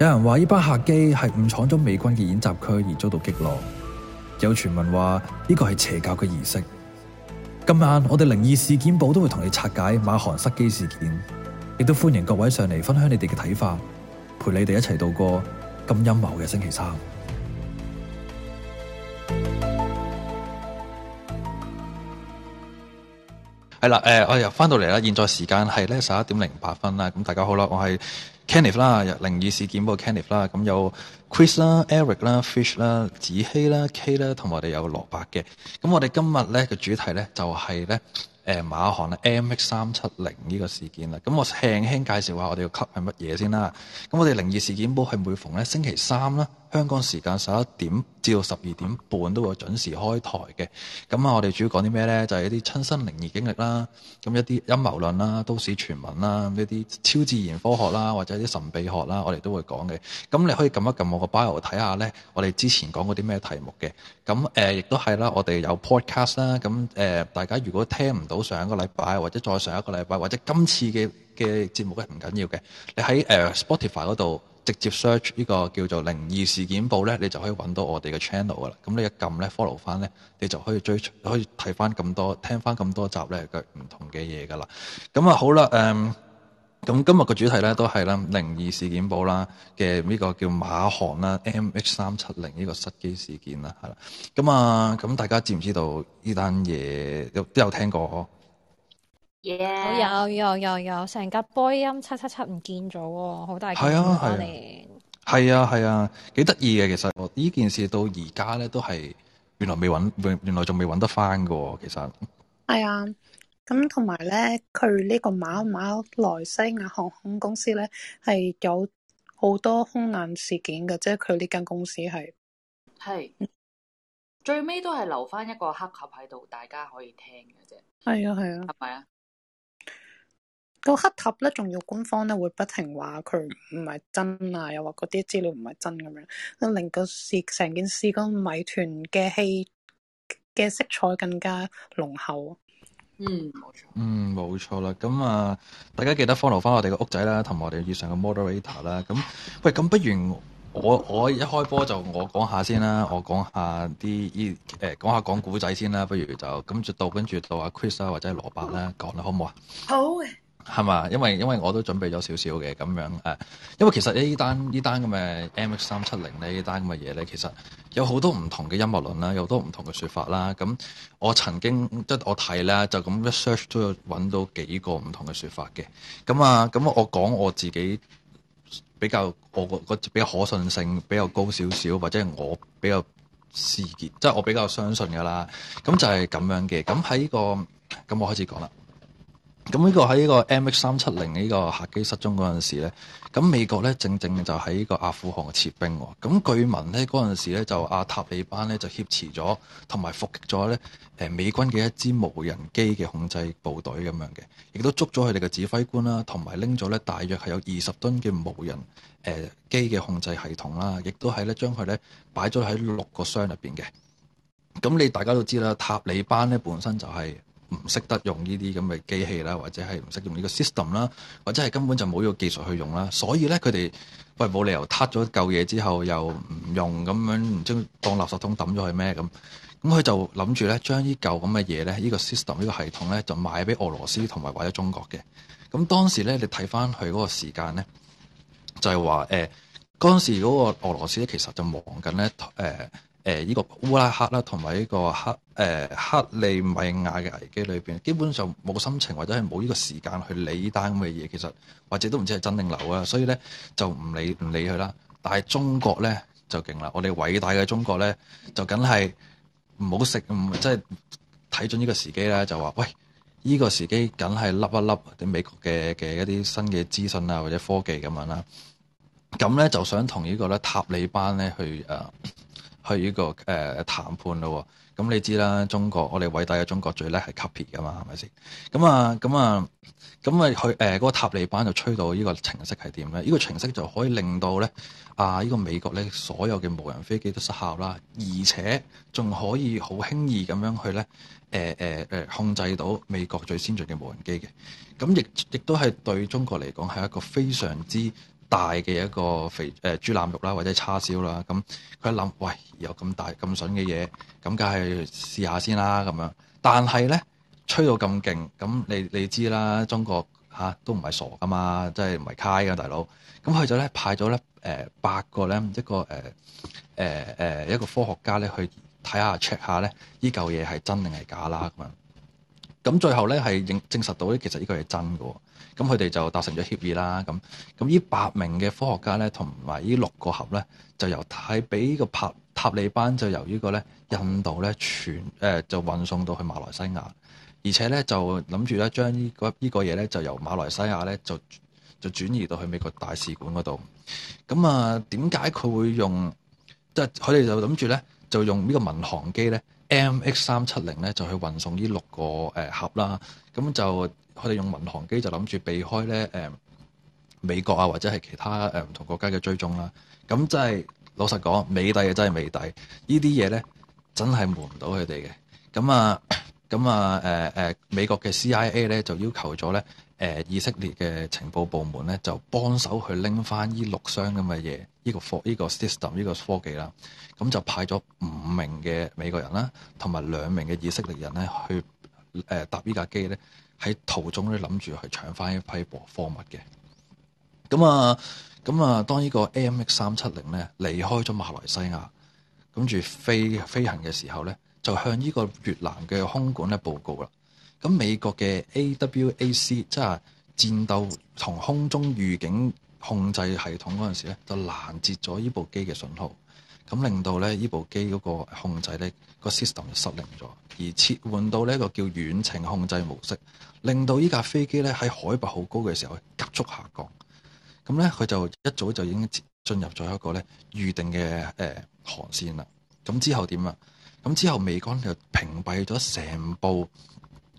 有人話呢班客機係誤闖咗美軍嘅演習區而遭到擊落，有傳聞話呢個係邪教嘅儀式。今晚我哋靈異事件簿都會同你拆解馬航失機事件，亦都歡迎各位上嚟分享你哋嘅睇法，陪你哋一齊度過咁陰謀嘅星期三。係、呃、啦，誒，我又翻到嚟啦，現在時間係咧十一點零八分啦，咁大家好啦，我係。Kenneth 啦，靈異事件簿 Kenneth 啦，咁有 Chris 啦、Eric 啦、Fish 啦、子希啦、K 啦，同埋我哋有蘿蔔嘅。咁我哋今日咧嘅主題咧就係、是、咧。誒馬航啦，MH 三七零呢個事件啦，咁我輕輕介紹下我，我哋要吸引乜嘢先啦。咁我哋靈異事件簿係每逢咧星期三啦，香港時間十一點至到十二點半都會準時開台嘅。咁啊，我哋主要講啲咩咧？就係、是、一啲親身靈異經歷啦，咁一啲陰謀論啦，都市傳聞啦，呢啲超自然科學啦，或者一啲神秘學啦，我哋都會講嘅。咁你可以撳一撳我個 bio 睇下咧，我哋之前講過啲咩題目嘅。咁誒、呃，亦都係啦，我哋有 podcast 啦。咁、呃、誒，大家如果聽唔到。上一個禮拜，或者再上一個禮拜，或者今次嘅嘅節目咧，唔緊要嘅。你喺誒、uh, Spotify 嗰度直接 search 呢個叫做《靈異事件簿》咧，你就可以揾到我哋嘅 channel 噶啦。咁你一撳咧 follow 翻咧，你就可以追可以睇翻咁多、聽翻咁多集咧嘅唔同嘅嘢噶啦。咁啊好啦，誒、um。咁今日個主題咧都係啦，靈異事件簿啦嘅呢個叫馬航啦 MH370 呢個失機事件啦係啦，咁啊咁大家知唔知道呢單嘢有都有聽過 Yes. 有？有有有有，成架波音七七七唔見咗喎，哦，好大驚慌嚟。係啊係啊，幾得意嘅其實，呢件事到而家咧都係原來未揾原來仲未揾得翻嘅喎，其實。係啊。咁同埋咧，佢、嗯、呢個馬馬來西亞航空公司咧，係有好多空難事件嘅，即係佢呢間公司係係最尾都係留翻一個黑盒喺度，大家可以聽嘅啫。係啊，係啊，係咪啊？個黑盒咧，仲要官方咧會不停話佢唔係真啊，又話嗰啲資料唔係真咁樣，令個事成件事個謎團嘅氣嘅色彩更加濃厚。嗯，冇錯。嗯，冇錯啦。咁啊，大家記得 follow 翻我哋個屋仔啦，同埋我哋以上嘅 moderator 啦。咁，喂，咁不如我我一開波就我講下先啦，我講下啲依誒講下講古仔先啦。不如就咁就到跟住到阿 Chris 啊，或者係羅伯啦講啦，好唔好啊？好。好。係嘛？因為因為我都準備咗少少嘅咁樣誒，因為其實呢單呢單嘅呢呢單嘅嘢呢單咁嘅 MH370 咧，呢單咁嘅嘢咧，其實有好多唔同嘅陰謀論啦，有好多唔同嘅説法啦。咁我曾經即係、就是、我睇啦，就咁 research 都有揾到幾個唔同嘅説法嘅。咁啊，咁我講我自己比較我個比較可信性比較高少少，或者係我比較事結，即、就、係、是、我比較相信㗎啦。咁就係咁樣嘅。咁喺呢個咁我開始講啦。咁呢個喺呢個 MH370 呢個客機失蹤嗰陣時呢，咁美國呢正正就喺呢個阿富汗撤兵喎。咁據聞呢嗰陣時呢，就阿塔利班呢就挾持咗同埋伏擊咗呢美軍嘅一支無人機嘅控制部隊咁樣嘅，亦都捉咗佢哋嘅指揮官啦，同埋拎咗呢大約係有二十噸嘅無人機嘅控制系統啦，亦都係呢將佢呢擺咗喺六個箱入面嘅。咁你大家都知啦，塔利班呢本身就係、是。唔識得用呢啲咁嘅機器啦，或者係唔識用呢個 system 啦，或者係根本就冇呢個技術去用啦，所以咧佢哋喂冇理由 cut 咗舊嘢之後又唔用咁樣，唔知當垃圾桶抌咗去咩咁？咁佢就諗住咧將依舊咁嘅嘢咧，呢、呢個 system 呢個系統咧就賣俾俄羅斯同埋或者中國嘅。咁當時咧你睇翻佢嗰個時間咧，就係話誒嗰陣時嗰個俄羅斯呢其實就忙緊咧誒。欸誒，依、呃呢個烏拉克啦，同埋呢個黑克里米亞嘅危機裏面，基本上冇心情或者係冇呢個時間去理呢單咁嘅嘢，其實或者都唔知係真定流啊。所以咧就唔理唔理佢啦。但係中國咧就勁啦，我哋偉大嘅中國咧就梗係唔好食，唔即係睇準呢個時機咧就話喂，呢個時機梗係笠一笠你美國嘅嘅一啲新嘅資訊啊，或者科技咁樣啦。咁咧就想同呢個咧塔利班咧去誒。去呢、呢個誒、呃、談判咯、哦，咁你知啦，中國我哋偉大嘅中國最叻係 copy 嘅嘛，係咪先？咁啊，咁啊，咁啊，佢誒嗰個塔利班就吹到呢個程式係點咧？呢、呢個程式就可以令到咧啊！呢、呢個美國咧所有嘅無人飛機都失效啦，而且仲可以好輕易咁樣去咧誒誒誒控制到美國最先進嘅無人機嘅，咁亦亦都係對中國嚟講係一個非常之大嘅一個肥誒豬腩肉啦，或者叉燒啦，咁佢一諗，喂，有咁大咁筍嘅嘢，咁梗係試下先啦，咁樣。但係咧吹到咁勁，咁你你知啦，中國、啊、都唔係傻噶嘛，即係唔係卡嘅大佬。咁佢就咧，派咗咧、呃、八個咧一個、呃呃、一個科學家咧去睇下 check 下咧，依嚿嘢係真定係假啦咁樣，咁最後咧係認證實到咧，其實呢個係真喎。咁佢哋就達成咗協議啦，咁咁呢百名嘅科學家咧，同埋呢六個盒咧，就由太俾個個塔,塔利班，就由個呢個咧印度咧傳、呃、就運送到去馬來西亞，而且咧就諗住咧將呢個呢個嘢咧，就由馬來西亞咧就就轉移到去美國大使館嗰度。咁啊，點解佢會用？即係佢哋就諗住咧，就用呢個民航機咧 MH 三七零咧，就去運送呢六個誒盒啦。咁就。佢哋用民航機就諗住避開咧，誒美國啊，或者係其他誒唔同國家嘅追蹤啦、啊。咁即係老實講，美帝嘅真係美帝呢啲嘢咧，真係瞞唔到佢哋嘅。咁啊，咁啊，誒、呃、誒美國嘅 CIA 咧就要求咗咧，誒、呃、以色列嘅情報部門咧就幫手去拎翻呢六箱咁嘅嘢，呢、呢個科呢個 system 呢個科技啦。咁就派咗五名嘅美國人啦，同埋兩名嘅以色列人咧去誒、呃、搭呢架機咧。喺途中咧，諗住去搶翻一批貨貨物嘅。咁啊，咁啊，當這個呢個 MH 三七零咧離開咗馬來西亞，跟住飛飛行嘅時候咧，就向呢個越南嘅空管咧報告啦。咁美國嘅 AWAC 即係戰鬥同空中預警控制系統陣時咧，就攔截咗呢部機嘅信號。咁令到咧呢部機嗰個控制咧個 system 就失靈咗，而切換到呢個叫遠程控制模式，令到呢架飛機咧喺海拔好高嘅時候急速下降。咁咧佢就一早就已經進入咗一個咧預定嘅誒航線啦。咁之後點啊？咁之後美軍就屏蔽咗成部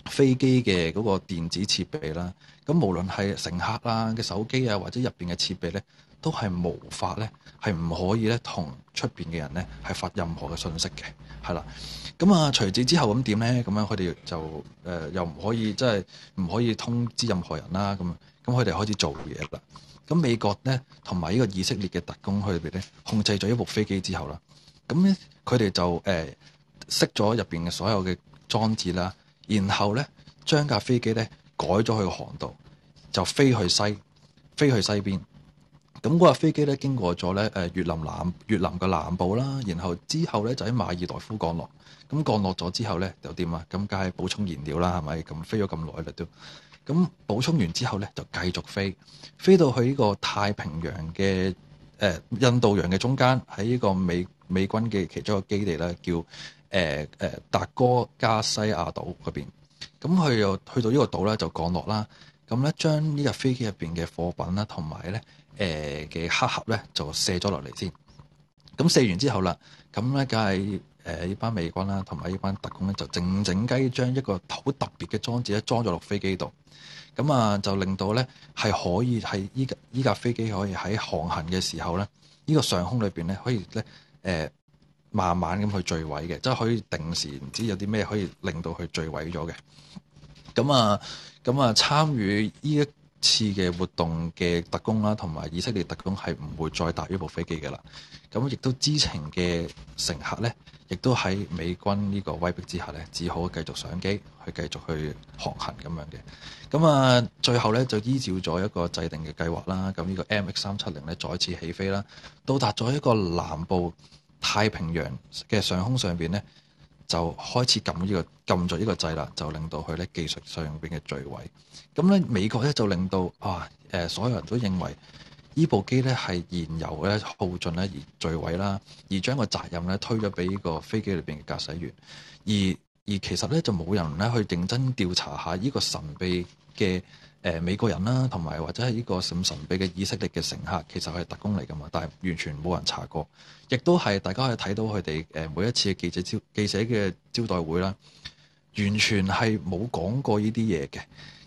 飛機嘅嗰個電子設備啦。咁無論係乘客啦、啊、嘅手機啊，或者入邊嘅設備咧、啊。都係無法咧，係唔可以咧，同出邊嘅人咧係發任何嘅信息嘅，係啦。咁啊，隨住之後咁點咧？咁樣佢哋就誒、呃、又唔可以，即係唔可以通知任何人啦。咁咁佢哋開始做嘢啦。咁美國咧同埋呢個以色列嘅特工佢哋咧控制咗一部飛機之後啦，咁咧佢哋就誒熄咗入邊嘅所有嘅裝置啦，然後咧將架飛機咧改咗佢航道，就飛去西飛去西邊。咁嗰架飛機咧經過咗咧越南南越南嘅南部啦，然後之後咧就喺馬爾代夫降落。咁降落咗之後咧，就點啊？咁梗係補充燃料啦，係咪？咁飛咗咁耐啦都。咁補充完之後咧，就繼續飛，飛到去呢個太平洋嘅誒、呃、印度洋嘅中間，喺呢個美美軍嘅其中一個基地咧，叫誒誒達哥加西亞島嗰邊。咁佢又去到個島呢個島咧，就降落啦。咁咧將呢架飛機入面嘅貨品啦，同埋咧。誒嘅、呃、黑盒咧就卸咗落嚟先，咁卸完之後啦，咁咧梗係誒呢班美軍啦，同埋呢班特工咧就靜靜雞將一個好特別嘅裝置咧裝咗落飛機度，咁啊就令到咧係可以喺依架依架飛機可以喺航行嘅時候咧，呢、這個上空裏邊咧可以咧誒、呃、慢慢咁去墜毀嘅，即、就、係、是、可以定時唔知有啲咩可以令到佢墜毀咗嘅。咁啊咁啊參與呢一次嘅活動嘅特工啦，同埋以色列特工係唔會再搭呢部飛機嘅啦。咁亦都知情嘅乘客呢，亦都喺美軍呢個威逼之下呢，只好繼續上機去繼續去航行咁樣嘅。咁啊，最後呢就依照咗一個制定嘅計劃啦。咁呢個 MH 三七零呢，再次起飛啦，到達咗一個南部太平洋嘅上空上面呢。就開始撳呢、呢個撳咗呢個掣啦，就令到佢咧技術上邊嘅墜毀。咁咧美國咧就令到啊誒、呃，所有人都認為呢部機咧係燃油咧耗盡咧而墜毀啦，而將個責任咧推咗俾呢個飛機裏邊嘅駕駛員。而而其實咧就冇人咧去認真調查下呢個神秘嘅。誒美國人啦，同埋或者係呢個咁神秘嘅以色列嘅乘客，其實係特工嚟㗎嘛，但係完全冇人查過，亦都係大家可以睇到佢哋誒每一次嘅記者招記者嘅招待會啦，完全係冇講過呢啲嘢嘅，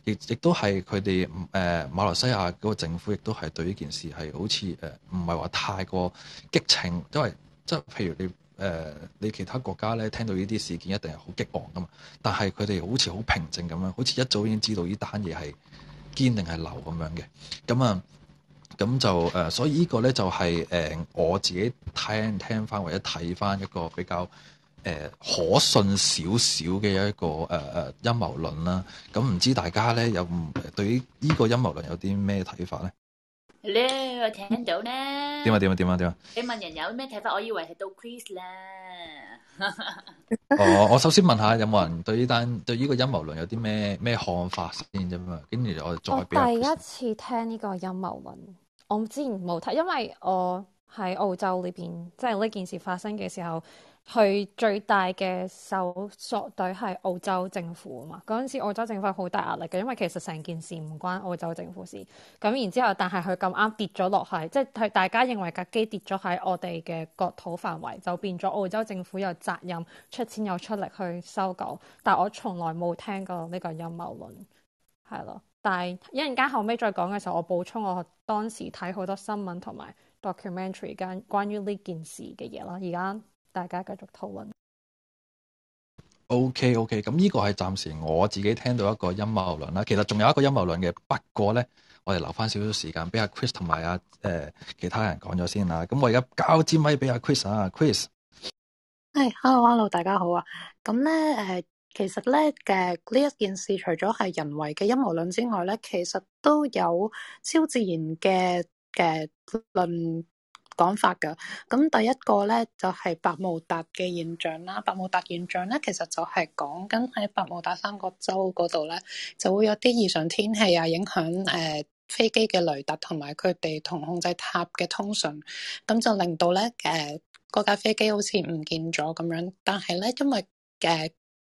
亦亦都係佢哋誒馬來西亞嗰個政府亦都係對呢件事係好似誒唔係話太過激情，因為即係、就是、譬如你誒、呃、你其他國家咧聽到呢啲事件一定係好激昂㗎嘛，但係佢哋好似好平靜咁樣，好似一早已經知道呢單嘢係。堅定係流咁樣嘅，咁啊，咁就誒，所以呢個咧就係、誒、我自己聽聽翻或者睇翻一個比較、呃、可信少少嘅一個誒誒、呃、陰謀論啦。咁唔知大家咧有唔對於呢個陰謀論有啲咩睇法咧？Hello，我聽到咧？點啊點啊點啊點啊！啊啊啊你問人有咩睇法，我以為係到 Chris 啦。哦、 呃，我首先問一下有冇人對呢單 對呢個陰謀論有啲咩咩看法先啫嘛？跟住我再。我第一次聽呢個陰謀論，我之前冇睇，因為我喺澳洲呢邊，即係呢件事發生嘅時候。佢最大嘅搜索隊係澳洲政府啊嘛。嗰陣時，澳洲政府好大壓力嘅，因為其實成件事唔關澳洲政府的事。咁然之後，但係佢咁啱跌咗落去，即係大家認為架機跌咗喺我哋嘅國土範圍，就變咗澳洲政府有責任出錢又出力去搜救。但我從來冇聽過呢個陰謀論係咯。但係一陣間後尾再講嘅時候，我補充我當時睇好多新聞同埋 documentary 間關於呢件事嘅嘢啦。而家。大家繼續討論。OK OK，咁呢個係暫時我自己聽到一個陰謀論啦。其實仲有一個陰謀論嘅，不過咧，我哋留翻少少時間俾阿 Chris 同埋阿誒其他人講咗先啦。咁我而家交支咪俾阿 Chris 啊，Chris。係，hey，Hello Hello，大家好啊。咁咧誒，其實咧嘅呢一件事，除咗係人為嘅陰謀論之外咧，其實都有超自然嘅嘅論講法噶，咁第一個咧就係、是、百慕達嘅現象啦。百慕達現象咧，其實就係講緊喺百慕達三角洲嗰度咧，就會有啲異常天氣啊，影響誒、呃、飛機嘅雷達同埋佢哋同控制塔嘅通訊，咁就令到咧誒嗰架飛機好似唔見咗咁樣。但係咧，因為誒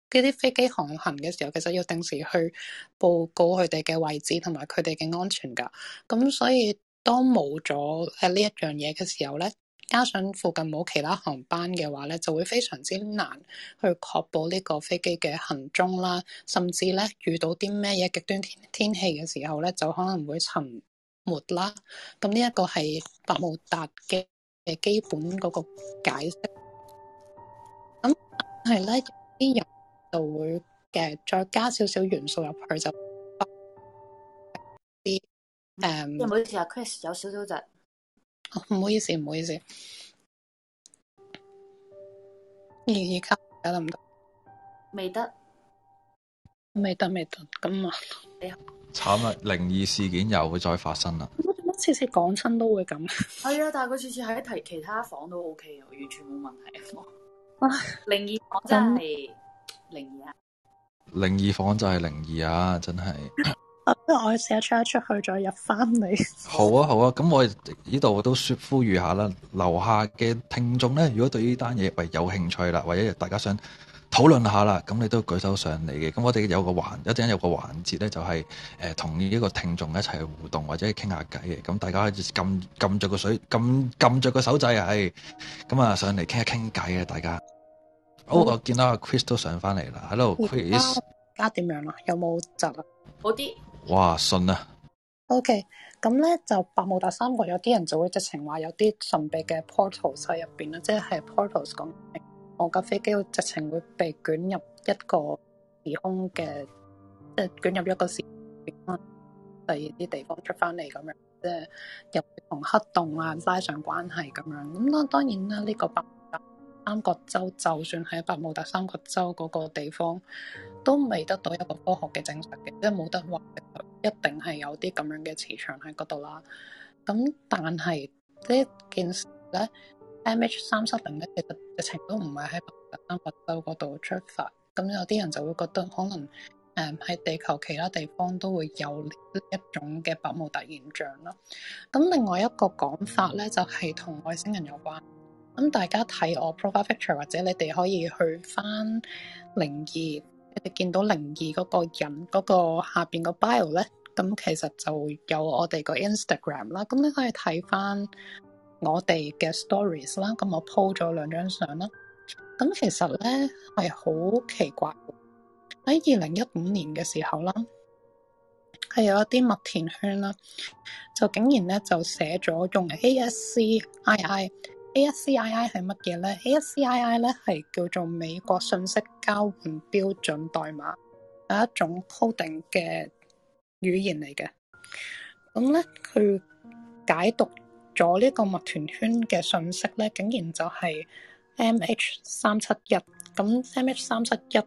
嗰啲飛機航行嘅時候，其實要定時去報告佢哋嘅位置同埋佢哋嘅安全噶，咁所以。當冇咗誒呢一樣嘢嘅時候咧，加上附近冇其他航班嘅話咧，就會非常之難去確保呢個飛機嘅行蹤啦，甚至咧遇到啲咩嘢極端天天氣嘅時候咧，就可能會沉沒啦。咁呢一個係百慕達嘅嘅基本嗰個解釋。咁但係咧有啲人就會再加少少元素入去就。誒，um, 唔好意思啊，Chris 有少少窒。唔好意思，唔好意思。而家得唔得？未得，未得，未得。咁啊，慘啊！靈異事件又會再發生啦。次次講親都會咁。係啊，但係佢次次喺提其他房都 OK，完全冇問題。靈異 房真係靈異啊！靈異房就係靈異啊！真係。 我我試下出一出去再入翻嚟、啊。好啊好啊，咁我呢度都說呼籲下啦，留下嘅聽眾咧，如果對呢單嘢係有興趣啦，或者大家想討論下啦，咁你都舉手上嚟嘅。咁我哋有個環，一陣有個環節咧，就係誒同呢一個聽眾一齊互動或者傾下偈嘅。咁大家可以撳撳著個水，撳撳著個手掣，係咁啊上嚟傾一傾偈啊。大家。好，嗯、我見到阿 Chris 都上翻嚟啦，Hello Chris 家點樣啦？有冇窒？好啲。哇！信啊！OK，咁咧就百慕達三角，有啲人就會直情話有啲神秘嘅 portal 喺入邊啦，即係 portal 講，我架飛機會直情會被捲入一個時空嘅，即係捲入一個時空第二啲地方出翻嚟咁樣，即係又同黑洞啊拉上關係咁樣。咁啦，當然啦，呢個百慕達三角洲就算喺百慕達三角洲嗰個地方。都未得到一個科學嘅證實嘅，即係冇得話一定係有啲咁樣嘅磁場喺嗰度啦。咁但係呢件事咧，M H 三七零咧，其實直情都唔係喺北歐、北歐嗰度出發。咁有啲人就會覺得可能誒喺地球其他地方都會有呢一種嘅百慕達現象啦。咁另外一個講法咧就係、是、同外星人有關。咁大家睇我 profile picture，或者你哋可以去翻靈異。你見到靈異嗰個人嗰、嗰個下邊個 bio 咧，咁其實就有我哋個 Instagram 啦，咁你可以睇翻我哋嘅 stories 啦，咁我鋪咗兩張相啦。咁其實咧係好奇怪喎，喺二零一五年嘅時候啦，係有一啲麥田圈啦，就竟然咧就寫咗用 ASCII。ASCII 係乜嘢咧？ASCII 咧係叫做美國信息交換標準代碼，有一種 coding 嘅語言嚟嘅。咁咧佢解讀咗呢個麥團圈嘅信息咧，竟然就係 MH 三七一。咁 MH 三七一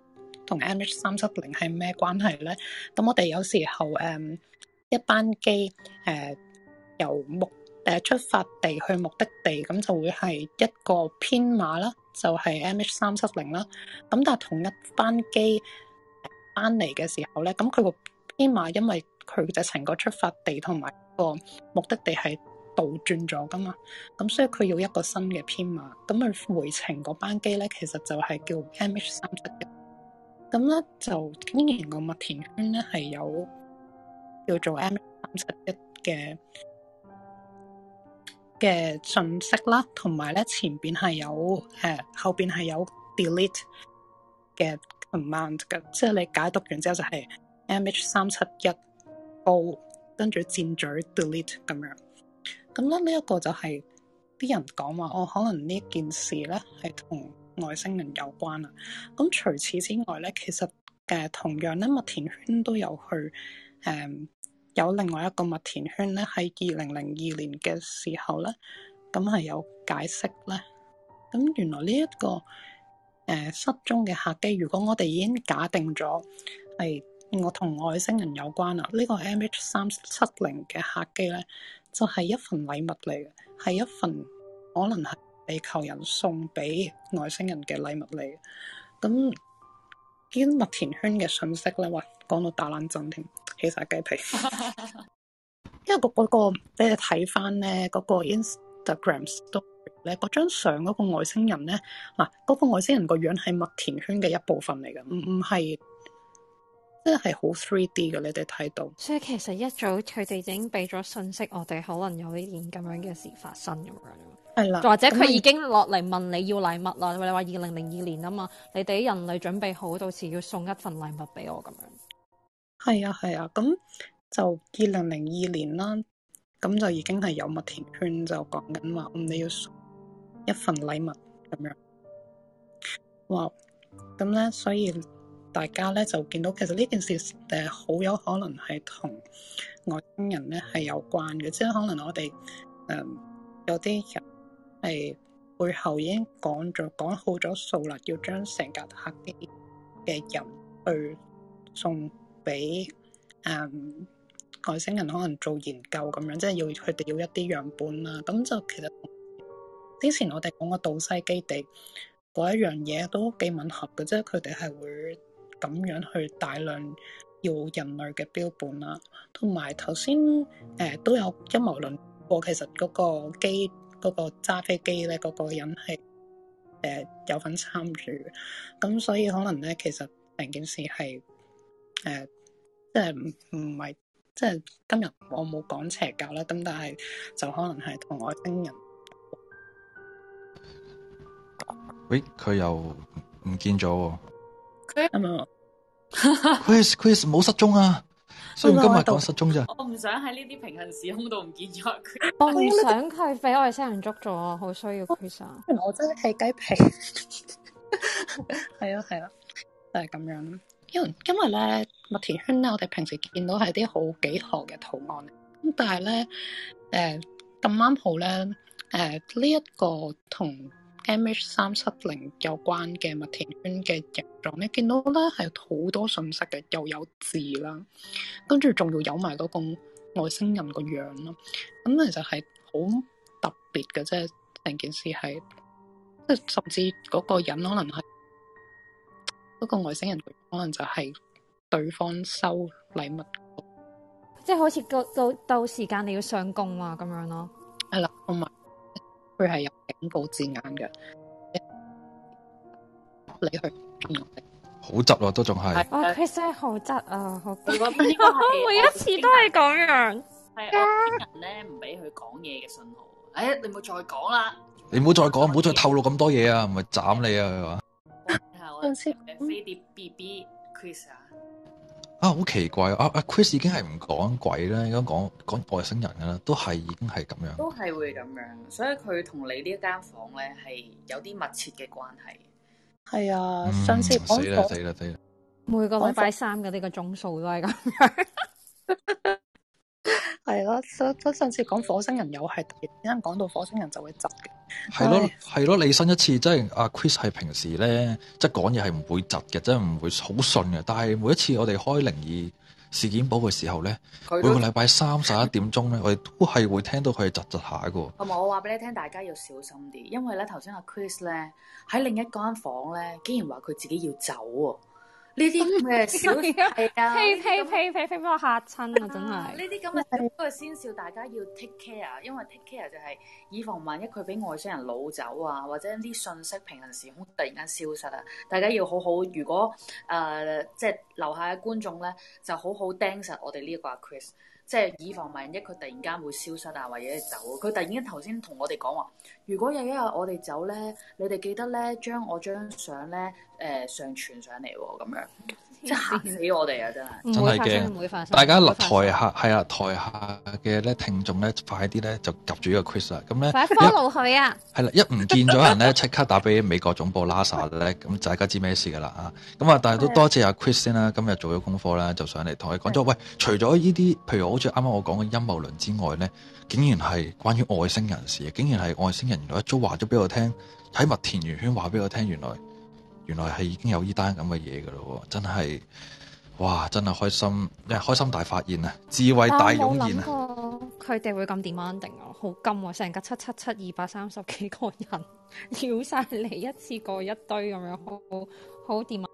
同 MH 三七零係咩關係咧？咁我哋有時候誒、um, 一班機誒、uh, 由木誒出發地去目的地咁就會係一個編碼啦，就係 MH 三七零啦。咁但係同一班機翻嚟嘅時候咧，咁佢個編碼因為佢嘅成個出發地同埋個目的地係倒轉咗噶嘛，咁所以佢要一個新嘅編碼。咁佢回程嗰班機咧，其實就係叫 MH 三七一。咁咧就竟然個麥田圈咧係有叫做 MH 三七一嘅。嘅信息啦，同埋咧前邊係有誒，後邊係有 delete 嘅 command 嘅，即係你解讀完之後就係 MH 三七一 o，跟住箭嘴 delete 咁樣。咁咧呢一、這個就係啲人講話，我、哦、可能呢件事咧係同外星人有關啊。咁除此之外咧，其實誒、呃、同樣咧，麥田圈都有去誒。嗯有另外一個麥田圈咧，喺二零零二年嘅時候咧，咁係有解釋咧。咁原來呢、這、一個誒、呃、失蹤嘅客機，如果我哋已經假定咗係、哎、我同外星人有關啦，呢、這個 M H 三七零嘅客機咧，就係、是、一份禮物嚟嘅，係一份可能係地球人送俾外星人嘅禮物嚟嘅。咁兼麥田圈嘅信息咧，話講到打冷震添。晒雞皮， 因為、那個嗰、那個，你睇翻咧，嗰、那個 Instagram story 咧，嗰張相嗰個外星人咧，嗱，嗰個外星人個樣係麥田圈嘅一部分嚟嘅，唔唔係，即係好 three D 嘅，你哋睇到。所以其實一早佢哋已經俾咗信息我哋，可能有呢件咁樣嘅事發生咁樣咯。係啦，或者佢已經落嚟問你要禮物啦，你話二零零二年啊嘛，你哋人類準備好到時要送一份禮物俾我咁樣。係啊，係啊，咁就二零零二年啦，咁就已經係有麥田圈就講緊話，嗯，你要送一份禮物咁樣，哇，咁咧，所以大家咧就見到，其實呢件事誒，好有可能係同外星人咧係有關嘅，即係可能我哋誒、嗯、有啲人係背後已經講咗，講好咗數啦，要將成架客機嘅人去送，俾誒、嗯、外星人可能做研究咁樣，即係要佢哋要一啲樣本啦、啊。咁就其實之前我哋講個杜西基地嗰一樣嘢都幾吻合嘅，即係佢哋係會咁樣去大量要人類嘅標本啦、啊。同埋頭先誒都有陰謀論過其實嗰個機嗰、嗰個揸飛機咧嗰、嗰個人係誒、呃、有份參與，咁所以可能咧其實成件事係誒。呃即係唔唔係，即係今日我冇講邪教啦。咁但係就可能係同外星人。喂、欸，佢又唔見咗 Chris，Chris 冇失蹤啊！雖然今日講失蹤啫。我唔想喺呢啲平行時空度唔見咗佢。 我唔想佢俾外星人捉咗，好需要佢先。啊、我，我真係雞皮。係 啊係啊，啊，就係、是、咁樣。因因為咧麥田圈咧，我哋平時見到係啲好幾何嘅圖案，咁但係咧誒咁啱好咧誒呢、呃、呢一個同 MH 三七零有關嘅麥田圈嘅形狀，你見到咧係好多信息嘅，又有字啦，跟住仲要有埋嗰個外星人個樣咯，咁其實係好特別嘅啫，成件事係即係甚至嗰個人可能係。不過外星人可能就係對方收禮物，即係好似到到到時間你要上供啊咁樣咯，啊。係啦，嗯，同埋佢係有警告字眼嘅，你去好執啊，都仲係。是哇，佢真係好執啊！我我 每一次都係咁樣。係啊，人咧唔俾佢講嘢嘅信號。誒，你唔好再講啦。你唔好再講，唔好再透露咁多嘢啊！唔係斬你啊，係嘛？上次 Baby BB Chris 啊，啊好奇怪啊啊 Chris 已經係唔講鬼啦，而家講講外星人噶啦，都係已經係咁樣。都係會咁樣，所以佢同你呢一間房咧係有啲密切嘅關係。係啊，嗯，上次講講每個禮拜三嘅呢個鐘數都係咁樣。 係咯，上次講火星人又係突然之間講到火星人就會窒嘅。係咯係咯，你新一次即係阿 Chris 係平時咧即係講嘢係唔會窒嘅，即係唔會好順嘅。但係每一次我哋開靈異事件簿嘅時候咧，也每個禮拜三十一點鐘咧，我哋都係會聽到佢窒窒下嘅。同埋 我話俾你聽，大家要小心啲，因為咧頭先阿 Chris 咧喺另一間房咧，竟然話佢自己要走，哦。呢啲咁嘅小，係啊，呸呸呸呸呸，俾我嚇親啊！真係。呢啲咁嘅事，不過先笑，大家要 take care，因為 take care 就係以防萬一佢俾外星人攞走啊，或者啲信息平衡時空突然間消失啊，大家要好好。如果誒即係樓下嘅觀眾咧，就好好釘實我哋呢一個 Chris，即係以防萬一佢突然間會消失啊，或者走啊。佢突然間頭先同我哋講話，如果有一日我哋走咧，你哋記得咧將我張相咧。誒上傳上嚟喎，咁樣即嚇死我哋啊！真係真係驚唔會發生。大家立台下係啊，台下嘅咧聽眾咧，快啲咧就及住呢個 Chris 啦。咁咧快 follow 佢啊，係啦，一唔見咗人咧，即刻打俾美國總部拉薩 s a 咧。咁大家知咩事㗎啦啊？咁啊，大家都多謝阿 Chris 先啦。今日做咗功課啦，就上嚟同佢講咗。喂，除咗呢啲，譬如好似啱啱我講嘅陰謀論之外咧，竟然係關於外星人士，竟然係外星人原來一早話咗俾我聽，喺麥田圓圈話俾我聽，原來，原來係已經有呢單咁嘅嘢噶咯，真係，哇，真係開心，因為開心大發現啊，智慧大湧現啊！佢哋會咁點樣定啊，好金喎，成個七七七二百三十幾個人，撩晒嚟，一次過一堆咁樣，好好點啊！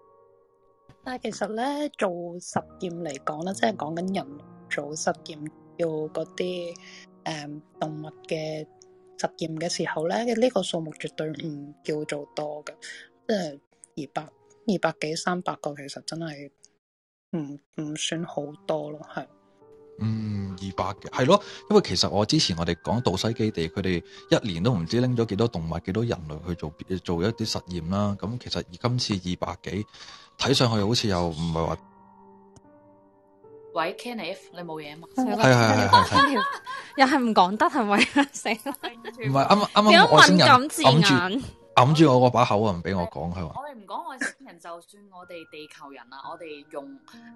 但係其實咧做實驗嚟講咧，即係講緊人做實驗要嗰啲誒動物嘅實驗嘅時候咧，呢、呢個數目絕對唔叫做多嘅，即、嗯、係。二百二百幾三百個其實真係唔唔算好多咯，係。嗯，二百幾係咯，因為其實我之前我哋講道西基地，佢哋一年都唔知拎咗幾多動物、幾多人類去做做一啲實驗啦。咁其實今次二百幾，睇上去好似又唔係話。喂，Kenneth，你冇嘢啊嘛？係係係，又係唔講得係咪啊？死啦！唔係啱啱啱啱，我先忍星感。着 揞住我嗰把口啊！唔俾我講，佢話的吧我哋唔講外星人， 就算我哋地球人啊，我哋用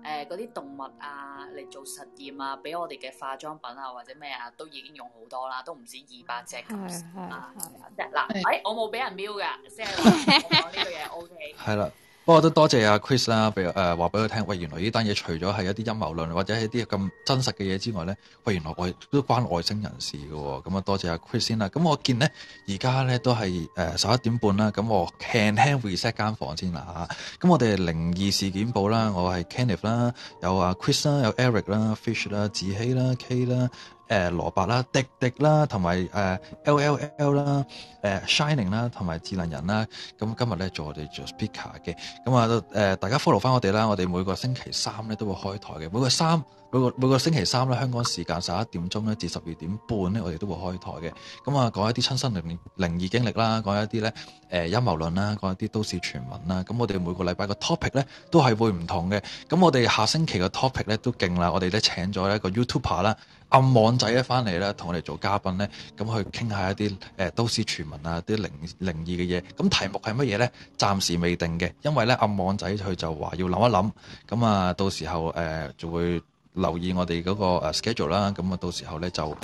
誒嗰啲動物啊嚟做實驗啊，俾我哋嘅化妝品啊或者咩啊，都已經用好多啦，都唔止二百隻咁啊！即係嗱，誒我冇俾人瞄㗎。即係我講呢句嘢 O K。係啦。不過都多謝阿 Chris 啦，譬如誒話俾佢聽，喂原來呢單嘢除咗係一啲陰謀論或者係啲咁真實嘅嘢之外咧，喂原來我都關外星人士㗎喎，咁啊多謝阿 Chris 先啦。咁我見咧而家咧都係誒十一點半啦，咁我 can 輕，輕 reset 間房先啦嚇。咁我哋靈異事件簿啦，我係 Kenneth 啦，有阿 Chris 啦，有 Eric 啦，Fish 啦，子希啦，K 啦。誒、呃、蘿蔔啦，滴滴啦，同埋誒 L L L 啦，誒 Shining 啦，同埋智能人啦。咁今日咧，做我哋做 Speaker 嘅咁啊、呃，大家 follow 翻我哋啦。我哋每個星期三咧都會開台嘅。每個三每個每個星期三咧，香港時間十一點鐘咧至十二點半咧，我哋都會開台嘅。咁啊，講一啲親身靈靈異經歷啦，講一啲咧誒陰謀論啦，講一啲都市傳聞啦。咁我哋每個禮拜個 topic 咧都係會唔同嘅。咁我哋下星期嘅 topic 咧都勁啦。我哋咧請咗一個 YouTuber 啦。暗網仔一返嚟咧，同我哋做嘉賓咧，咁、嗯、去傾下一啲誒、呃、都市傳聞啊，啲靈靈異嘅嘢。咁、嗯、題目係乜嘢咧？暫時未定嘅，因為咧暗網仔佢就話要諗一諗。咁、嗯、啊，到時候誒、呃、就會留意我哋嗰個 schedule 啦。咁、嗯、啊，到時候咧就誒、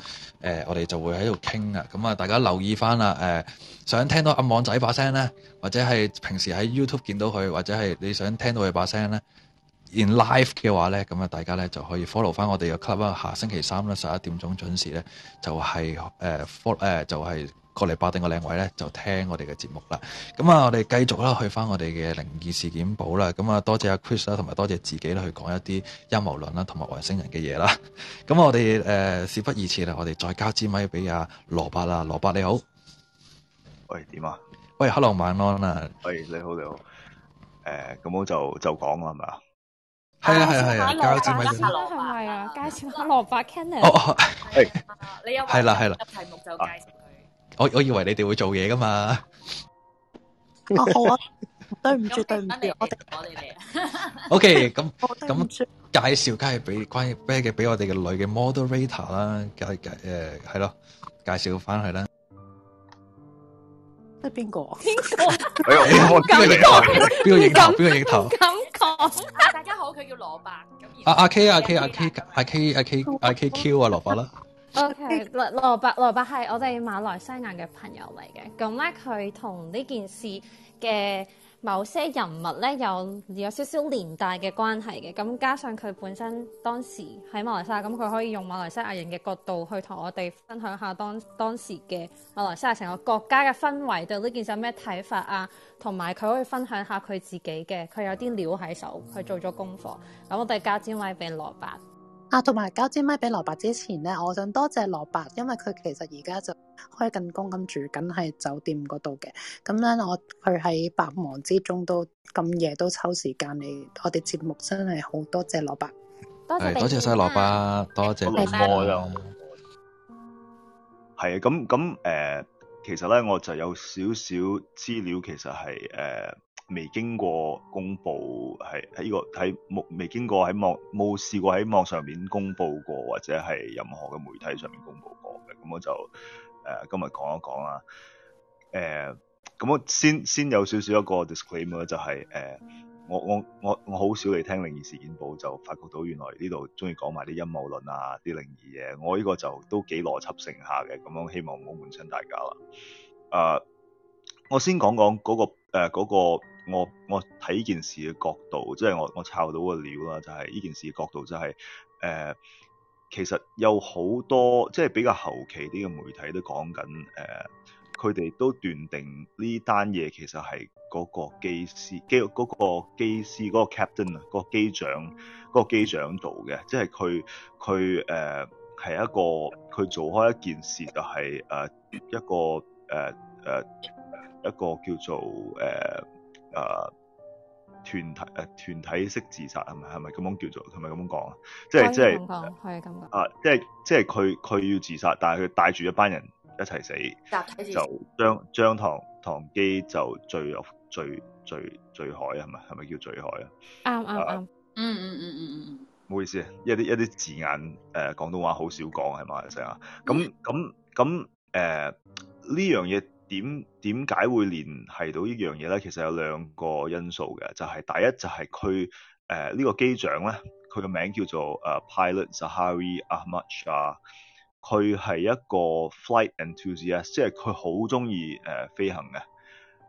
呃、我哋就會喺度傾啊。咁、嗯、啊，大家留意返啦、呃。想聽到暗網仔把聲咧，或者係平時喺 YouTube 見到佢，或者係你想聽到佢把聲咧。In live 嘅話咧，咁啊，大家咧就可以 follow 翻我哋嘅 club 啦。下星期三啦，十一點鐘準時咧，就是呃呃，就係誒 follow 誒，就係過嚟霸定嘅靚位咧，就聽我哋嘅節目啦。咁啊，我哋繼續啦，去翻我哋嘅靈異事件簿啦。咁啊，多謝阿 Chris 啦，同埋多謝自己啦，去講一啲陰謀論啦，同埋外星人嘅嘢啦。咁我哋誒、呃、事不宜遲啦，我哋再交支咪俾阿羅伯啦。羅伯你好，喂點啊？喂，hello 晚安啊。喂，你好你好。誒、呃，咁我就就講啦，係咪啊？係啊係啊係啊，介紹下蘿蔔係咪啊？介紹下蘿蔔 Caner。哦哦，係。你有，係啦係啦。題目就介紹佢。我我以為你哋會做嘢噶嘛？哦好啊，對唔住對唔住，我哋。OK，咁咁介紹，梗係俾關於咩嘅？俾我哋嘅女嘅 Moderator 啦，介介誒係咯，介紹翻佢啦。係邊個？邊個、uhm,？不要認頭，不要認頭，不要認頭。咁敢講。大家好，佢叫蘿蔔。阿 K、哎、阿 K，阿 K，阿 K 阿 K、阿 K，阿 K，阿 K Q 啊，蘿蔔啦。O K，蘿蘿蔔蘿蔔係我哋馬來西亞嘅朋友嚟嘅。咁咧，佢同呢件事嘅。某些人物咧有有少少年代嘅關係嘅，咁加上佢本身當時喺馬來西亞，咁佢可以用馬來西亞人嘅角度去同我哋分享下當當時嘅馬來西亞成個國家嘅氛圍，對呢件事有咩睇法啊？同埋佢可以分享下佢自己嘅，佢有啲料喺手，佢做咗功課。咁我哋交錢位俾蘿卜。啊，同埋交支麥俾羅伯之前咧，我想多謝羅伯，因為佢其實而家就在開緊工，咁住緊喺酒店嗰度嘅。咁咧，我佢喺百忙之中都咁夜都抽時間嚟我哋節目，真係好多謝羅伯，多謝多謝晒羅伯，多謝羅伯就係啊。咁咁誒，其實咧我就有少少資料，其實係誒。呃未經過公佈，係喺依個睇冇未經過喺網冇試過喺網上面公佈過，或者係任何嘅媒體上面公佈過嘅。咁我就誒、呃、今日講一講啦。誒、呃、咁我先先有少少一個 disclaimer 就係、是、誒、呃、我我我我好少嚟聽靈異事件簿，就發覺到原來呢度鍾意講埋啲陰謀論啊，啲靈異嘢。我呢個就都幾邏輯性下嘅，咁樣希望唔好悶親大家啦。誒、呃，我先講講嗰個誒嗰個。呃那個我我睇件事嘅角度，即係我我抄到個料啦，就係呢件事嘅角度就係誒，其實有好多即係比較後期啲嘅媒體都講緊誒，佢哋都斷定呢單嘢其實係嗰個機師嗰個機師嗰個 captain 啊，個機長嗰個機長做嘅，即係佢佢誒係一個佢做開一件事就係誒一個誒誒一個叫做誒。呃誒，團體誒，團體式自殺，係咪係咪咁樣叫做，係咪咁樣講啊？即係即係，係咁講。是啊，即係即係佢佢要自殺，但係佢帶住一班人一齊死，集體自殺就張張唐唐基就墜落墜墜墜海係咪係咪叫墜海對啊？啱啱啱，嗯嗯嗯嗯嗯。唔好意思，一啲一啲字眼誒，廣東話好少講係嘛聲啊？咁咁咁誒，呢樣嘢。點點解會聯繫到這件事呢樣嘢咧？其實有兩個因素嘅，就係、是、第一就係佢誒呢個機長咧，佢個名叫做誒、呃、Pilot Zahari Ahmad Shah，佢係一個 flight enthusiast，即係佢好中意誒飛行嘅。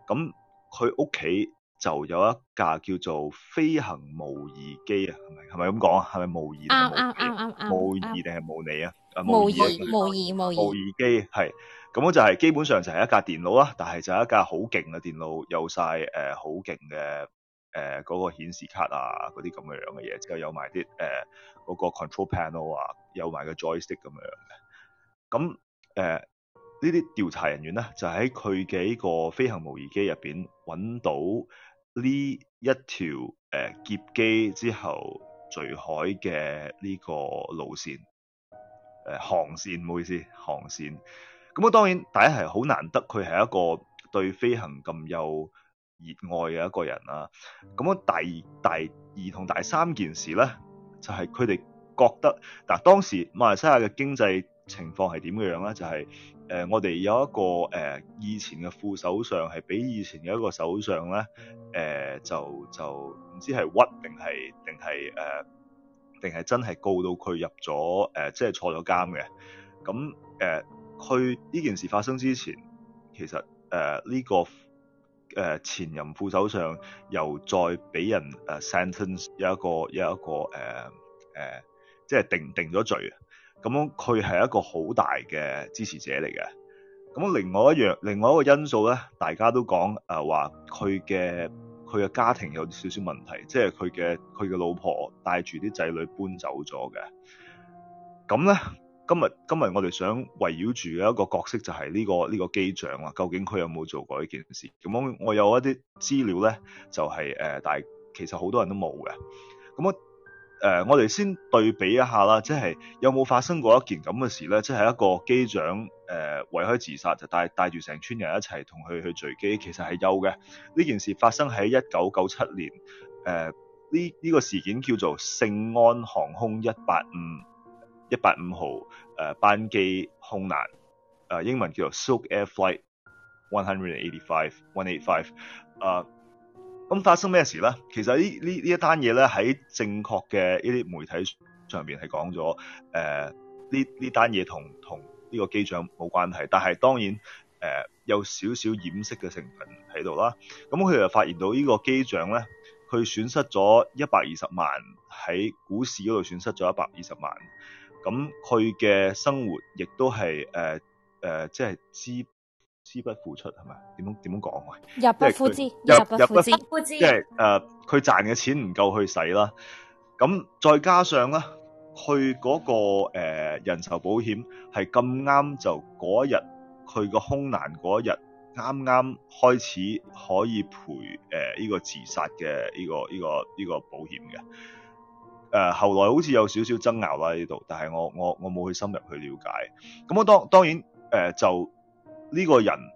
咁佢屋企就有一架叫做飛行模擬機啊，係咪係咪咁講啊？係咪模，模擬？啱啱啱啱。嗯嗯嗯、模擬定係模擬啊？嗯嗯嗯嗯模擬模擬擬模擬機係，咁樣擬擬就係基本上就係一架電腦啦，但係就係一架好勁嘅電腦，有晒誒好勁嘅誒嗰個顯示卡啊，啲咁嘅樣嘅嘢，之後有埋啲誒嗰個 control panel 啊，有埋個 joystick 咁樣嘅。咁誒呢啲調查人員咧，就喺佢嘅呢個飛行模擬機入邊揾到呢一條誒、呃、劫機之後墜海嘅呢個路線。誒、呃，航線唔好意思，航線。咁啊，當然第一係好難得，佢係一個對飛行咁有熱愛嘅一個人啦。咁啊，第第二同第三件事咧，就係佢哋覺得嗱、啊，當時馬來西亞嘅經濟情況係點嘅樣咧？就係、是、誒、呃，我哋有一個誒、呃、以前嘅副首相係比以前嘅一個首相咧，誒、呃、就就唔知係屈定係定係誒。定係真係告到佢入咗誒、呃，即係坐咗監嘅。咁誒，佢、呃、呢件事發生之前，其實誒呢、呃這個誒、呃、前任副手上又再俾人誒 sentence 有一個有一個誒誒、呃呃，即係定定咗罪。咁佢係一個好大嘅支持者嚟嘅。咁另外一樣，另外一個因素咧，大家都講誒話佢嘅。呃佢嘅家庭有少少問題，即係佢嘅佢嘅老婆帶住啲仔女搬走咗嘅。咁咧，今日今日我哋想圍繞住嘅一個角色就係呢個呢個機長啊，究竟佢有冇做過呢件事？咁我我有一啲資料咧，就係誒，但係其實好多人都冇嘅。咁我。呃、我哋先對比一下啦，即係有冇發生過一件咁嘅事咧？即係一個機長誒，為、呃、自殺就帶帶住成村人一齊同佢去墜機，其實係有嘅。呢件事發生喺一九九七年，誒呢呢個事件叫做勝安航空一八五一八五號、呃、班機空難、呃，英文叫做 Silk Air Flight One Hundred Eighty Five One Eight Five。咁發生咩事咧？其實呢呢呢一單嘢咧，喺正確嘅呢啲媒體上邊係講咗，誒呢呢單嘢同同呢個機長冇關係，但係當然、呃、有少少掩飾嘅成分喺度啦。咁佢就又發現到呢個機長咧，佢損失咗一百二十萬，喺股市嗰度損失咗一百二十萬，咁佢嘅生活亦都係誒誒即係資資不付出係咪？點樣點樣講？入不敷支，入、入不敷支，即係誒，佢賺嘅錢唔夠去使啦。咁再加上咧，佢嗰、那個誒、呃、人壽保險係咁啱，就嗰一日佢個空難嗰一日啱啱開始可以賠誒呢個自殺嘅呢個呢、這個呢、這個保險嘅。誒、呃，後來好似有少少爭拗喺呢度，但係我我我冇去深入去了解。咁我當當然誒、呃、就。呢個人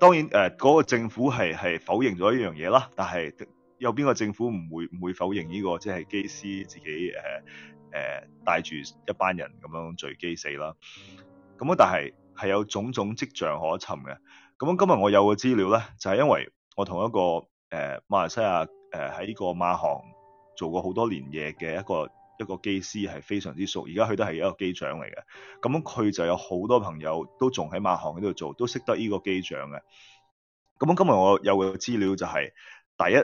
當然誒嗰、呃那個政府係係否認咗一樣嘢啦，但係有邊個政府唔會唔會否認呢、這個即係機師自己誒誒帶住一班人咁樣墜機死啦？咁、嗯、啊，但係係有種種跡象可尋嘅。咁、嗯、今日我有個資料咧，就係、是、因為我同一個誒、呃、馬來西亞誒喺呢個馬航做過好多年嘢嘅一個。一個機師係非常之熟，而家佢都係一個機長嚟嘅。咁佢就有好多朋友都仲喺馬航喺度做，都識得呢個機長嘅。咁今日我有個資料就係，第一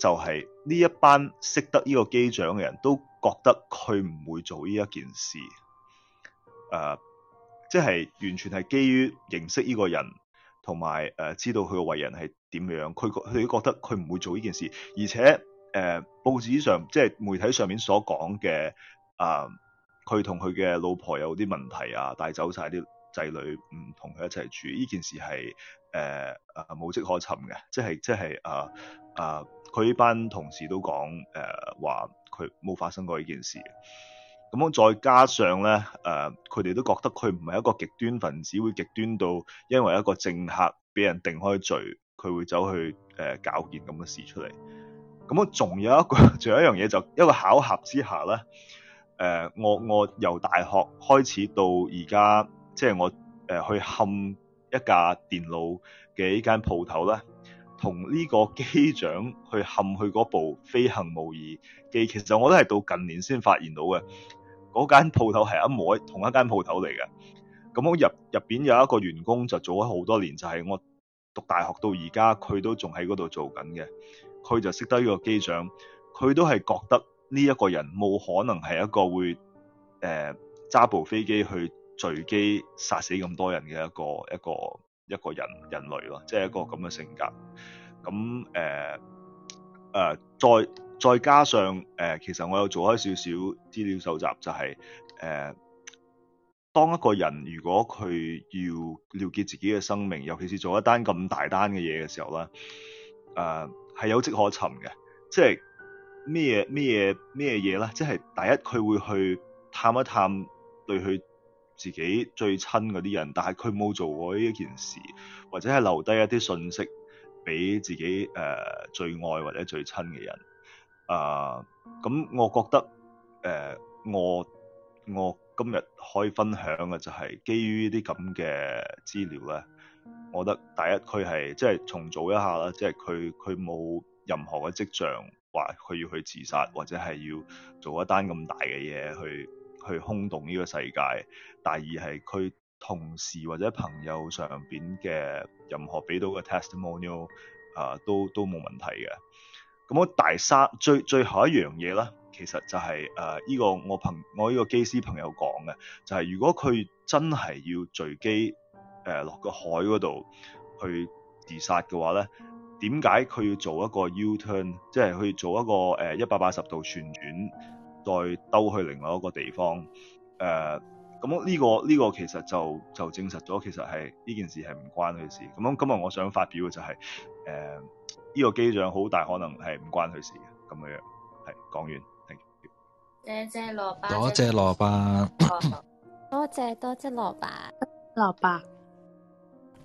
就係呢一班識得呢個機長嘅人都覺得佢唔會做呢一件事。誒，即係完全係基於認識呢個人，同埋誒知道佢嘅為人係點樣，佢佢覺得佢唔會做呢件事，而且。誒、呃、報紙上即係媒體上面所講嘅啊，佢同佢嘅老婆有啲問題啊，帶走晒啲仔女唔同佢一齊住呢件事係誒啊無跡可尋嘅，即係即係啊啊！佢、呃、呢、呃、班同事都講誒話佢冇發生過呢件事嘅。咁啊，再加上咧誒，佢、呃、哋都覺得佢唔係一個極端分子，會極端到因為一個政客俾人定開罪，佢會走去誒、呃、搞件咁嘅事出嚟。咁我仲有一個，仲有一樣嘢，就一個巧合之下咧。誒、呃，我我由大學開始到而家，即係我，呃，去冚一架電腦嘅一間鋪頭咧，同呢個機長去冚佢嗰部飛行模擬機。其實我都係到近年先發現到嘅。嗰間鋪頭係一模一樣，同一間鋪頭嚟嘅。咁我入入邊有一個員工就做咗好多年，就係我讀大學到而家，佢都仲喺嗰度做緊嘅。佢就識得呢個機長，佢都係覺得呢一個人冇可能係一個會誒揸、呃、部飛機去墜機殺死咁多人嘅一個一個一個人人類咯，即、就、係、是、一個咁嘅性格。咁誒誒，再再加上誒、呃，其實我有做開少少資料搜集，就係、是、誒、呃，當一個人如果佢要了結自己嘅生命，尤其是做一單咁大單嘅嘢嘅時候啦，誒、呃。係有跡可尋嘅，即係咩嘢咩嘢咩嘢啦，即係第一佢會去探一探對佢自己最親嗰啲人，但係佢冇做過呢一件事，或者係留低一啲信息俾自己誒、呃、最愛或者最親嘅人啊，咁、呃、我覺得誒、呃、我我今日可以分享嘅就係基於呢啲咁嘅資料咧。我覺得第一佢係即係重組一下啦，即係佢佢冇任何嘅跡象話佢要去自殺，或者係要做一單咁大嘅嘢去去轟動呢個世界。第二係佢同事或者朋友上邊嘅任何俾到嘅 testimonial 啊，都都冇問題嘅。咁我第三最最後一樣嘢啦，其實就係誒呢個我朋我呢個機師朋友講嘅，就係如果佢真係要墜機。誒，落個、呃、海嗰度去自殺嘅話咧，點解佢要做一個 U-turn，即係去做一個誒一百八十度旋轉，再兜去另外一個地方？誒、呃，咁呢、這個呢、這個其實就就證實咗，其實係呢件事係唔關佢事。咁樣今日我想發表嘅就係、是，誒、呃，呢、這個機長好大可能係唔關佢事嘅，咁樣樣係講完。多謝蘿蔔，多謝蘿蔔，多謝多謝蘿蔔，蘿蔔。 謝謝謝謝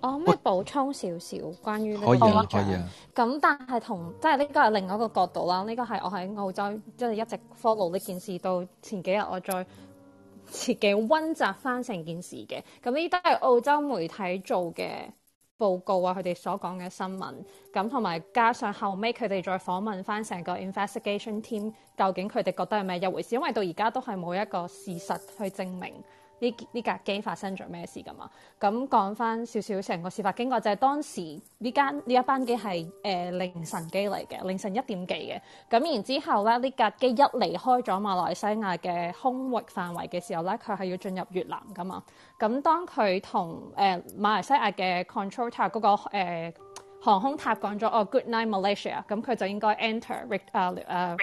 我可唔可以補充少少關於呢個咁，但係同即係呢個係另外一個角度啦。呢個係我喺澳洲即係一直 follow 呢件事到前幾日，我再自己温習翻成件事嘅。咁呢啲都係澳洲媒體做嘅報告啊，佢哋所講嘅新聞。咁同埋加上後尾，佢哋再訪問翻成個 investigation team，究竟佢哋覺得係咩一回事？因為到而家都係冇一個事實去證明。呢呢架機發生咗咩事㗎嘛？咁講返少少成個事發經過，就係、是、當時呢間呢一班機係誒凌晨機嚟嘅，凌晨一點幾嘅。咁然之後咧，呢架機一離開咗馬來西亞嘅空域範圍嘅時候咧，佢係要進入越南㗎嘛。咁當佢同誒馬來西亞嘅 control 塔嗰、那個誒、呃、航空塔講咗哦 Good Night Malaysia，咁佢就應該 enter Rick。Uh, uh,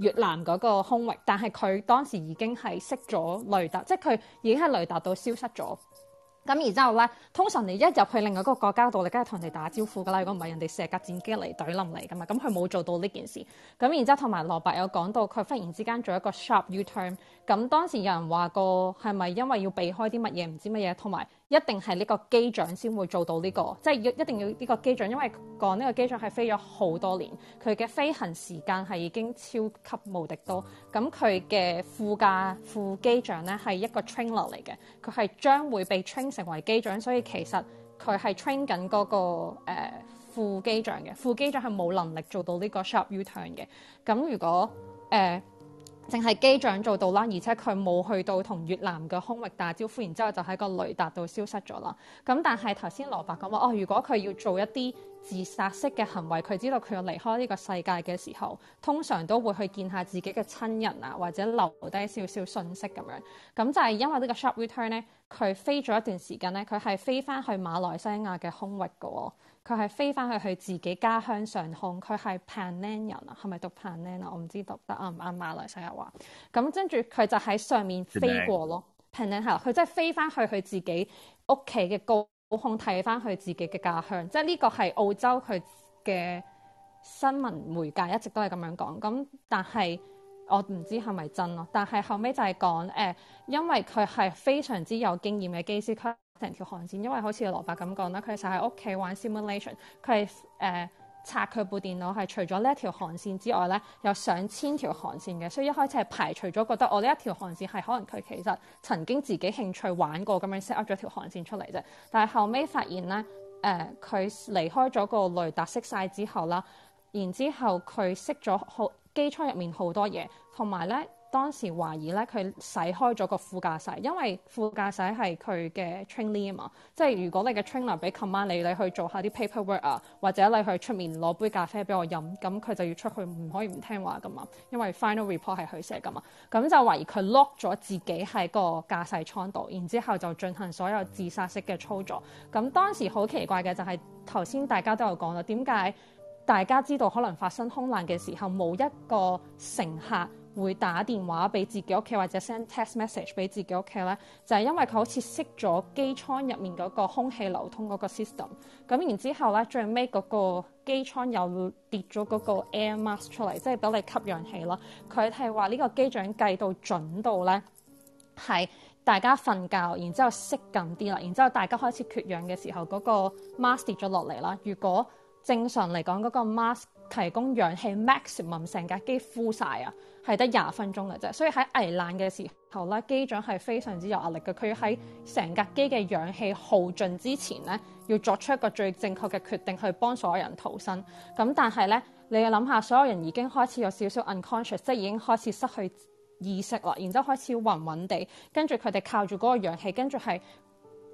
越南嗰個空域，但係佢當時已經係熄咗雷達，即係佢已經喺雷達度消失咗。咁然之後咧，通常你一入去另外一個國家度，你梗係同人哋打招呼噶啦，如果唔係人哋射架戰機嚟懟冧嚟噶嘛。咁佢冇做到呢件事。咁然之後，同埋羅伯有講到，佢忽然之間做一個 sharp U-turn。咁當時有人話過，係咪因為要避開啲乜嘢唔知乜嘢，同埋。一定係呢個機長先會做到呢、這個，即係要一定要呢個機長。因為講呢個機長係飛咗好多年，佢嘅飛行時間係已經超級無敵多。咁佢嘅副駕副機長呢係一個 trainer 嚟嘅，佢係將會被 train 成為機長，所以其實佢係 train 緊、那、嗰個誒副機長嘅。副機長係冇能力做到呢個 sharp U turn 嘅。咁如果誒。呃淨係機長做到啦，而且佢冇去到同越南嘅空域打招呼，然之後就喺個雷達度消失咗啦。咁但係頭先羅伯講話哦，如果佢要做一啲自殺式嘅行為，佢知道佢要離開呢個世界嘅時候，通常都會去見下自己嘅親人啊，或者留低少少信息咁樣。咁就係因為這個呢個 sharp return 咧，佢飛咗一段時間咧，佢係飛返去馬來西亞嘅空域嘅喎、哦。佢係飛翻去佢自己家鄉上空，佢係 Penang 人啊，係咪讀 Penang 啊？我唔知讀得啱唔啱馬來西亞話。咁跟住佢就喺上面飛過咯，Penang 係啦，佢即係飛翻去佢自己屋企嘅高空睇翻佢自己嘅家鄉，即係呢個係澳洲佢嘅新聞媒介一直都係咁樣講。咁但係我唔知係咪真咯？但係後尾就係講誒，因為佢係非常之有經驗嘅機師。成條航線，因為好似羅伯咁講啦，佢成日喺屋企玩 simulation，佢、呃、拆佢部電腦，係除咗呢一條航線之外咧，有上千條航線嘅，所以一開始係排除咗，覺得我呢一條航線係可能佢其實曾經自己興趣玩過咁樣 set up 咗條航線出嚟啫，但係後尾發現咧，佢、呃、離開咗個雷達色晒之後啦，然之後佢熄咗好機艙入面好多嘢，同埋咧。當時懷疑咧，佢駛開咗個副駕駛，因為副駕駛係佢嘅 trainer 啊嘛。即係如果你嘅 trainer 俾 command 你，你去做下啲 paperwork 啊，或者你去出面攞杯咖啡俾我飲，咁佢就要出去，唔可以唔聽話噶嘛。因為 final report 係佢寫噶嘛，咁就懷疑佢 lock 咗自己喺個駕駛艙度，然之後就進行所有自殺式嘅操作。咁當時好奇怪嘅就係頭先大家都有講啦，點解大家知道可能發生空難嘅時候，冇一個乘客會打電話俾自己屋企，或者 send text message 俾自己屋企咧，就係因為佢好似熄咗機艙入面嗰個空氣流通嗰個 system。咁然之後咧，最尾嗰個機艙又跌咗嗰個 air mask 出嚟，即係俾你吸氧氣啦。佢係話呢個機長計到準度咧，係大家瞓覺，然之後熄緊啲啦，然之後大家開始缺氧嘅時候，嗰個 mask 跌咗落嚟啦。如果正常嚟講，嗰個 mask 提供氧氣 maximum，咁成架機 full 曬啊，係得廿分鐘嘅啫。所以喺危難嘅時候咧，機長係非常之有壓力嘅。佢要喺成架機嘅氧氣耗盡之前咧，要作出一個最正確嘅決定去幫所有人逃生。咁但係咧，你要諗下，所有人已經開始有少少 unconscious，即係已經開始失去意識啦，然之後開始暈暈地，跟住佢哋靠住嗰個氧氣，跟住係。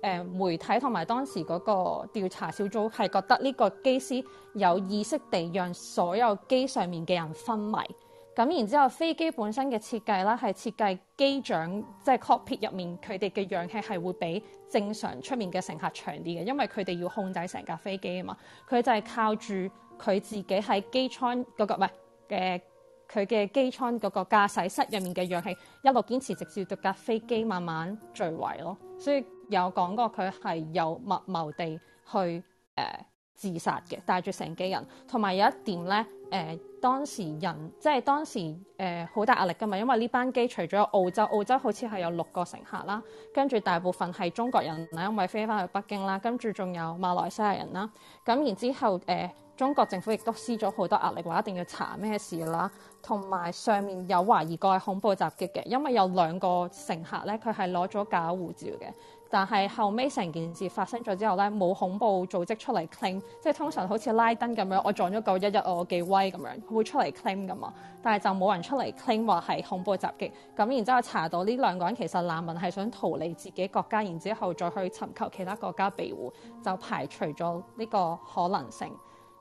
誒媒體同埋當時嗰個調查小組係覺得呢個機師有意識地讓所有機上面嘅人昏迷咁，然之後飛機本身嘅設計啦，係設計機長即係 cockpit 入面佢哋嘅氧氣係會比正常出面嘅乘客長啲嘅，因為佢哋要控制成架飛機啊嘛。佢就係靠住佢自己喺機艙嗰個唔係，誒佢嘅機艙嗰個駕駛室入面嘅氧氣一路堅持，直至到架飛機慢慢墜毀咯，所以。有講過佢係有密謀地去誒、呃、自殺嘅，帶住成機人，同埋有一點咧誒、呃，當時人即係當時誒好、呃、大壓力㗎嘛，因為呢班機除咗澳洲，澳洲好似係有六個乘客啦，跟住大部分係中國人啦，因為飛翻去北京啦，跟住仲有馬來西亞人啦。咁然之後誒、呃，中國政府亦都施咗好多壓力話一定要查咩事啦，同埋上面有懷疑過係恐怖襲擊嘅，因為有兩個乘客咧，佢係攞咗假護照嘅。但係後尾成件事發生咗之後咧，冇恐怖組織出嚟 claim，即係通常好似拉登咁樣，我撞咗九一一，我幾威咁樣會出嚟 claim 噶嘛，但係就冇人出嚟 claim 話係恐怖襲擊，咁然之後查到呢兩個人其實難民係想逃離自己國家，然之後再去尋求其他國家庇護，就排除咗呢個可能性。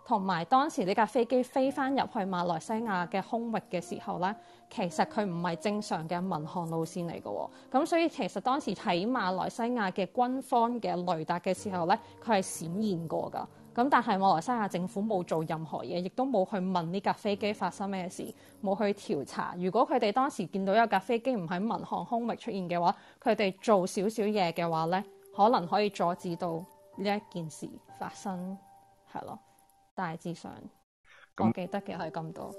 同埋當時呢架飛機飛翻入去馬來西亞嘅空域嘅時候呢，其實佢唔係正常嘅民航路線嚟嘅喎。咁所以其實當時睇馬來西亞嘅軍方嘅雷達嘅時候呢，佢係閃現過㗎。咁但係馬來西亞政府冇做任何嘢，亦都冇去問呢架飛機發生咩事，冇去調查。如果佢哋當時見到有架飛機唔喺民航空域出現嘅話，佢哋做少少嘢嘅話呢，可能可以阻止到呢一件事發生，係咯。大致上，我記得嘅係咁多。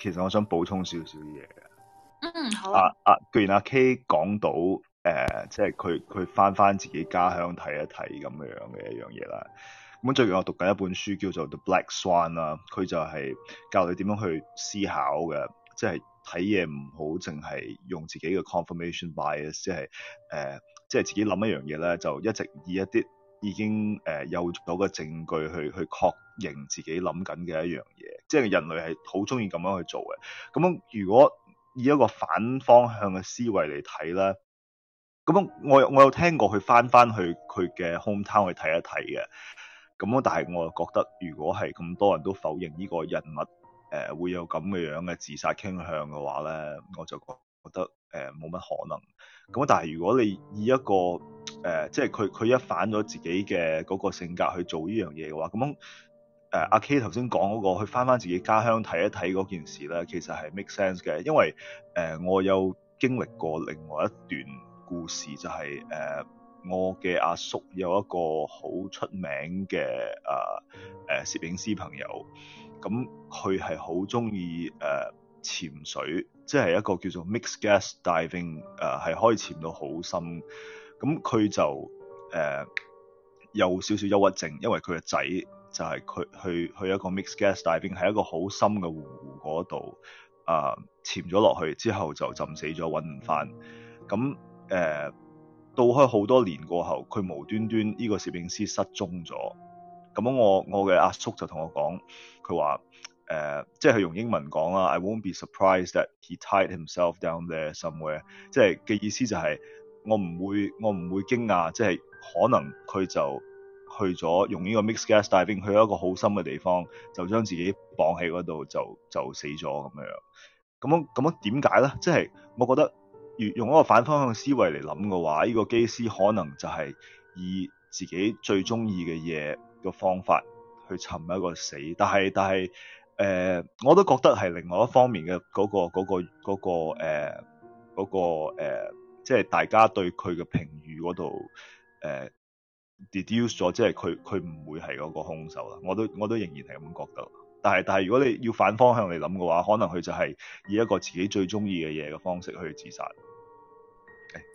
其實我想補充少少嘢嘅。嗯，好。啊，阿，既然阿 K 講到，誒、uh，即係佢佢翻翻自己家鄉睇一睇咁樣嘅一樣嘢啦。咁最近我讀緊一本書叫做《The Black Swan》啦，佢就係教你點樣去思考嘅，即係睇嘢唔好淨係用自己嘅 confirmation bias，即係誒，uh, 即係自己諗一樣嘢咧，就一直以一啲。已經誒有咗個證據去去確認自己諗緊嘅一樣嘢，即係人類係好中意咁樣去做嘅。咁樣如果以一個反方向嘅思維嚟睇咧，咁樣我我有聽過佢翻翻去佢嘅 home town 去睇一睇嘅。咁但係我又覺得，如果係咁多人都否認呢個人物誒、呃、會有咁嘅樣嘅自殺傾向嘅話咧，我就覺得誒冇乜可能。咁但係如果你以一個誒、呃，即係佢佢一反咗自己嘅嗰個性格去做呢樣嘢嘅話，咁誒阿 K 頭先講嗰個，去返返自己家鄉睇一睇嗰件事呢，其實係 make sense 嘅，因為誒、呃、我有經歷過另外一段故事，就係、是、誒、呃、我嘅阿叔有一個好出名嘅啊誒攝影師朋友，咁佢係好鍾意誒。潛水即係一個叫做 mixed gas diving，誒、呃、係可以潛到好深。咁佢就誒、呃、有少少憂鬱症，因為佢嘅仔就係佢去去一個 mixed gas diving，喺一個好深嘅湖嗰度啊，潛咗落去之後就浸死咗，揾唔翻。咁誒、呃、到開好多年過後，佢無端端呢個攝影師失蹤咗。咁我我嘅阿叔就同我講，佢話。Uh，即係用英文講啦，I won't be surprised that he tied himself down there somewhere。即係嘅意思就係我唔會，我唔會驚訝，即係可能佢就去咗用呢個 mixed gas diving 去一個好深嘅地方，就將自己綁喺嗰度，就就死咗咁樣。咁樣咁樣點解咧？即係我覺得用一個反方向嘅思維嚟諗嘅話，呢個機師可能就係以自己最中意嘅嘢嘅方法去尋一個死。但係但係。誒、呃，我都覺得係另外一方面嘅嗰、嗰個嗰、嗰個嗰、嗰個、呃嗰個呃、即係大家對佢嘅評語嗰度誒、呃、deduce 咗，即係佢佢唔會係嗰個兇手啦。我都我都仍然係咁覺得。但係但係如果你要反方向嚟諗嘅話，可能佢就係以一個自己最中意嘅嘢嘅方式去自殺。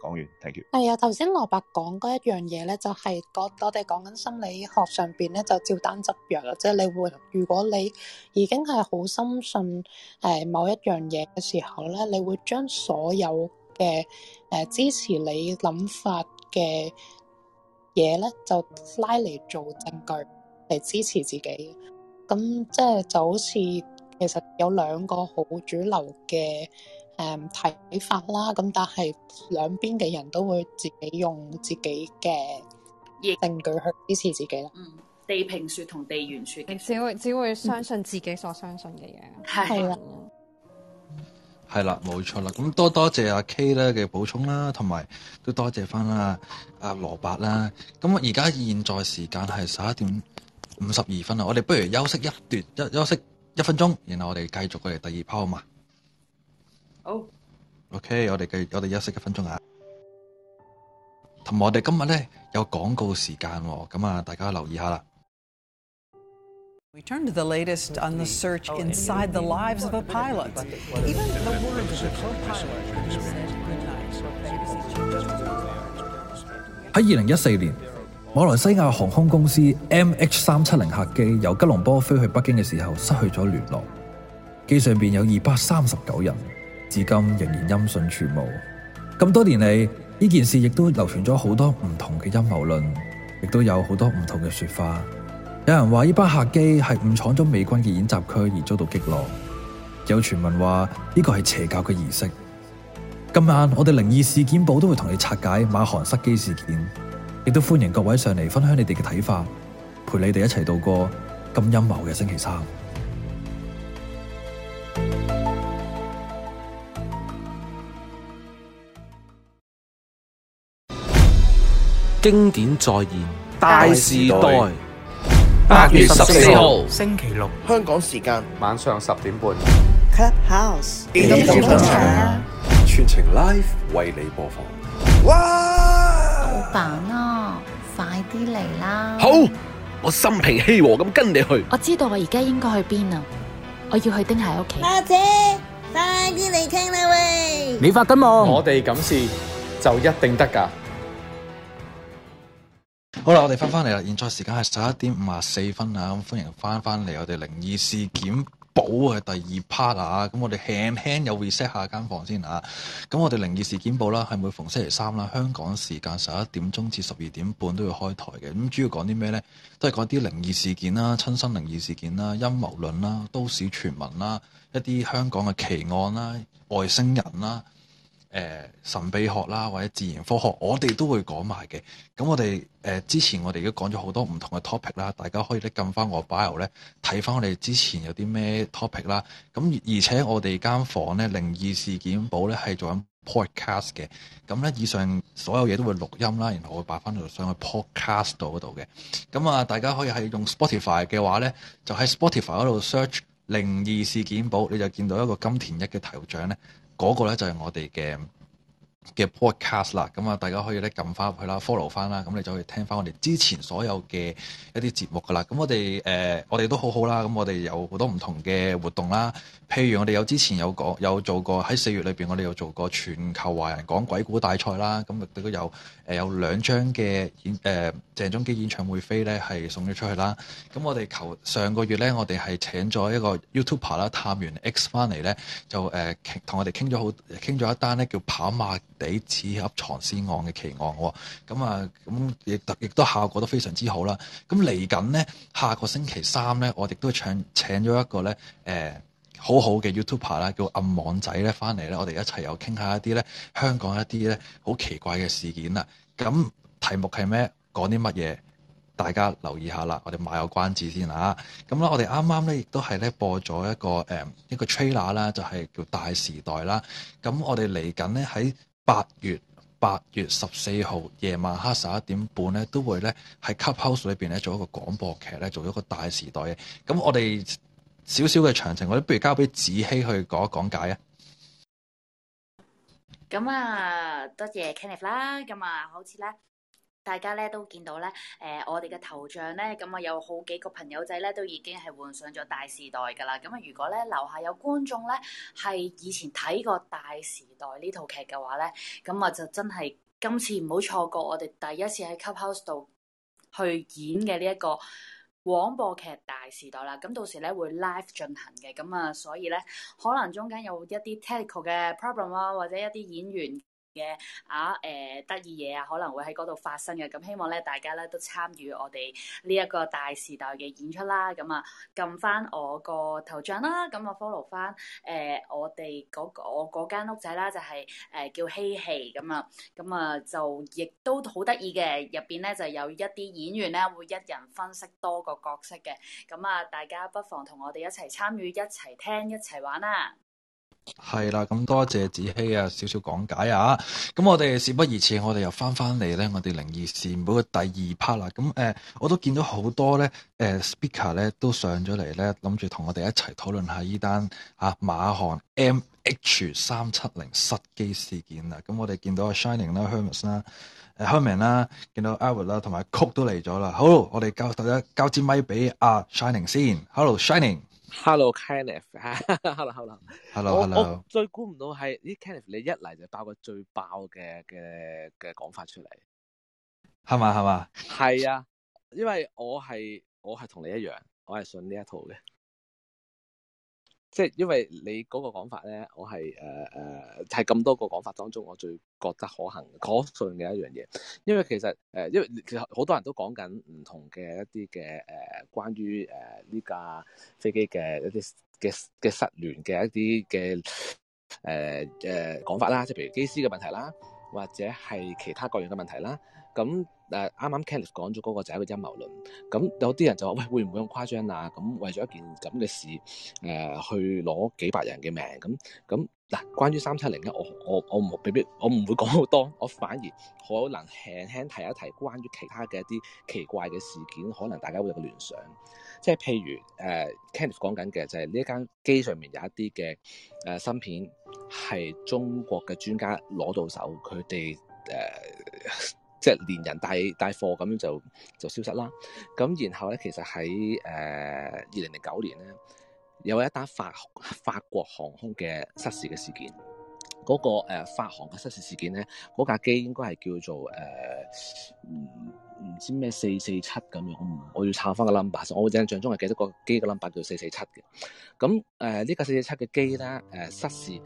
講完，停住。係啊，頭先蘿伯講嗰一樣嘢咧，就係我我哋講緊心理學上邊咧，就照單執藥啦，即係你會如果你已經係好深信誒某一樣嘢嘅時候咧，你會將所有嘅誒支持你諗法嘅嘢咧，就拉嚟做證據嚟支持自己。咁即係就好似其實有兩個好主流嘅。誒，睇、um，法啦，咁但係兩邊嘅人都會自己用自己嘅證據去支持自己啦。嗯，地平說同地圓說，只會只會相信自己所相信嘅嘢。係啦、嗯，係啦是，冇、啊、錯啦。咁多多謝阿 K 咧嘅補充啦，同埋都多謝返啦、啊，阿羅伯啦。咁而家現在時間係十一點五十二分啦，我哋不如休息一段，休休息一分鐘，然後我哋繼續過嚟第二 part 嘛。好好、oh.，OK，我哋嘅我哋休息一分鐘啊，同埋我哋今日咧有廣告時間，咁啊，大家留意下啦。喺二零一四年，馬來西亞航空公司 MH 三七零客機由吉隆坡飛去北京嘅時候，失去咗聯絡，機上邊有二百三十九人。至今仍然音訊全無。咁多年嚟，呢件事亦都流傳咗好多唔同嘅陰謀論，亦都有好多唔同嘅說法。有人話呢班客機係誤闖咗美軍嘅演習區而遭到擊落。有傳聞話呢個係邪教嘅儀式。今晚我哋靈異事件簿都會同你拆解馬航失機事件，亦都歡迎各位上嚟分享你哋嘅睇法，陪你哋一齊度過咁陰謀嘅星期三。經典再現，大時代。八月十四號星期六，香港時間晚上十點半。Clubhouse，記得注冊。全程 Live 為你播放。哇！老闆啊，快啲嚟啦！好，我心平氣和咁跟你去。我知道我而家應該去邊啊！我要去丁蟹屋企。阿姐，快啲嚟傾啦喂！你發得冇？我哋咁事就一定得噶。好啦，我哋翻翻嚟啦，現在時間係十一點五十四分啊，咁歡迎翻翻嚟我哋《靈異事件簿》嘅第二 part 啊，咁我哋輕輕又 reset 下間房先啊，咁我哋《靈異事件簿》啦，係每逢星期三啦，香港時間十一點鐘至十二點半都要開台嘅，咁主要講啲咩呢？都係講啲靈異事件啦、親身靈異事件啦、陰謀論啦、都市傳聞啦、一啲香港嘅奇案啦、外星人啦。誒、呃、神秘學啦，或者自然科學，我哋都會講埋嘅。咁我哋誒、呃、之前我哋都講咗好多唔同嘅 topic 啦，大家可以咧撳翻我 bio 咧睇翻我哋之前有啲咩 topic 啦。咁而且我哋間房咧《靈異事件簿》呢咧係做緊 podcast 嘅。咁咧以上所有嘢都會錄音啦，然後我會擺翻到上去 podcast 度嗰度嘅。咁啊，大家可以係用 Spotify 嘅話咧，就喺 Spotify 嗰度 search《靈異事件簿》，你就見到一個金田一嘅頭像咧。嗰個呢就係我哋嘅嘅 podcast 啦，咁啊大家可以呢撳翻入去啦，follow 翻啦，咁你就可以聽翻我哋之前所有嘅一啲節目噶啦。咁我哋誒、呃、我哋都好好啦，咁我哋有好多唔同嘅活動啦，譬如我哋有之前有講有做過喺四月裏面，我哋有做過全球華人講鬼故大賽啦，咁亦都有。誒有兩張嘅演誒、呃、鄭中基演唱會飛咧，係送咗出去啦。咁我哋求上個月咧，我哋係請咗一個 YouTuber 啦探完 X 翻嚟咧，就誒同、呃、我哋傾咗好傾咗一單咧，叫跑馬地紙盒藏屍案嘅奇案喎、哦。咁啊，咁亦亦都，都效果都非常之好啦。咁嚟緊咧，下個星期三咧，我哋都請請咗一個咧誒。呃好好嘅 YouTuber 啦，叫暗網仔咧，翻嚟咧，我哋一齊又傾下一啲咧香港一啲咧好奇怪嘅事件啦。咁題目係咩？講啲乜嘢？大家留意下啦，我哋買個關子先嚇。咁啦，我哋啱啱咧亦都係咧播咗一個誒一個 trailer 啦，就係叫《大時代》啦。咁我哋嚟緊咧喺八月八月十四號夜晚黑十一點半咧，都會咧喺 Clubhouse 裏邊咧做一個廣播劇咧，做一個《大時代》嘅。咁我哋。少少嘅詳情，我哋不如交俾子希去講一講解啊！咁啊，多謝 Kenneth 啦！咁啊，好似咧，大家咧都見到咧，誒、呃，我哋嘅頭像咧，咁啊，有好幾個朋友仔咧都已經係換上咗《大時代》噶啦。咁啊，如果咧樓下有觀眾咧，係以前睇過《大時代》呢套劇嘅話咧，咁啊，就真係今次唔好錯過我哋第一次喺 Clubhouse 度去演嘅呢一個。廣播劇大時代啦，咁到時咧會 live 進行嘅。咁啊，所以咧可能中間有一啲 technical 嘅 problem 啊，或者一啲演員。嘅啊誒得意嘢啊，可能會喺嗰度發生嘅，咁希望咧大家咧都參與我哋呢一個大時代嘅演出啦。咁啊，撳翻我個頭像啦，咁啊 follow 翻誒、呃、我哋嗰、那個、我間屋仔啦，就係、是、誒、呃、叫嬉戲咁啊，咁啊就亦都好得意嘅，入邊咧就有一啲演員咧會一人分析多個角色嘅，咁啊大家不妨同我哋一齊參與，一齊聽，一齊玩啦！係啦，咁多謝子希啊，少少講解啊，咁我哋事不宜遲，我哋又翻翻嚟咧，我哋靈異事件簿嘅第二 part 啦，咁誒、呃，我都見到好多咧，誒、呃、speaker 咧都上咗嚟咧，諗住同我哋一齊討論下依單吓馬航 MH 三七零失機事件啦，咁我哋見到 Shining 啦、啊、，Hermes 啦、啊、，Herman 啦、啊，見到 Edward 啦，同埋曲都嚟咗啦，好，我哋交大家交支咪俾阿、啊、Shining 先，Hello Shining。Hello Kenneth，hello hello hello hello。我我最估唔到係呢，Kenneth 你一嚟就爆個最爆嘅嘅嘅講法出嚟，係嘛係嘛？係啊，因為我係我係同你一樣，我係信呢一套嘅。即係因為你嗰個講法咧，我係誒誒係咁多個講法當中，我最覺得可行、可信嘅一樣嘢。因為其實誒、呃，因為其實好多人都講緊唔同嘅一啲嘅，誒，關於誒呢、呃、架飛機嘅一啲嘅嘅失聯嘅一啲嘅，誒誒講法啦，即係譬如機師嘅問題啦，或者係其他各樣嘅問題啦，咁。誒啱啱 Candice 講咗嗰個就係一個陰謀論，咁有啲人就話：喂，會唔會咁誇張啊？咁為咗一件咁嘅事，誒、呃、去攞幾百人嘅命，咁咁嗱，關於三七零一，我我我唔未必，我唔會講好多，我反而可能輕輕提一提關於其他嘅一啲奇怪嘅事件，可能大家會有個聯想，即係譬如誒 Candice 講緊嘅就係呢一間機上面有一啲嘅誒芯片係中國嘅專家攞到手，佢哋誒。呃 即係連人帶帶貨咁樣就就消失啦。咁然後咧，其實喺誒二零零九年咧，有一單法法國航空嘅失事嘅事件。嗰、那個誒、呃、法航嘅失事事件咧，嗰架機應該係叫做誒唔唔知咩四四七咁樣。我要查翻個 number。我印象中係記得個機個 number 叫四四七嘅。咁誒、呃、呢架四四七嘅機咧誒失事，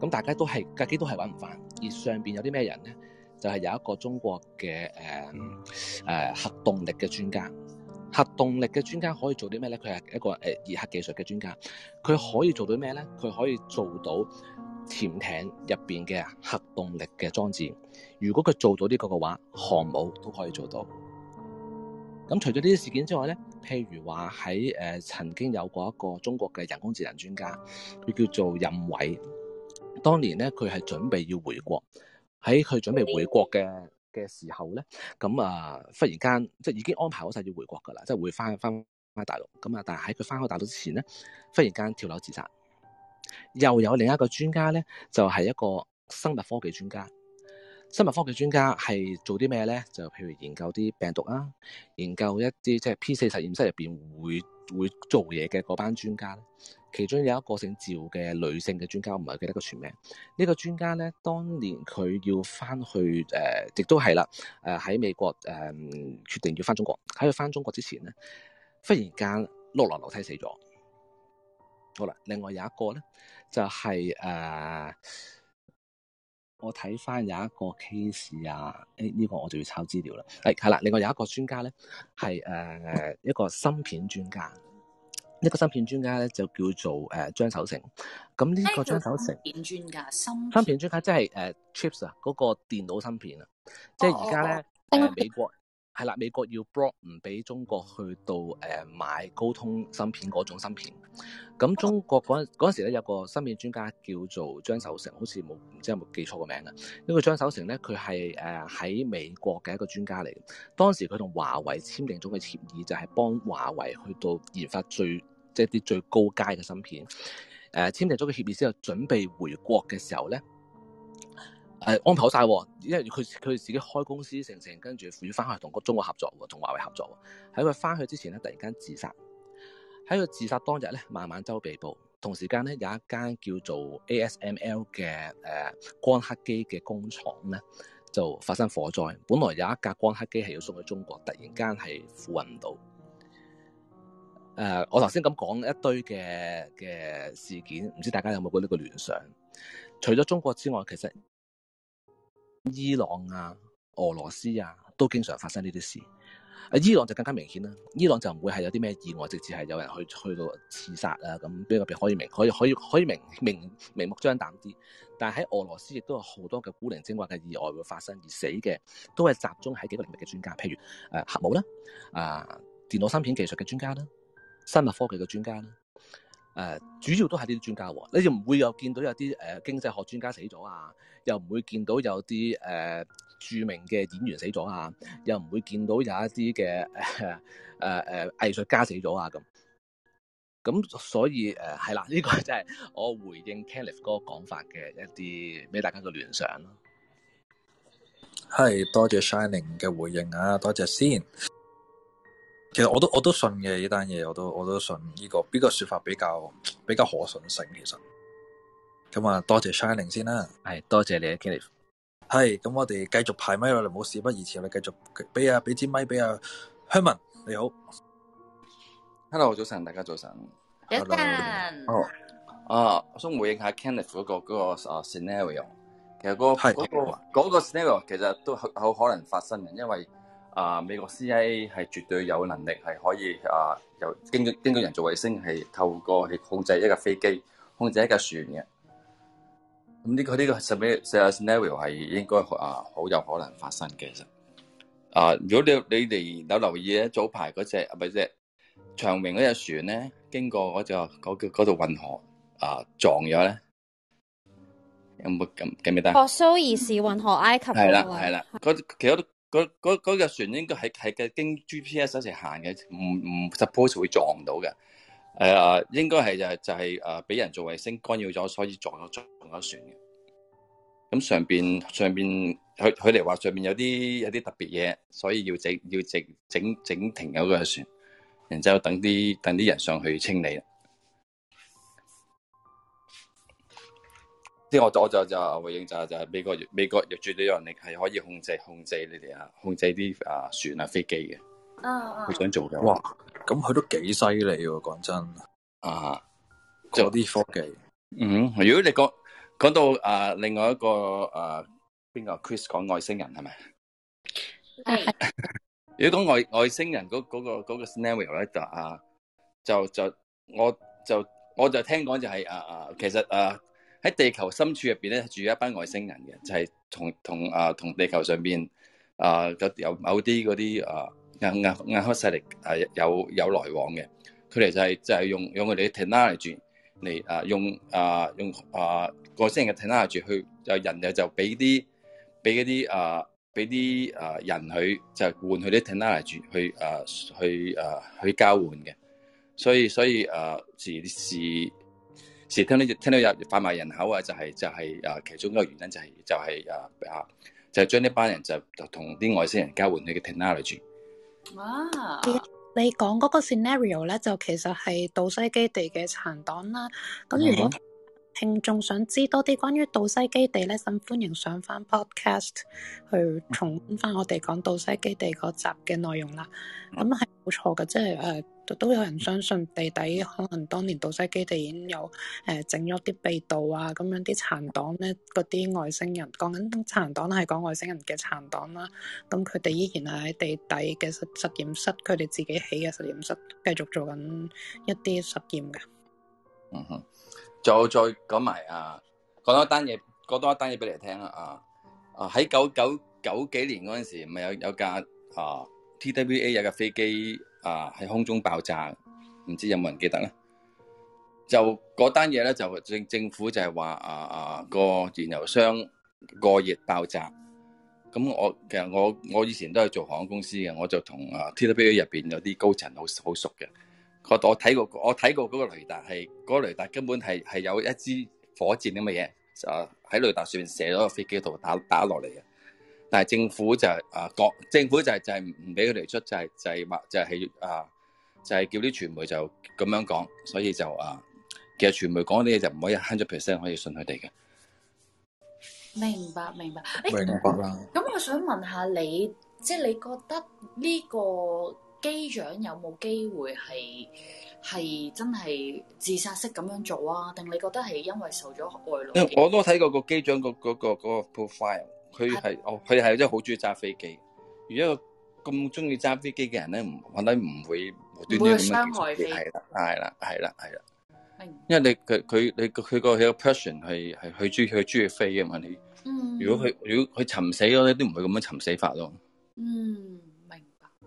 咁大家都係架機都係揾唔翻，而上邊有啲咩人咧？佢係有一個中國嘅誒誒核動力嘅專家，核動力嘅專家可以做啲咩咧？佢係一個誒熱、呃、核技術嘅專家，佢可以做到咩咧？佢可以做到潛艇入邊嘅核動力嘅裝置。如果佢做到呢個嘅話，航母都可以做到。咁除咗呢啲事件之外咧，譬如話喺誒曾經有過一個中國嘅人工智能專家，佢叫做任偉，當年咧佢係準備要回國。喺佢準備回國嘅嘅時候咧，咁啊，忽然間即係已經安排好晒要回國噶啦，即係會翻翻翻大陸。咁啊，但係喺佢翻去大陸之前咧，忽然間跳樓自殺。又有另一個專家咧，就係一個生物科技專家。生物科技專家係做啲咩咧？就譬如研究啲病毒啊，研究一啲即係 P 四實驗室入邊會。會做嘢嘅嗰班專家咧，其中有一個姓趙嘅女性嘅專家，我唔係記得個全名。這個、專呢個專家咧，當年佢要翻去誒，亦、呃、都係啦，誒、呃、喺美國誒、呃、決定要翻中國。喺佢翻中國之前咧，忽然間碌落樓梯死咗。好啦，另外有一個咧，就係、是、誒。呃我睇翻有一個 case 啊，呢、哎、呢、這個我就要抄資料啦。係係啦，另外有一個專家咧，係誒、呃、一個芯片專家，一個芯片專家咧就叫做誒張、呃、守成。咁呢個張守成，哎、芯片專家，芯片芯片專家，就是，即係誒 chips 啊，嗰個電腦芯片啊，哦、即係而家咧誒美國。哦係啦，美國要 block 唔俾中國去到買高通芯片嗰種芯片。咁中國嗰時咧，有個芯片專家叫做張守成，好似冇唔知有冇記錯個名啦。因為呢個張守成咧，佢係喺美國嘅一個專家嚟。當時佢同華為簽訂咗嘅協議就係、是、幫華為去到研發最即係啲最高階嘅芯片。誒、呃、簽訂咗個協議之後，準備回國嘅時候咧。誒，安排好晒，因為佢佢自己開公司成成，跟住付咗翻去同個中國合作，同華為合作喺佢翻去之前咧，突然間自殺。喺佢自殺當日咧，孟晚舟被捕。同時間咧，有一間叫做 ASML 嘅誒光刻機嘅工廠咧，就發生火災。本來有一架光刻機係要送去中國，突然間係付運唔到。誒，我頭先咁講一堆嘅嘅事件，唔知大家有冇過呢個聯想？除咗中國之外，其實。伊朗啊，俄羅斯啊，都經常發生呢啲事。啊，伊朗就更加明顯啦。伊朗就唔會係有啲咩意外，直接係有人去去到刺殺啊。咁邊個邊可以明可以可以可以明明明目張膽啲，但係喺俄羅斯亦都有好多嘅古靈精怪嘅意外會發生而死嘅，都係集中喺幾個領域嘅專家，譬如誒、呃、核武啦，啊、呃、電腦芯片技術嘅專家啦，生物科技嘅專家啦。誒主要都係呢啲專家喎，你就唔會又見到有啲誒經濟學專家死咗啊，又唔會見到有啲誒著名嘅演員死咗啊，又唔會見到有一啲嘅誒誒誒藝術家死咗啊咁。咁所以誒係、呃、啦，呢、呢個就係我回應 Kenneth 嗰個講法嘅一啲俾大家嘅聯想咯。係，多謝 Shining 嘅回應啊，多謝先。其實我都我都信嘅呢單嘢，我都我都信呢、呢個邊、呢個說法比較比較可信性其實。咁啊，多謝 Shining 先啦，係多謝你啊，Kenneth。係，咁我哋繼續派咪落嚟，冇事不宜遲，我哋繼續俾啊俾支咪俾啊 Herman，Herman，你好。Hello，早晨，大家早晨。早晨。哦。啊，我想回應下 Kenneth 嗰、嗰個、嗰個 scenario，其實嗰、嗰個是、嗰個嗰個 scenario 其實都好可能發生嘅，因為。啊！美國 CIA 係絕對有能力係可以啊，由經經過人造衛星係透過去控制一架飛機，控制一架船嘅。咁、嗯、呢、呢個呢、呢個十秒十下 scenario 係應該啊好有可能發生嘅。其實啊，如果你你哋有留意咧，早排嗰隻唔係隻長榮嗰隻船咧，經過嗰隻叫度運河啊撞咗咧，有冇咁記唔記得？哦，蘇伊士運河埃及嘅。係啦係啦，其他都。嗰嗰隻船應該係係嘅經 GPS 一齊行嘅，唔唔 suppose 會撞到嘅。誒、呃，應該係就係就係誒俾人做衛星干擾咗，所以撞咗撞咗船嘅。咁上邊上邊佢哋黎話上面有啲有啲特別嘢，所以要整要整整整停咗嗰隻船，然之後等啲等啲人上去清理。即係我就就回應就認就就美國美國又絕對有能力係可以控制控制你哋啊，控制啲啊船啊飛機嘅，啊佢、oh, wow. 想做嘅。哇！咁佢都幾犀利喎，講真啊，嗰啲科技。嗯，如果你講講到啊，另外一個啊，邊個 Chris 講外星人係咪？Yes. 如果講外外星人嗰嗰、嗰個嗰、嗰個 scenario 咧、啊，就啊就我就我就我就聽講就係、係、啊啊，其實啊。喺地球深處入邊咧住一班外星人嘅，就係同同啊同地球上邊啊有某啲嗰啲啊暗暗暗黑勢力係有有來往嘅、就是。佢哋就係、是啊啊啊啊、就係用用佢哋啲 technology 嚟轉，嚟啊用啊用啊外星人嘅 technology 去就人又就俾啲俾啲啊俾啲啊人去，就換佢啲 technology 去啊去啊去交換嘅。所以所以啊，自時。時聽啲聽到有販賣人口啊、就係，就係就係誒其中一個原因就係就係誒啊，就係將呢班人就同啲外星人交換啲嘅 technology。哇！你講嗰個 scenario 咧，就其實係杜西基地嘅殘黨啦。咁如果聽眾想知多啲關於杜西基地咧，咁歡迎上翻 podcast 去重溫翻我哋講杜西基地嗰集嘅內容啦。咁係冇錯嘅，即係誒。就都有人相信地底可能當年道西基地已經有誒、呃、整咗啲秘道啊，咁樣啲殘黨咧，嗰啲外星人講緊殘黨係講外星人嘅殘黨啦。咁佢哋依然係喺地底嘅實實驗室，佢哋自己起嘅實驗室，繼續做緊一啲實驗嘅。嗯哼，就再講埋啊，講多一單嘢，講多一單嘢俾你聽啦，啊啊喺九九九幾年嗰陣時，咪有有架啊 TWA 有架飛機。啊！喺空中爆炸，唔知有冇人記得咧？就嗰單嘢咧，就政政府就係話啊啊個燃油箱過熱爆炸。咁我其實我我以前都係做航空公司嘅，我就同啊 TWA 入邊有啲高層好好熟嘅。我睇過我睇過嗰個雷達係，嗰個雷達根本係係有一支火箭咁嘅嘢，就喺雷達上面射咗個飛機度打打落嚟嘅。但係政府就係、是、啊，國政府就係、是、就係唔唔俾佢哋出，就係就係話，就係、是就是、啊，就係、是、叫啲傳媒就咁樣講，所以就啊，其實傳媒講啲嘢就唔可以 hundred percent 可以信佢哋嘅。明白明白，明白。咁、欸、白我想問下你，即、就、係、是、你覺得呢個機長有冇機會係係真係自殺式咁樣做啊？定你覺得係因為受咗外勞？我都睇過個機長、那個嗰、那個嗰、那個 profile。佢係哦，佢係真係好中意揸飛機。如果一個咁中意揸飛機嘅人咧，唔，我覺得唔會無端端咁樣。唔會傷害飛機。係啦，係啦，係啦，係啦。的因為你佢佢你佢個有 person 係係佢中佢中意飛嘅嘛。你。嗯。如果佢如果佢尋死咗咧，都唔會咁樣尋死法咯。嗯，明白。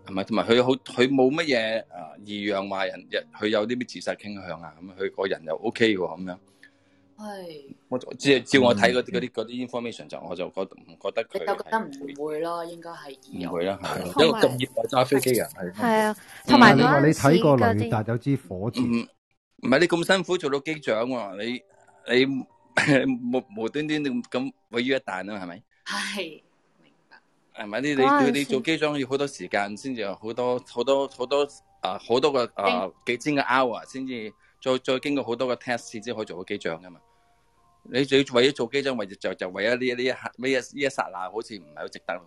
係咪同埋佢好？佢冇乜嘢啊，異樣話人，佢有啲咩自殺傾向啊？咁佢個人又 OK 喎，咁樣。係，我只係照我睇嗰啲啲啲 information，就我就覺唔覺得佢，你就覺得唔會啦，應該係唔會啦，係、啊、一個咁熱揸飛機啊，係係啊，同埋、嗯嗯、你話你睇過雷達有支火箭，唔係、嗯、你咁辛苦做到機長啊，你你， 你無無端端咁咁毀於一旦啊，係咪？係，明白。係咪你心你你做機長要好多時間先至有好多好多好多啊，好多個啊幾千個 hour 先至再再經過好多個 test 先至可以做到機長噶嘛？你最為咗做機長，為就就為咗呢一刻，呢一呢一剎那，好似唔係好值得咯。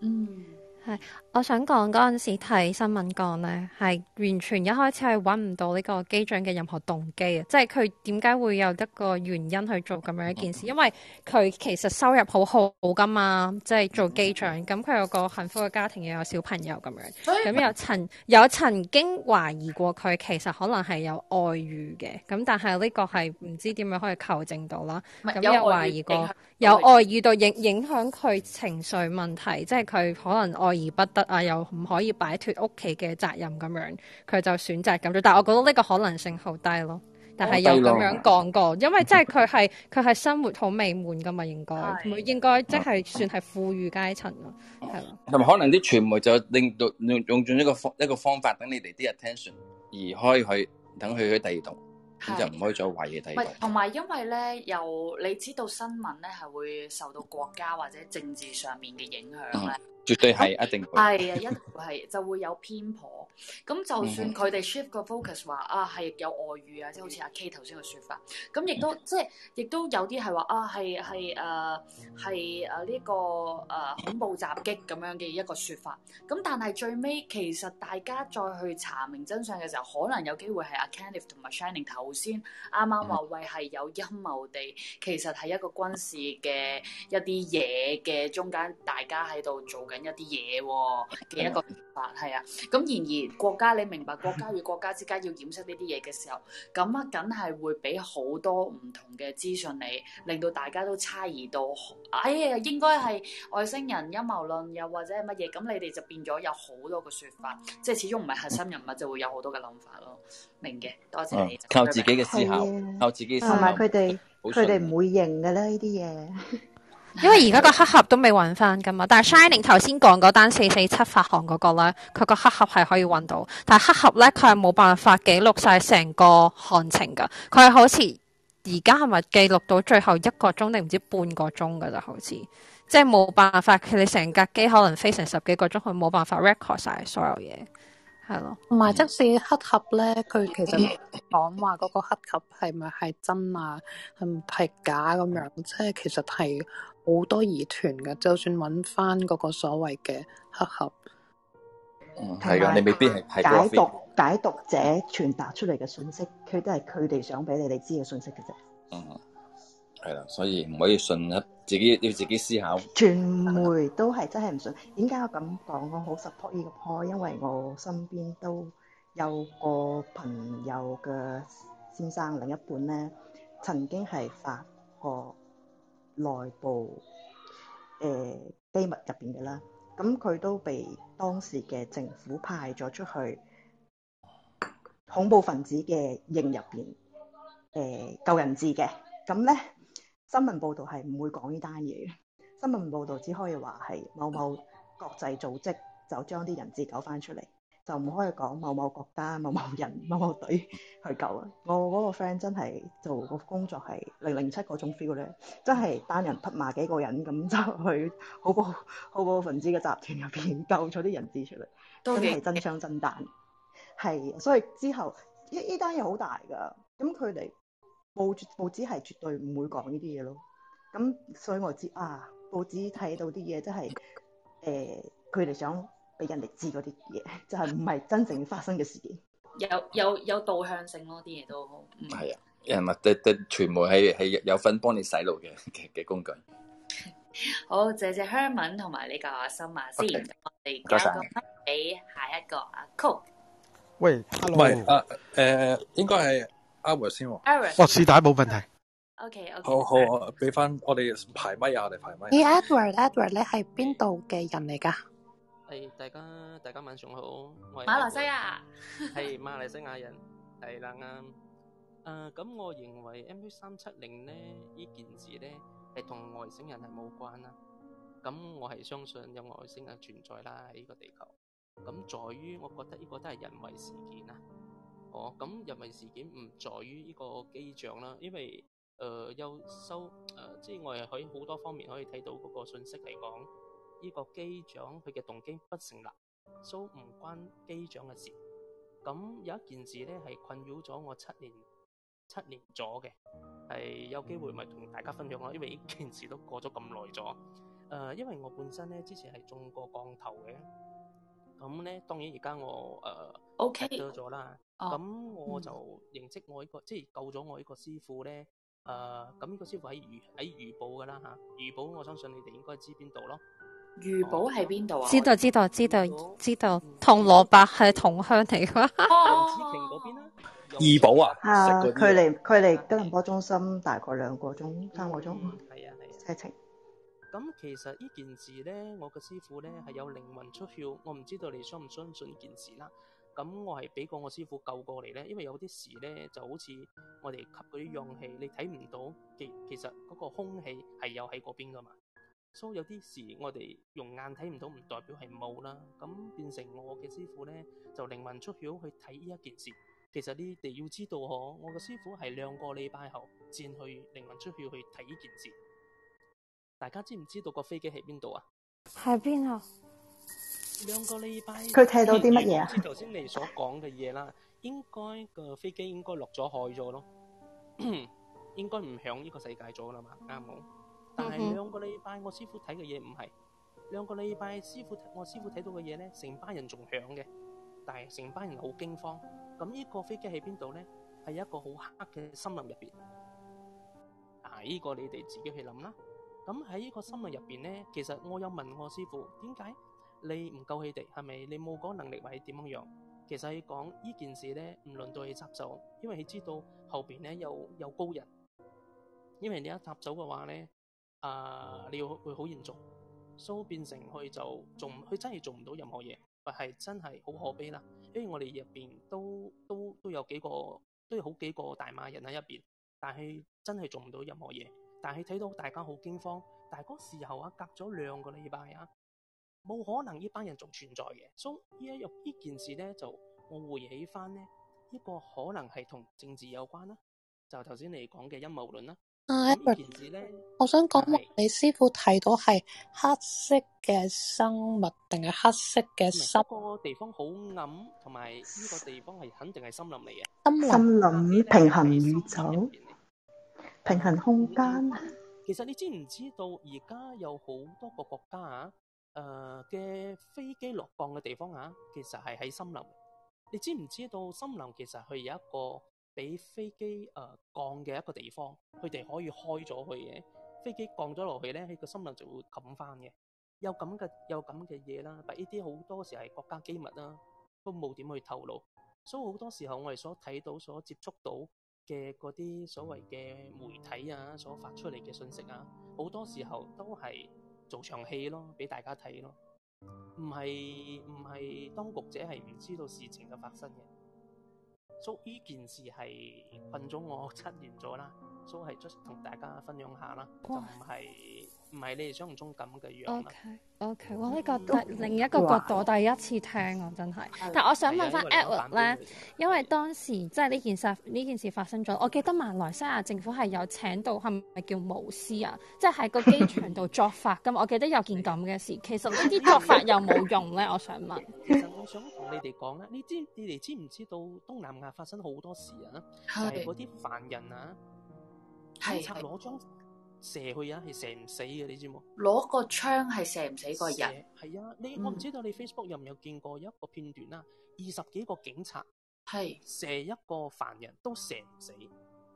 嗯。係，我想講嗰陣時睇新聞講咧，係完全一開始係揾唔到呢個機長嘅任何動機啊！即係佢點解會有一個原因去做咁樣一件事？因為佢其實收入好好噶嘛，即係做機長，咁佢有個幸福嘅家庭，又有小朋友咁樣，咁又曾有曾經懷疑過佢其實可能係有外遇嘅，咁但係呢個係唔知點樣可以求證到啦。咁又懷疑過有外遇，到影影響佢情緒問題，即係佢可能外。而不得啊，又唔可以擺脫屋企嘅責任咁樣，佢就選擇咁做。但係我覺得呢個可能性好低咯。但係有咁樣講過，哦、因為即係佢係佢係生活好美滿噶嘛，應該是應該即係算係富裕階層咯，係咯、啊。同埋吧可能啲傳媒就令到用用盡一個方一個方法，等你哋啲 attention 移開去等佢去第二度，咁是就唔可以再懷疑第二度。同埋因為咧，由你知道新聞咧係會受到國家或者政治上面嘅影響咧。嗯絕對係那一定係啊！一定會係就會有偏頗。咁 就算佢哋 shift 個 focus 話啊，係有外遇，啊，係即係好似阿 K 頭先嘅説法。咁亦都即係亦都有啲係話啊，係係誒係誒呢個誒、啊、恐怖襲擊咁樣嘅一個説法。咁但係最尾其實大家再去查明真相嘅時候，可能有機會係阿 Kenneth 同埋 Shining 頭先啱啱話喂，係有陰謀地，其實係一個軍事嘅一啲嘢嘅中間，大家喺度做緊。緊一啲嘢嘅一個諗法係啊，咁然而國家，你明白國家與國家之間要掩飾呢啲嘢嘅時候，咁啊梗係會俾好多唔同嘅資訊你，令到大家都猜疑到哎呀，應該係外星人陰謀論又或者係乜嘢，咁你哋就變咗有好多嘅說法，即係始終唔係核心人物就會有好多嘅諗法咯。明嘅，多謝你。靠自己嘅思考，靠自己思考。同埋佢哋，佢哋唔會認㗎啦呢啲嘢。 因為而家個黑盒都未揾翻噶嘛，但係 Shining 頭先講嗰單四四七發行嗰個咧，佢個黑盒係可以揾到，但係黑盒咧佢係冇辦法記錄晒成個行程㗎，佢係好似而家係咪記錄到最後一個鐘定唔知半個鐘㗎？咋好似即係冇辦法，佢哋成架機可能飛成十幾個鐘，佢冇辦法 record 晒所有嘢，係咯。同埋即使黑盒咧，佢其實講話嗰個黑盒係咪係真啊，係唔係假咁、啊、樣？即係、嗯、其實係。好多疑團㗎，就算揾翻嗰個所謂嘅黑盒，嗯，係噶，你未必係解讀解讀者傳達出嚟嘅信息，佢都係佢哋想俾你哋知嘅信息嘅啫。嗯，係啦、嗯，所以唔可以信一，自己要自己思考。傳媒都係真係唔信。 點解我咁講，我好 support 呢個 point？因為我身邊都有個朋友嘅先生另一半咧，曾經係發過。內部誒機、呃、密入邊嘅啦，咁佢都被當時嘅政府派咗出去恐怖分子嘅營入邊誒、呃、救人質嘅，咁咧新聞報導係唔會講呢單嘢嘅，新聞報導只可以話係某某國際組織就將啲人質救翻出嚟。就唔可以講某某國家、某某人、某某隊去救啦。我嗰個 friend 真係做個工作係零零七嗰種 feel 咧，真係單人匹馬幾個人咁就去好部好暴分子嘅集團入邊救咗啲人質出嚟，真係真槍真彈。係，所以之後呢呢單嘢好大噶，咁佢哋報報紙係絕對唔會講呢啲嘢咯。咁所以我知啊，報紙睇到啲嘢真係誒，佢、呃、哋想。俾人哋知嗰啲嘢，就係唔係真正發生嘅事件？有有有導向性咯，啲嘢都係啊，唔係啲啲全部係係有份幫你洗腦嘅嘅工具。好，謝謝香文同埋呢個新馬先，我哋交翻俾下一個阿 Cook。喂，唔係啊誒、呃，應該係啊，Edward 先喎、哦。Edward，Edward, 哦是 OK OK，好好，俾翻、uh。我哋排咪啊，我哋排咪。咦 Edward Edward，你係邊度嘅人嚟㗎？大家大家晚上好，我係馬來西亞，係馬來西亞人係啦啱，誒咁、 呃、我認為 MH 三七零咧呢件事咧係同外星人係冇關啦。咁我係相信有外星人存在啦喺呢個地球。咁在於我覺得呢個都係人為事件啦。哦，咁人為事件唔在於呢個機長啦，因為誒、呃、有收誒即係我哋喺好多方面可以睇到嗰個信息嚟講。呢個機長佢嘅動機不成立，都唔關機長嘅事。咁有一件事咧係困擾咗我七年七年咗嘅，係有機會咪同大家分享咯。因為呢件事都過咗咁耐咗。誒、呃，因為我本身咧之前係中過降頭嘅，咁咧當然而家我誒 OK 多咗啦。咁我就認識我呢個即係、oh. 救咗我呢個師傅咧。誒、呃，咁呢個師傅喺預喺預報噶啦，嚇預報，我相信你哋應該知邊度咯。御寶喺邊度啊知？知道知道知道知道，銅蘿蔔係同鄉嚟噶。哦，御寶 啊，係，距離距離吉隆坡中心大概兩個鐘三個鐘，係啊係車程。咁其實呢件事咧，我嘅師傅咧係有靈魂出竅，我唔知道你相唔相信呢件事啦。咁我係俾過我師傅救過嚟咧，因為有啲事咧就好似我哋吸嗰啲氧氣，你睇唔到，其其實嗰個空氣係有喺嗰邊噶嘛。所以、so, 有啲事我哋用眼睇唔到，唔代表係冇啦。咁變成我嘅師傅咧，就靈魂出竅去睇呢一件事。其實你哋要知道，嗬，我嘅師傅係兩個禮拜後先去靈魂出竅去睇呢件事。大家知唔知道個飛機喺邊度啊？喺邊啊？兩個禮拜佢睇到啲乜嘢啊？知頭先你所講嘅嘢啦， 應該個飛機應該落咗海咗咯， 應該唔響呢個世界咗啦嘛，啱冇、嗯？但係兩個禮拜我師傅睇嘅嘢唔係，兩個禮拜師傅我師傅睇到嘅嘢咧，成班人仲響嘅，但係成班人好驚慌。咁呢個飛機喺邊度咧？係一個好黑嘅森林入邊。嗱、啊，呢、這個你哋自己去諗啦。咁喺呢個森林入邊咧，其實我有問我師傅：「點解你唔夠氣地？係咪你冇嗰個能力，或者點樣樣？」其實去講呢件事咧，唔輪到你插手，因為佢知道後邊咧有有高人，因為你一插手嘅話咧。啊！你要會好嚴重，所以變成佢就做唔，佢真係做唔到任何嘢，係真係好可悲啦。因為我哋入邊都都都有幾個，都有好幾個大馬人喺入邊，但係真係做唔到任何嘢。但係睇到大家好驚慌，但係嗰時候啊，隔咗兩個禮拜啊，冇可能呢班人仲存在嘅。所以呢一入呢件事咧，就我回憶翻咧，呢個可能係同政治有關啦、啊，就頭先你講嘅陰謀論啦、啊。啊、我想講，就是，你師傅睇到係黑色嘅生物，定係黑色嘅森林？呢個地方好暗，同埋呢個地方係肯定係森林嚟嘅。森林，森林平行宇宙，平行空間。其實你知唔知道，而家有好多個國家啊？誒、呃、嘅飛機落降嘅地方啊，其實係喺森林。你知唔知道，森林其實佢有一個？俾飛機誒、呃、降嘅一個地方，佢哋可以開咗去嘅。飛機降咗落去咧，佢個森林就會冚翻嘅。有咁嘅有咁嘅嘢啦，但呢啲好多時係國家機密啦，都冇點去透露。所以好多時候我哋所睇到、所接觸到嘅嗰啲所謂嘅媒體啊，所發出嚟嘅信息啊，好多時候都係做場戲咯，俾大家睇咯。唔係唔係當局者係唔知道事情嘅發生嘅。做呢件事係困咗我七年咗啦，都係同大家分享一下啦，哇就唔係唔係你哋想象中咁嘅樣子。OK OK，我呢、呢個另一個角度第一次聽，我哇真係。哇真，但係我想問翻 Edward 咧，因為當時即係呢件事呢件事發生咗，的我記得馬來西亞政府係有請到係咪叫巫師啊，即係喺個機場度作法咁。 我記得有件咁嘅事，其實呢啲作法有冇用咧？我想問。我想同你哋講啦，你知你哋知唔知道東南亞發生好多事啊？係嗰啲犯人啊，是警察攞槍射去啊，係射唔死嘅，你知冇？攞個槍係射唔死個人。係啊，你我唔知道你 Facebook 有唔有見過一個片段啦，啊，二十幾個警察係射一個犯人都射唔死，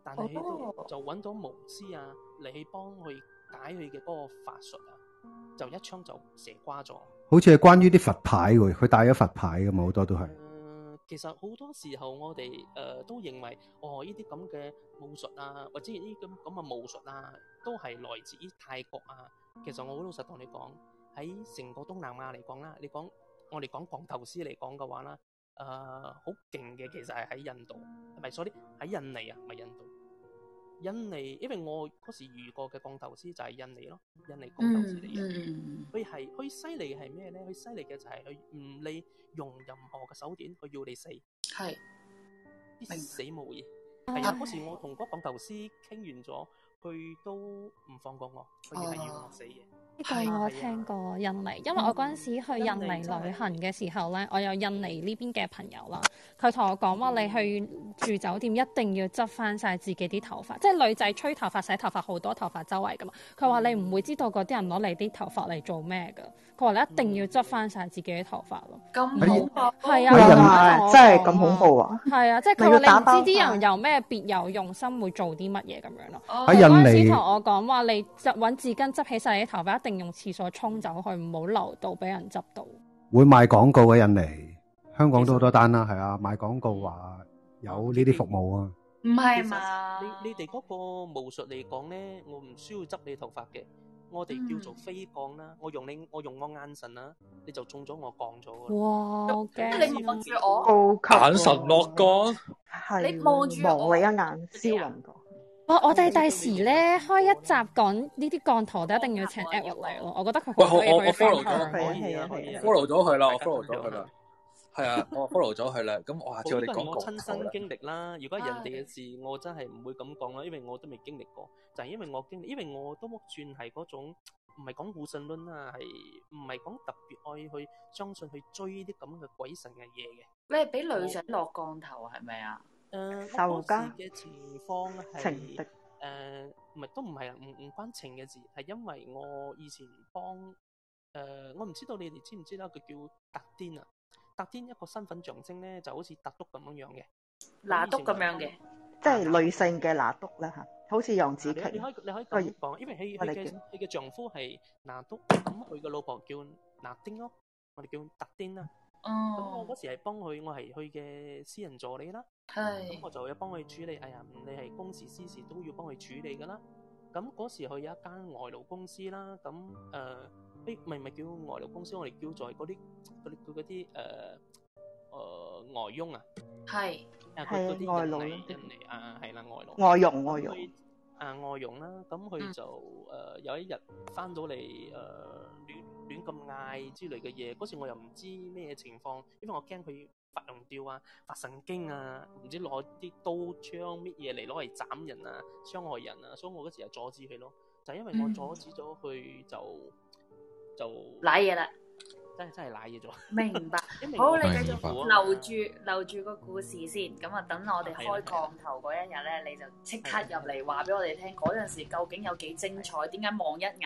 但係佢哋就揾到巫師啊嚟，去幫佢解佢嘅嗰個法術啊，就一槍就射瓜咗。好似係關於啲佛牌喎，佢帶咗佛牌㗎嘛，好多都係。誒、嗯，其實好多時候我哋誒、呃、都認為，哦，呢啲咁嘅巫術啊，或者呢啲咁咁嘅巫術啊，都係來自於泰國啊。其實我好老實同你講，喺成個東南亞嚟講啦，你講我哋講降頭師嚟講嘅話啦，誒好勁嘅其實係喺印度，係咪？所以喺印尼啊，唔係印度。印尼，因為我嗰時遇過嘅降頭師就係印尼咯，印尼降頭師嚟嘅。佢係佢犀利係咩咧？佢犀利嘅就係佢唔理用任何嘅手段，去要你死，係必定死無疑。係啊、嗯，嗰時我同嗰個降頭師傾完咗。佢都唔放工我，佢要係要我死嘢。呢個我聽過印尼，因為我嗰陣時去印尼旅行嘅時候咧，我有印尼呢邊嘅朋友啦。佢同我講話，你去住酒店一定要執翻晒自己啲頭髮，即係女仔吹頭髮、洗頭髮好多頭髮周圍噶嘛。佢話你唔會知道嗰啲人攞你啲頭髮嚟做咩噶。佢話你一定要執翻晒自己嘅頭髮咯。咁恐怖係啊！真係咁恐怖啊！係啊！即係佢話你唔知啲人有咩別有用心，會做啲乜嘢咁樣咯。開始同我講話，你執揾紙巾執起晒你啲頭髮，一定用廁所沖走去，唔好留到俾人執到。會賣廣告嘅人嚟，香港都好多單啦，啊，係啊，賣廣告話有呢啲服務啊。唔係嘛？你你哋嗰個巫術嚟講咧，我唔需要執你頭髮嘅，我哋叫做飛降啦。我用你，我用我眼神啦，你就中咗我降咗。哇！即係你望住我，我眼神落降，係望住你一眼，知兩我我哋第時咧開一集講呢啲降頭都一定要請 Eric 嚟咯，我覺得佢好 Eric 嘅分享。可以啊，可以啊。follow 咗佢啦，follow 咗佢啦。係啊，我 follow 咗佢啦。咁我下次我哋講講。親身經歷啦，如果人哋嘅事我真係唔會咁講啦，因為我都未經歷過。就係因為我經歷，因為我都算係嗰種唔係講無神論啊，係唔係講特別愛去相信去追啲咁嘅鬼神嘅嘢嘅。你係俾女仔落降頭係咪啊？誒，當時嘅情況係誒，唔係都唔係唔唔關情嘅事，係因為我以前幫誒，我唔知道你哋知唔知啦，佢叫拿汀啊，拿汀一個身份象徵咧，就好似拿督咁樣樣嘅，拿督咁樣嘅，即係女性嘅拿督啦吓，好似楊紫瓊。你可以你可以講，因為佢佢嘅丈夫係拿督，咁佢嘅老婆叫拿汀咯，我哋叫拿汀啊。哦，咁我嗰時係幫佢，我係佢嘅私人助理啦。係咁，我就會幫佢處理。哎呀，你係公事私事都要幫佢處理噶啦。咁嗰時佢有一間外勞公司啦。咁誒，啲唔係唔係叫外勞公司，我哋叫做嗰啲嗰啲佢嗰啲誒誒外傭啊。係係外勞啊，係啦外勞。外傭外傭啊，外傭啦。咁佢就誒有一日翻到嚟誒。亂亂咁嗌之類嘅嘢，嗰時我又唔知咩情況，因為我驚佢發怒吊啊，發神經啊，唔知攞啲刀槍乜嘢嚟攞嚟斬人啊，傷害人啊，所以我嗰時就阻止佢咯。就係，因為我阻止咗佢，嗯，就就瀨嘢啦，真係真係瀨嘢咗。明白， 為我 好，你繼續留住乖留住個故事先，咁啊，嗯，等我哋開降頭嗰一日咧，嗯，你就即刻入嚟話俾我哋聽，嗰陣、嗯、時究竟有幾精彩，點解、嗯、望一眼？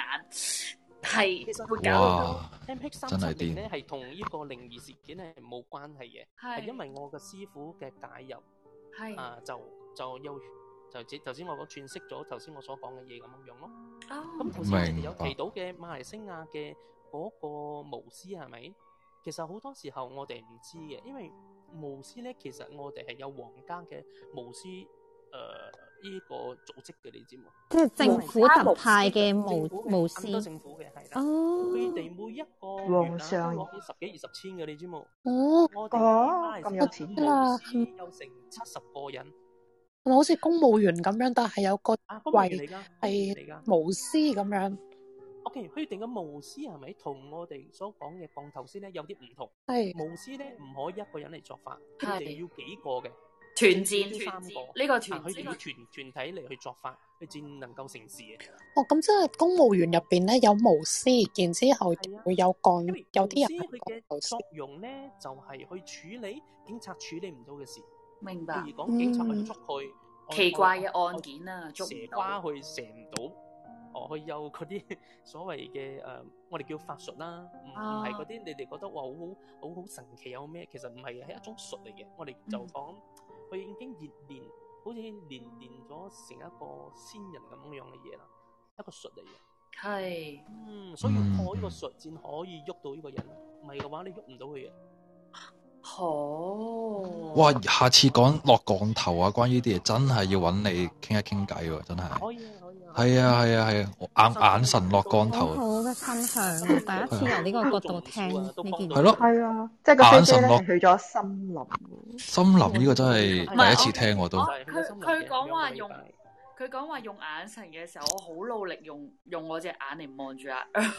係，其實會搞，impact 三十年咧係同呢個靈異事件係冇關係嘅，係因為我嘅師傅嘅介入，係啊就就又就頭先我講串釋咗頭先我所講嘅嘢，咁樣樣咯。哦，咁頭先你哋有提到嘅馬來西亞嘅嗰個巫師係咪？其實好多時候我哋唔知嘅，因為巫師咧其實我哋係有皇家嘅巫師，誒、呃。呢個組織嘅，你知冇？即係政府特派嘅巫巫師。好多政府嘅係啦。哦。佢哋每一個皇上攞十幾二十千嘅，你知冇？哦，咁有錢啊！有成七十個人，好似公務員咁樣，但係有個啊，係巫師咁樣。O K，佢哋嘅巫師係咪同我哋所講嘅降頭師咧有啲唔同？係巫師咧唔可以一個人嚟作法，佢哋要幾個嘅。團戰呢個團，佢要團團體嚟,去作法，佢戰能夠成事嘅。哦，咁即係公務員入邊咧，有巫師，然之後會有干，有啲人佢嘅作用咧，就係去處理警察處理唔到嘅事。明白。嗯。譬如講警察去捉佢，奇怪嘅案件啦，捉唔到。蛇瓜去蛇唔到，哦，佢有嗰啲所謂嘅誒，我哋叫法術啦，唔唔係嗰啲你哋覺得哇好好好好神奇有咩？其實唔係，係一種術嚟嘅。我哋就講。佢已經練練，好似練練咗成一個仙人咁樣嘅嘢啦，一個術嚟嘅。係是，嗯，所以要破呢個術，先可以喐到呢個人。唔係嘅話你的，你喐唔到佢嘅。哦，哇！下次講落降頭啊，關於啲嘢真係要揾你傾一傾偈喎，真係。可以可以。係啊，係啊，係啊，眼、啊啊、眼神落降頭。好嘅身上，第一次由呢個角度聽呢件。係咯。係啊，即係個眼神落了去咗森林。森林呢個真係第一次聽我是、啊、都。佢佢講話用，佢講話用眼神嘅時候，我好努力用用我隻眼嚟望住啊。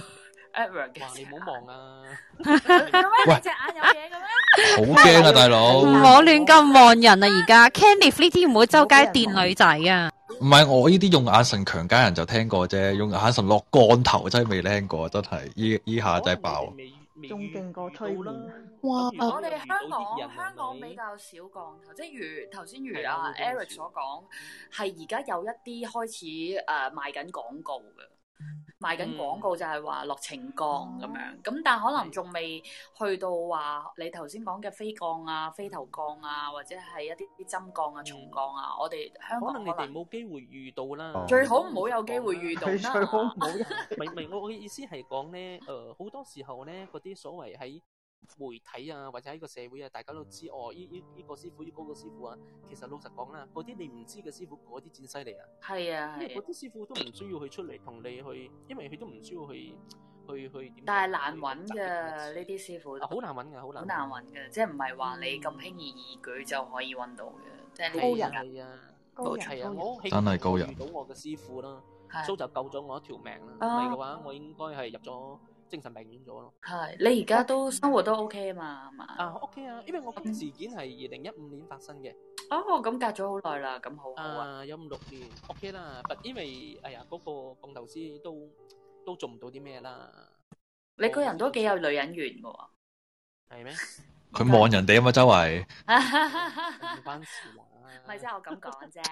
Eric，你唔好望啊！ 喂，隻 眼有嘢嘅咩？好驚 啊，大佬 哥！唔好亂咁望人啊！而家 Kenneth 呢啲唔會周街電女仔啊？唔係我呢啲用眼神強姦人就聽過啫，用眼神落降頭真係未聽過，真係依依下仔爆，仲勁過推。哇我哋香港香港比較少降頭，即係如頭先對如啊 Eric 所講，係而家有一啲開始誒、呃、賣緊廣告嘅。賣緊廣告就係話落情降咁樣，咁、嗯、但係可能仲未去到話你頭先講嘅飛降啊、飛頭降啊，或者係一啲針降啊、重降啊，嗯、我哋香港可能你哋冇機會遇到啦。最好唔好有機會遇到啦。唔好唔明不、啊、我我嘅意思係講咧，誒、呃、好多時候咧嗰啲所謂喺媒體啊，或者喺個社會啊，大家都知哦，呢呢呢個師傅，呢嗰個師傅啊，其實老實講啦，嗰啲你唔知嘅師傅，嗰啲真犀利啊。係啊，係。嗰啲師傅都唔需要去出嚟同你去，因為佢都唔需要去去去點。但係難揾㗎呢啲師傅，好難揾㗎，好難，好難揾㗎，即係唔係話你咁輕而易舉就可以揾到嘅。係係啊，高人啊，真係高人。遇到我嘅師傅啦，蘇就救咗我一條命啦，唔係嘅話我應該係入咗。精神病院咗咯。係你而家都生活都 OK 啊嘛，係嘛？啊 OK 啊，因為我事件係二零一五年發生嘅。哦，咁隔咗好耐啦，咁好啊，有五六年 OK 啦，因為哎呀嗰個放投資都都做唔到啲咩啦。你個人都幾有女人緣㗎喎？係咩？佢望人哋啊嘛，周圍。唔係即係我咁講啫。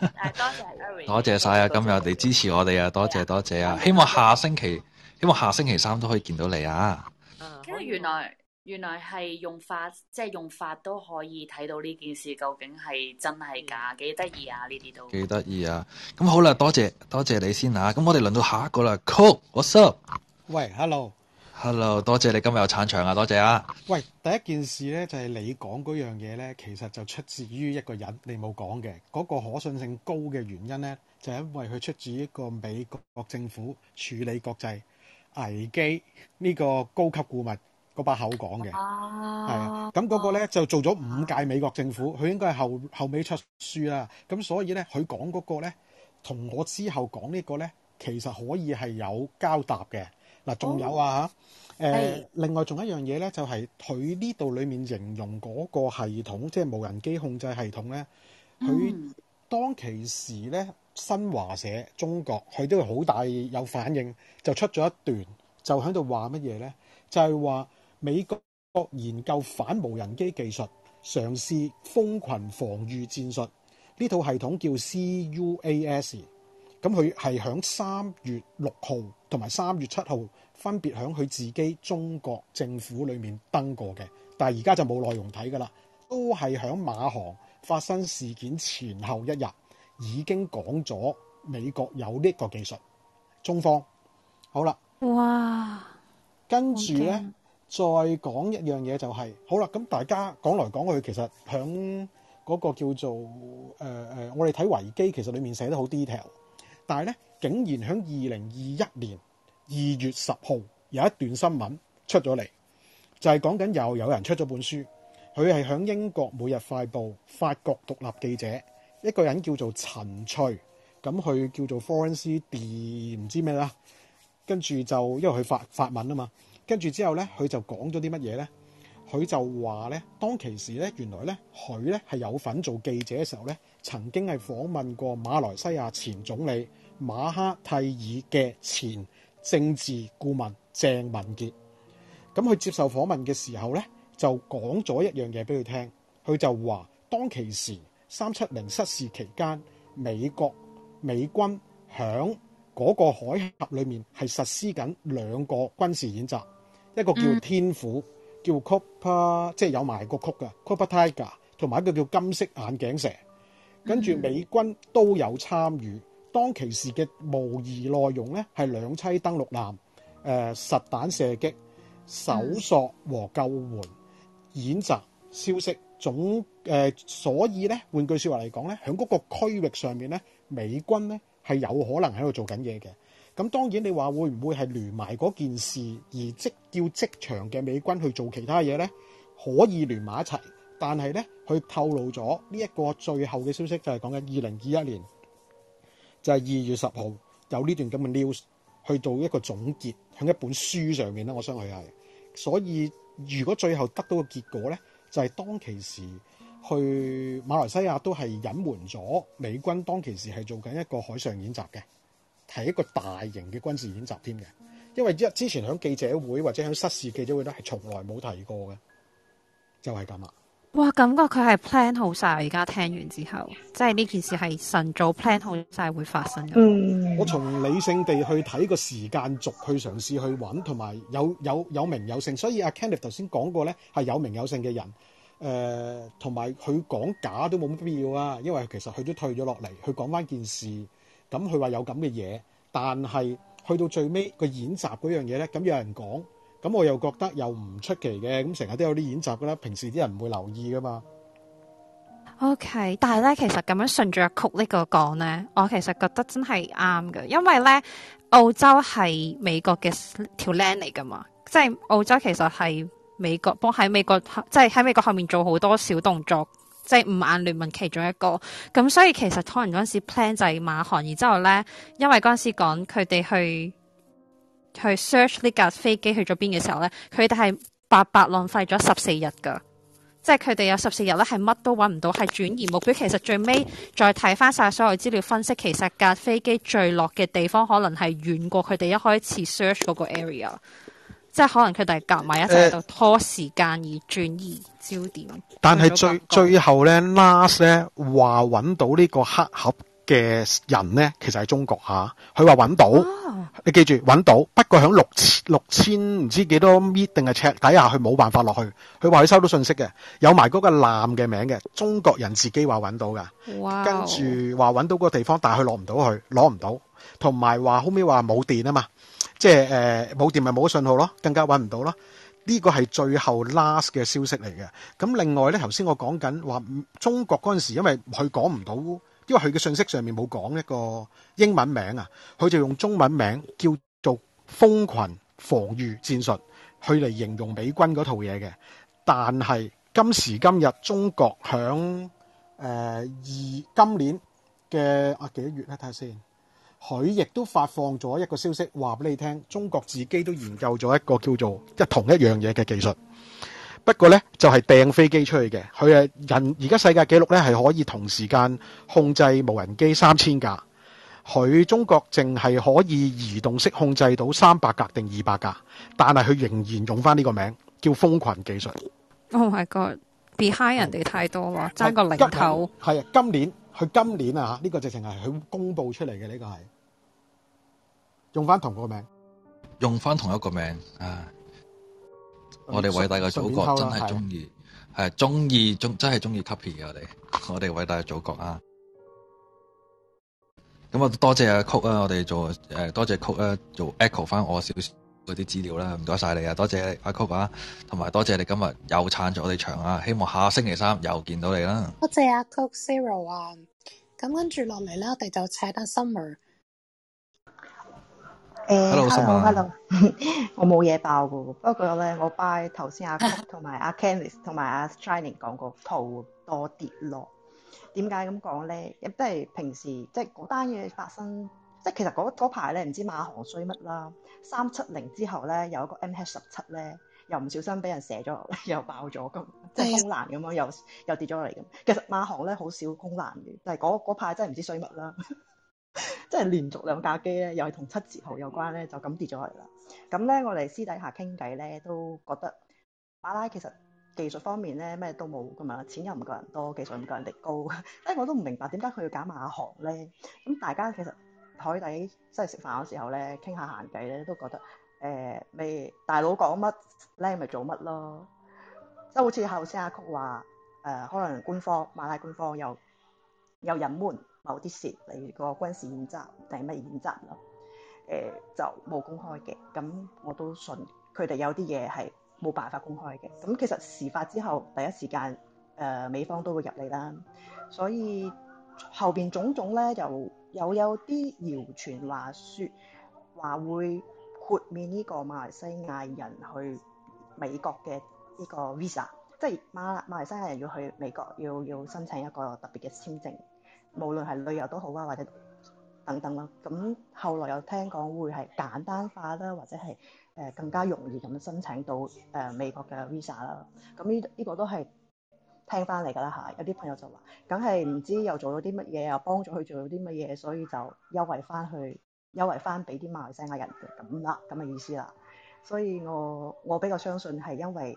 多謝多謝晒啊！今日嚟支持我哋啊，多謝多謝啊！希望下星期。希望下星期三都可以見到你啊！咁啊，原來原來係用法，即係用法都可以睇到呢件事究竟係真係假，幾得意啊！呢啲都幾得意啊！咁好啦，多謝多謝你先啊！咁我哋輪到下一個啦。Cool，what's up？喂，hello，hello，Hello，多謝你今日有撐場啊！多謝啊！喂，第一件事呢，就係你講嗰樣嘢呢，其實就出自於一個人，你冇講嘅嗰個可信性高嘅原因呢，就係因為佢出自一個美國政府處理國際。危機呢個高級顧問嗰把口講嘅，係啊，咁嗰個呢就做咗五屆美國政府，佢應該係後後尾出書啦，咁所以呢，佢講嗰個呢同我之後講呢個呢，其實可以係有交搭嘅。嗱、啊，仲有啊吓，誒，另外仲有一樣嘢，呢就係佢呢度裏面形容嗰個系統，即係無人機控制系統呢，佢當其時呢。嗯新華社中國佢都好大有反應，就出咗一段，就響度話乜嘢咧？就係話美國研究反無人機技術嘗試蜂群防御戰術，呢套系統叫 C-UAS。咁佢係響三月六號同埋三月七號分別響佢自己中國政府裏面登過嘅，但係而家就冇內容睇噶啦，都係響馬航發生事件前後一日。已經講咗美國有呢個技術，中方好啦。哇！跟住咧，再講一樣嘢就係，好啦，咁大家講來講去，其實響嗰個叫做誒誒，我哋睇維基，其實裡面寫得好 detail，但係咧，竟然響二零二一年二月十號有一段新聞出咗嚟，就係講緊又有人出咗本書，佢係響英國每日快報、法國獨立記者。一個人叫做陳翠，咁佢叫做 forensic，唔知咩啦。跟住就因為佢發發文啊嘛，跟住之後咧，佢就講咗啲乜嘢咧？佢就話咧，當其時咧，原來咧，佢咧係有份做記者嘅時候咧，曾經係訪問過馬來西亞前總理馬哈蒂爾嘅前政治顧問鄭文傑。咁佢接受訪問嘅時候咧，就講咗一樣嘢俾佢聽。佢就話，當其時。三七零失事期間美國美軍響嗰個海峽裏面係實施緊兩個軍事演習，一個叫天虎，嗯、叫 Copper，即係有埋個曲嘅 Copper Tiger，同埋一個叫金色眼鏡蛇。跟住美軍都有參與，嗯、當其時嘅模擬內容咧係兩棲登陸艦誒實彈射擊搜索和救援演習消息總。誒、呃，所以咧，換句説話嚟講咧，喺嗰個區域上面咧，美軍咧係有可能喺度做緊嘢嘅。咁當然你話會唔會係聯埋嗰件事而即叫即場嘅美軍去做其他嘢咧？可以聯埋一齊，但係咧，佢透露咗呢一個最後嘅消息就係講緊二零二一年就係、是、二月十號有呢段咁嘅 news 去做一個總結喺一本書上面咧。我相信係，所以如果最後得到嘅結果咧，就係、是、當其時。去馬來西亞都係隱瞞咗美軍當其時係做緊一個海上演習嘅，係一個大型嘅軍事演習添嘅。因為之之前喺記者會或者喺失事記者會咧，係從來冇提過嘅，就係咁啦。哇！感覺佢係 plan 好晒，而家聽完之後，即係呢件事係晨早 plan 好晒會發生嘅。嗯，我從理性地去睇個時間軸，逐去嘗試去揾同埋有有有，有名有姓，所以阿 Kenneth 頭先講過咧，係有名有姓嘅人。誒，同埋佢講假都冇乜必要啊，因為其實佢都退咗落嚟，佢講翻件事，咁佢話有咁嘅嘢，但係去到最尾個演習嗰樣嘢咧，咁有人講，咁我又覺得又唔出奇嘅，咁成日都有啲演習噶啦，平時啲人唔會留意噶嘛。OK，但係咧，其實咁樣順著曲呢個講咧，我其實覺得真係啱嘅，因為咧澳洲係美國嘅條 line 嚟噶嘛，即係澳洲其實係。美國幫喺美國即係喺美國後面做好多小動作，即係五眼聯盟其中一個。咁所以其實可能嗰陣時 plan 就係馬航。然之後咧，因為嗰陣時講佢哋去去 search 呢架飛機去咗邊嘅時候咧，佢哋係白白浪費咗十四日㗎，即係佢哋有十四日咧係乜都揾唔到，係轉移目標。其實最尾再睇翻晒所有資料分析，其實架飛機墜落嘅地方可能係遠過佢哋一開始 search 嗰個 area。即係可能佢哋係夾埋一齊喺度拖時間而轉移焦點。但係最最後咧，last 咧話揾到呢個黑盒嘅人咧，其實喺中國吓、啊。佢話揾到，啊、你記住揾到。不過響六,六千六千唔知幾多米定係尺底下，佢冇辦法落去。佢話佢收到信息嘅，有埋嗰個男嘅名嘅，中國人自己話揾到噶。哇跟住話揾到個地方，但係佢落唔到去，攞唔到。同埋話後尾話冇電啊嘛。即係誒，冇電咪冇信號咯，更加揾唔到咯。呢個係最後 last 嘅消息嚟嘅。咁另外呢，頭先我講緊話，中國嗰陣時，因為佢講唔到，因為佢嘅信息上面冇講一個英文名啊，佢就用中文名叫做蜂群防御戰術去嚟形容美軍嗰套嘢嘅。但係今時今日，中國響誒、呃、二今年嘅啊幾多月呢？睇下先。佢亦都發放咗一個消息，話俾你聽，中國自己都研究咗一個叫做一同一樣嘢嘅技術。不過呢，就係、是、掟飛機出去嘅。佢人而家世界紀錄呢，係可以同時間控制無人機三千架。佢中國淨係可以移動式控制到三百架定二百架，但係佢仍然用翻呢個名叫蜂群技術。Oh my god！be high 人哋太多啦，爭好個零頭。係啊，今年。佢今年啊，呢、這個直情係佢公布出嚟嘅呢個係，用翻同個名，用翻同一個名啊！名嗯、我哋偉大嘅祖國真係中意，係中意，中真係中意 copy 嘅我哋，我哋偉大嘅祖國啊！咁啊多謝阿曲啊 ode，我，我哋做誒多謝曲啊，做 echo 翻我少少。嗰啲資料啦，唔該晒你啊，多謝阿 Coke 啊，同埋多謝你今日又撐咗我哋場啊，希望下星期三又見到你啦。多謝阿 Coke Zero 啊，咁跟住落嚟咧，我哋就請 summer。誒，hello，hello，我冇嘢爆噶，不過咧，我拜 y 頭先阿 Coke 同埋阿 Kenneth 同埋阿 Shining 講過，套多跌落，點解咁講咧？即係平時即係嗰單嘢發生。即係其實嗰排咧，唔知馬航衰乜啦。三七零之後咧，有一個 MH 十七咧，又唔小心俾人射咗，又爆咗咁， 即係空難咁樣，又又跌咗落嚟咁。其實馬航咧好少空難嘅，但係嗰排真係唔知衰乜啦，即 係連續兩架機咧，又係同七字號有關咧，就咁跌咗落嚟啦。咁咧，我哋私底下傾偈咧，都覺得馬拉其實技術方面咧咩都冇，同埋錢又唔夠人多，技術又唔夠人哋高。哎，我都唔明白點解佢要揀馬航咧？咁大家其實。海底真係食飯嘅時候咧，傾下閒偈咧，都覺得誒，未、呃、大佬講乜咧，咪做乜咯。即係好似後先阿曲話誒、呃，可能官方馬拉官方又又隱瞞某啲事，例如個軍事演習定係乜演習咯？誒、呃，就冇公開嘅。咁我都信佢哋有啲嘢係冇辦法公開嘅。咁其實事發之後第一時間誒、呃，美方都會入嚟啦。所以後邊種種咧，就～又有啲謠傳話説話會豁免呢個馬來西亞人去美國嘅呢個 visa，即係馬馬來西亞人要去美國要要申請一個特別嘅簽證，無論係旅遊都好啊，或者等等咁。咁後來又聽講會係簡單化啦，或者係誒更加容易咁樣申請到誒美國嘅 visa 啦。咁呢呢個都係。聽翻嚟㗎啦嚇，有啲朋友就話，梗係唔知又做咗啲乜嘢，又幫咗佢做咗啲乜嘢，所以就優惠翻去，優惠翻俾啲馬來西亞人咁啦，咁嘅意思啦。所以我我比較相信係因為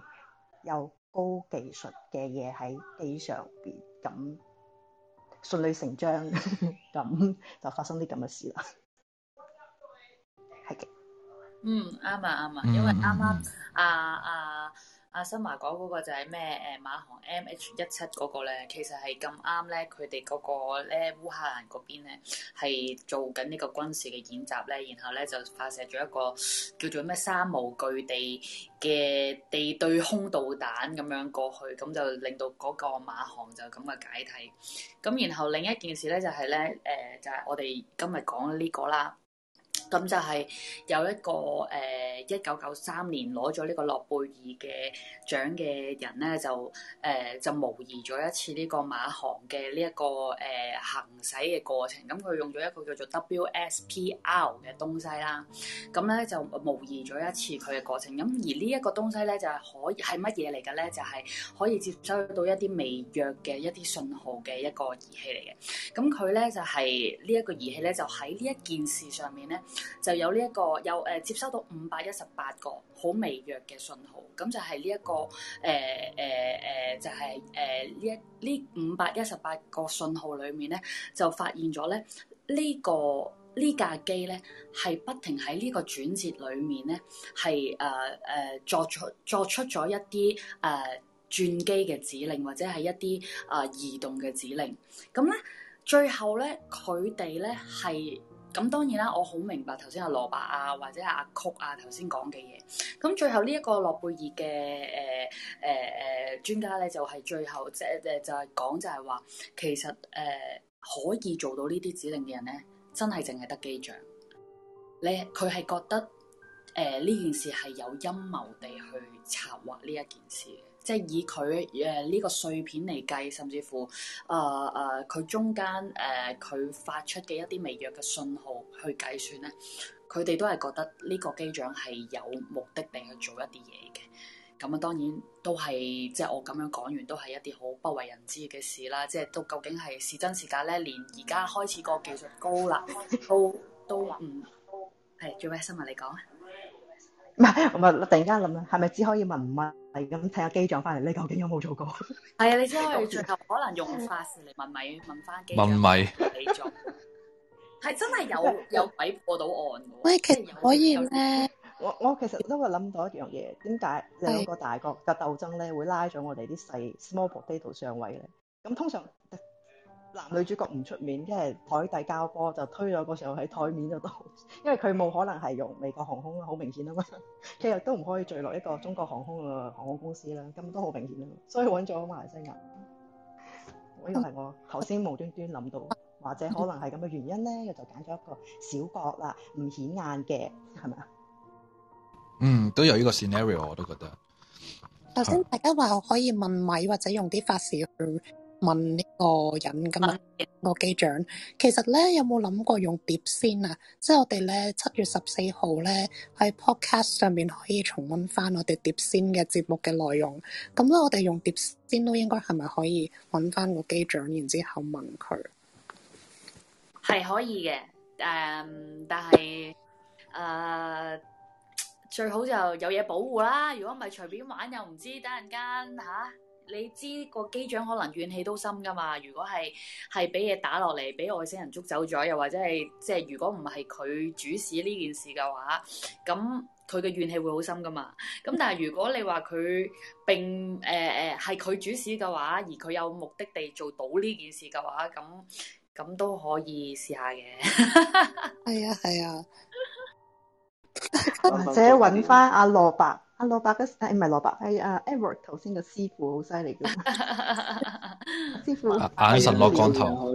有高技術嘅嘢喺機上邊，咁順理成章咁 就發生啲咁嘅事啦。係嘅，嗯，啱啊，啱啊，因為啱啱啊啊。阿森華講嗰個就係咩？誒馬航 M H 一七嗰個咧，其實係咁啱咧，佢哋嗰個咧烏克蘭嗰邊咧係做緊呢個軍事嘅演習咧，然後咧就發射咗一個叫做咩三無巨的地嘅地對空導彈咁樣過去，咁就令到嗰個馬航就咁嘅解體。咁然後另一件事咧就係、是、咧，誒、呃、就係、是、我哋今日講呢個啦。咁就係有一個誒，一九九三年攞咗呢個諾貝爾嘅獎嘅人咧，就誒、呃、就模擬咗一次呢個馬航嘅呢一個、呃、行駛嘅過程。咁佢用咗一個叫做 WSPR 嘅東西啦，咁咧就模擬咗一次佢嘅過程。咁而呢一個東西咧就係可以係乜嘢嚟嘅咧？就係、是、可以接收到一啲微弱嘅一啲信號嘅一個儀器嚟嘅。咁佢咧就係呢一個儀器咧，就喺呢一件事上面咧。就有呢、這、一個有誒、呃、接收到五百一十八個好微弱嘅信號，咁就係呢一個誒誒誒，就係、是、誒、呃、呢一呢五百一十八個信號裏面咧，就發現咗咧呢、這個這架機呢架機咧係不停喺呢個轉折裏面咧係誒誒作出作出咗一啲誒轉機嘅指令，或者係一啲誒、呃、移動嘅指令。咁咧最後咧佢哋咧係。咁當然啦，我好明白頭先阿羅伯啊，或者阿曲啊頭先講嘅嘢。咁最後呢一個諾貝爾嘅誒誒誒專家咧，就係、是、最後即係就係、是、講就係、是、話，其實誒、呃、可以做到呢啲指令嘅人咧，真係淨係得機長。你佢係覺得誒呢、呃、件事係有陰謀地去策劃呢一件事。即係以佢誒呢個碎片嚟計，甚至乎誒誒佢中間誒佢發出嘅一啲微弱嘅信號去計算咧，佢哋都係覺得呢個機長係有目的地去做一啲嘢嘅。咁啊，當然都係即係我咁樣講完都係一啲好不為人知嘅事啦。即係都究竟係是真是假咧？連而家開始個技術高啦， 都都唔係，做咩新聞你講啊？唔係唔係，我唔我突然間諗啦，係咪只可以問唔問、啊？係咁睇下機長翻嚟，你究竟有冇做過？係啊，你知道最後可能用法事嚟問米問翻機長。問米係真係有有鬼破到案嘅。喂，其實可以咧。我我，我其實都會諗到一樣嘢，點解兩個大國嘅鬥爭咧會拉咗我哋啲細 small potato 上位咧？咁通常。男女主角唔出面，即係台底交波就推咗個時候喺台面度，因為佢冇可能係用美國航空，好明顯啊嘛。其實都唔可以墜落一個中國航空嘅航空公司啦，咁都好明顯嘛。所以揾咗馬來西亞，我呢個係我頭先無端端諗到，或者可能係咁嘅原因咧，我就揀咗一個小國，啦，唔顯眼嘅，係咪啊？嗯，都有呢個 scenario，我都覺得。頭先大家話可以問米或者用啲法事去。問呢個人㗎嘛，個機長，其實咧有冇諗過用碟仙啊？即係我哋咧七月十四號咧喺 podcast 上面可以重溫翻我哋碟仙嘅節目嘅內容。咁咧我哋用碟仙都應該係咪可以揾翻個機長然後之後問佢？係可以嘅，誒，但係誒、呃、最好就有嘢保護啦。如果唔係隨便玩又唔知，等陣間吓。你知個機長可能怨氣都深噶嘛？如果係係俾嘢打落嚟，俾外星人捉走咗，又或者係即係如果唔係佢主使呢件事嘅話，咁佢嘅怨氣會好深噶嘛？咁但係如果你話佢並誒誒係佢主使嘅話，而佢有目的地做到呢件事嘅話，咁咁都可以試下嘅。係 啊，係啊。或者揾翻阿羅伯，阿羅伯嗰時唔係羅伯，係阿 Edward 頭先嘅師傅，好犀利嘅。師傅眼神落降頭，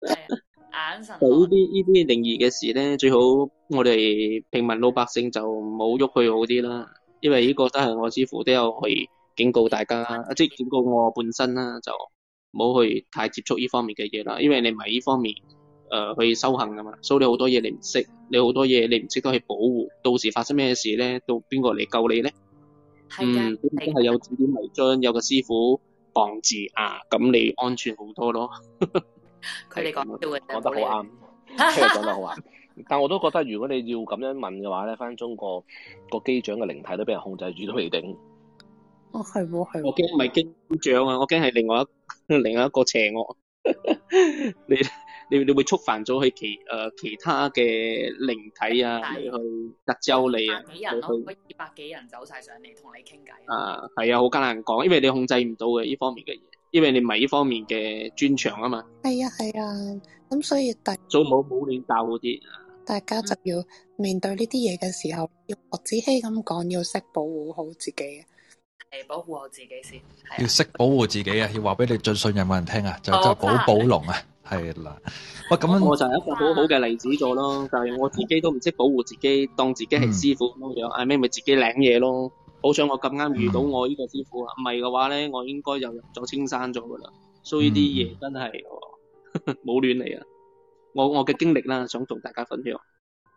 眼神。對呢啲呢啲靈異嘅事咧，最好我哋平民老百姓就唔好喐佢好啲啦，因為呢個都係我師傅都有去警告大家，即係警告我本身啦，就唔好去太接觸呢方面嘅嘢啦，因為你唔係呢方面。誒、呃，去修行噶嘛，所以你好多嘢你唔識，你好多嘢你唔識得去保護，到時發生咩事咧，到邊個嚟救你咧？係嘅，係嘅，係有指點迷津，有個師傅傍住啊，咁你安全好多咯。佢哋講，講得好啱，講 得好啱。但我都覺得如果你要咁樣問嘅話咧，翻中國個機長嘅靈體都俾人控制住都未定。哦，係喎，係喎，我驚唔係機長啊，我驚係另外一另外一個邪惡 你。你你會觸犯咗佢其誒其他嘅靈體啊？去入你啊！去二百幾人咯，二百幾人走晒上嚟同你傾偈啊！係啊，好艱難講，因為你控制唔到嘅呢方面嘅嘢，因為你唔係呢方面嘅專長啊嘛。係啊係啊，咁所以大早冇冇亂鬥嗰啲。大家就要面對呢啲嘢嘅時候，要霍子希咁講，要識保護好自己啊。係保護好自己先。要識保護自己啊！要話俾你最信任嘅人聽啊！就就寶寶龍啊！係啦，喂，咁樣我就係一個好好嘅例子咗咯。 但係我自己都唔識保護自己，當自己係師傅咁樣，阿咩咪自己領嘢咯。好彩我咁啱遇到我呢個師傅啊，唔係嘅話咧，我應該又入咗青山咗噶啦。所以呢啲嘢真係冇亂嚟。啊！我我嘅經歷啦，想同大家分享。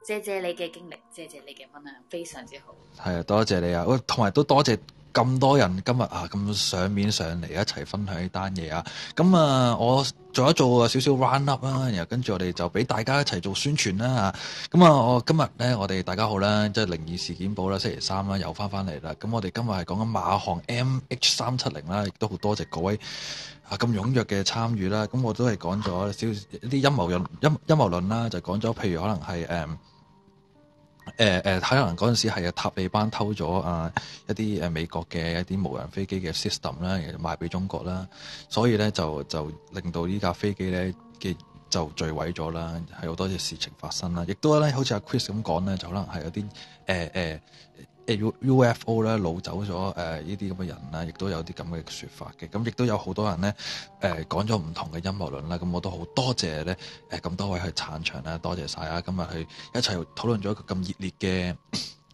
謝謝你嘅經歷，謝謝你嘅分享，非常之好。係啊，多謝你啊，同埋都多謝。咁多人今日啊，咁上面上嚟一齊分享呢單嘢啊，咁啊，我做一做少少 roundup 啦，啊，然後跟住我哋就俾大家一齊做宣傳啦吓。咁啊，我今日咧，我哋大家好啦，即係靈異事件簿啦，星期三，啊，啦，又翻翻嚟啦。咁我哋今日係講緊馬航 MH 三七零啦，亦都好多謝各位啊咁踊躍嘅參與啦。咁我都係講咗少啲陰謀論陰陰謀論啦，就講咗譬如可能係誒誒、呃，可能嗰陣時係塔利班偷咗啊一啲誒美國嘅一啲無人飛機嘅 system 啦，賣俾中國啦，所以咧就就令到呢架飛機咧嘅就，就墜毀咗啦，係好多嘅事情發生啦，亦都咧好似阿 Chris 咁講咧，就可能係有啲誒誒。呃呃 UFO 咧攞走咗誒呢啲咁嘅人啦，亦都有啲咁嘅說法嘅。咁亦都有好多人咧誒、呃、講咗唔同嘅陰謀論啦。咁我都好多謝咧咁、呃、多位去撐場啦，多謝晒啊！今日去一齊討論咗一個咁熱烈嘅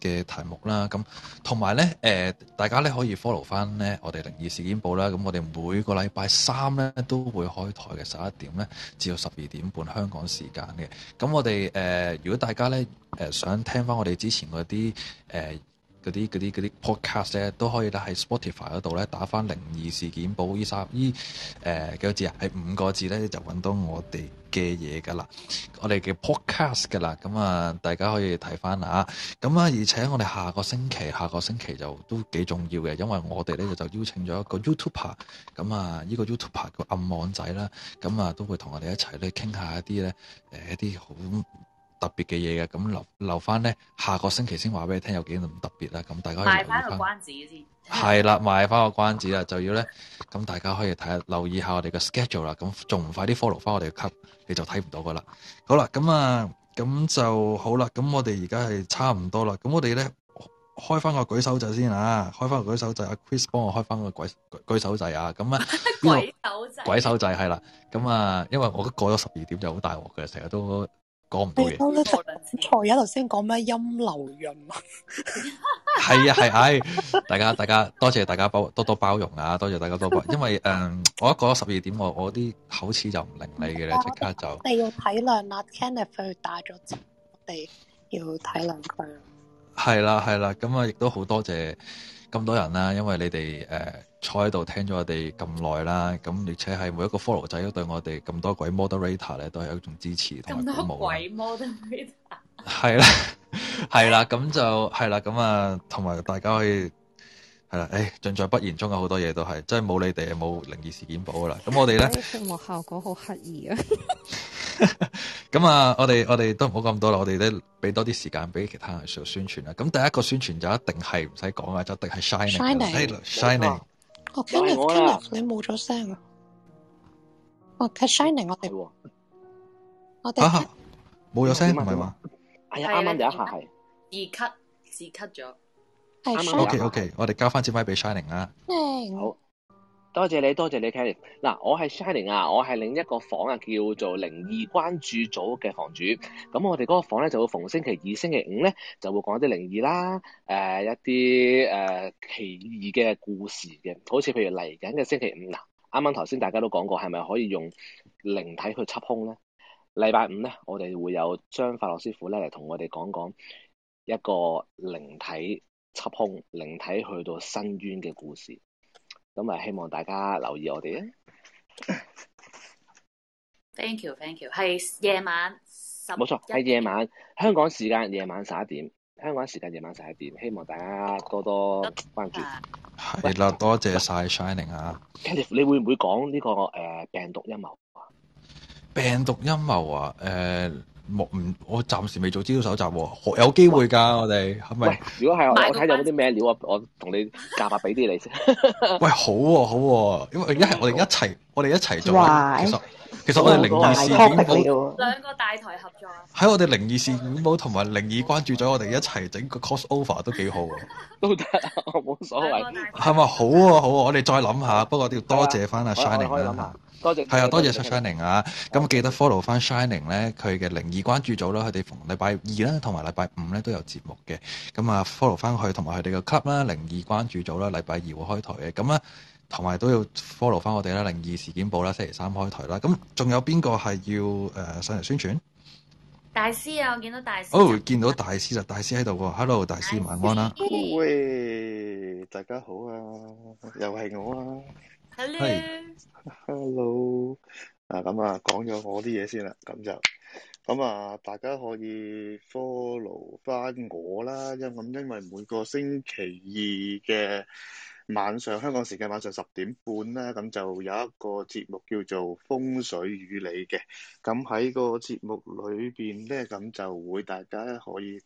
嘅題目啦。咁同埋咧大家咧可以 follow 翻咧我哋靈異事件簿啦。咁我哋每個禮拜三咧都會開台嘅十一點咧，至到十二點半香港時間嘅。咁我哋誒、呃，如果大家咧、呃、想聽翻我哋之前嗰啲誒。呃嗰啲嗰啲嗰啲 podcast 咧，Pod cast，都可以咧喺 Spotify 嗰度咧打翻靈異事件簿依三呢，誒、e，呃、幾多字啊？係五個字咧就揾到我哋嘅嘢噶啦，我哋嘅 podcast 噶啦，咁啊大家可以睇翻啦啊，咁啊而且我哋下個星期下個星期就都幾重要嘅，因為我哋咧就邀請咗一個 YouTuber，咁啊呢、呢個 YouTuber 個暗網仔啦，咁啊都會同我哋一齊咧傾下一啲咧誒一啲好。特別嘅嘢嘅，咁留留翻咧，下個星期先話俾你聽有幾咁特別啦、啊。咁大家賣翻個關子先，係啦，賣翻個關子啦， 就要咧，咁大家可以睇下，留意下我哋嘅 schedule 啦。咁仲唔快啲 follow 翻我哋嘅群，你就睇唔到噶啦。好啦，咁啊，咁就好啦。咁我哋而家係差唔多啦。咁我哋咧開翻個舉手掣先啊，開翻個舉手掣，阿 Chris 幫我開翻個鬼舉手掣啊。咁啊， 鬼手掣，鬼手掣係啦。咁啊，因為我都過咗十二點就好大鑊嘅，成日都～講唔到嘢，財友頭先講咩陰流人物，係啊係係，大家大家，多謝大家包多多包容啊，多謝大家多包容，因為誒、呃、我一過咗十二點我我啲口齒就唔伶俐嘅咧，即不刻就你要體諒啦 Kenneth 去打咗我哋要體諒佢。係啦係啦，咁啊亦都好多謝咁多人啦，因為你哋誒。呃坐喺度聽咗我哋咁耐啦，咁而且係每一個 follow 仔都對我哋咁多鬼 moderator 咧都係一種支持同鼓舞。咁多鬼 moderator 係啦，係啦，咁就係啦，咁啊，同埋大家可以係啦，誒，盡在不言中啊，好多嘢都係，真係冇你哋冇靈異事件簿噶啦。咁我哋咧，節目 效果好刻意啊。咁 啊，我哋我哋都唔好咁多啦，我哋都俾多啲時間俾其他人做宣傳啦。咁第一個宣傳就一定係唔使講啊，就一定係 shining，shining，shining。哦，今日，今日你冇咗聲啊！哦，Shining，我哋我哋冇咗聲唔係話？哎呀，啱啱第一下係二咳，自咳咗。O K，O K，我哋交翻支麥畀 Shining 啦、啊。好。多謝你，多謝你，Kenny。嗱，我係 Shining 啊，我係、啊、另一個房啊，叫做靈異關注組嘅房主。咁我哋嗰個房咧就會逢星期二、星期五咧就會講一啲靈異啦，誒、呃、一啲誒、呃、奇異嘅故事嘅。好似譬如嚟緊嘅星期五嗱，啱啱頭先大家都講過，係咪可以用靈體去緝凶咧？禮拜五咧，我哋會有張法樂師傅咧嚟同我哋講一講一個靈體緝凶、靈體去到深淵嘅故事。咁啊，希望大家留意我哋咧。Thank you, thank you。係夜晚冇錯，係夜晚香港時間夜晚十一點，香港時間夜晚十一點，希望大家多多關注。係啦 Okay. 喂，多謝晒 Shining 啊 Khalif 你會唔會講呢、這個誒病毒陰謀啊？病毒陰謀啊，誒、呃。冇唔，我暫時未做資料搜集喎、哦，有機會㗎、啊，我哋係咪？如果係，是我睇有啲咩料，我我同你夾白俾啲你先。喂，好喎、啊、好喎、啊，因為一係我哋一齊，我哋一齊做其。其實其實我哋靈異事件簿兩個大台合作喺我哋靈異事件簿同埋靈異關注咗我哋一齊整個 crossover 都幾好喎、啊，都得，冇所謂。係咪好喎、啊、好喎、啊？我哋再諗下，不過要多謝翻阿 Shining 啦。係啊，多謝，多謝 Shining 啊！咁記得 follow 翻 Shining 咧，佢嘅靈異關注組啦，佢哋逢禮拜二啦，同埋禮拜五咧都有節目嘅。咁啊，follow 翻去，同埋佢哋嘅 club 啦，靈異關注組啦，禮拜二會開台嘅。咁啊，同埋都要 follow 翻我哋啦，靈異事件簿啦，星期三開台啦。咁仲有邊個係要誒上嚟宣傳？大師啊，我見到大師。哦，oh，見到大師啊，大師喺度喎。Hello，大師晚安啦。喂，大家好啊，又係我啊。Hello，啊咁啊講咗我啲嘢先啦，咁就咁啊大家可以 follow 翻我啦，咁因為每個星期二嘅晚上香港時間晚上十點半啦，咁就有一個節目叫做風水與你嘅，咁喺個節目裏邊咧，咁就會大家可以。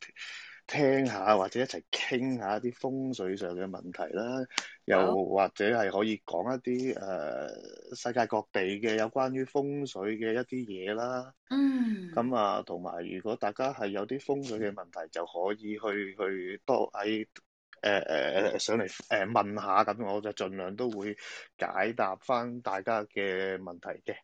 聽下或者一齊傾下啲風水上嘅問題啦，又或者係可以講一啲誒、呃、世界各地嘅有關於風水嘅一啲嘢啦。嗯。咁啊，同埋如果大家係有啲風水嘅問題，就可以去去多啲誒誒上嚟誒、呃、問下，咁我就盡量都會解答翻大家嘅問題嘅。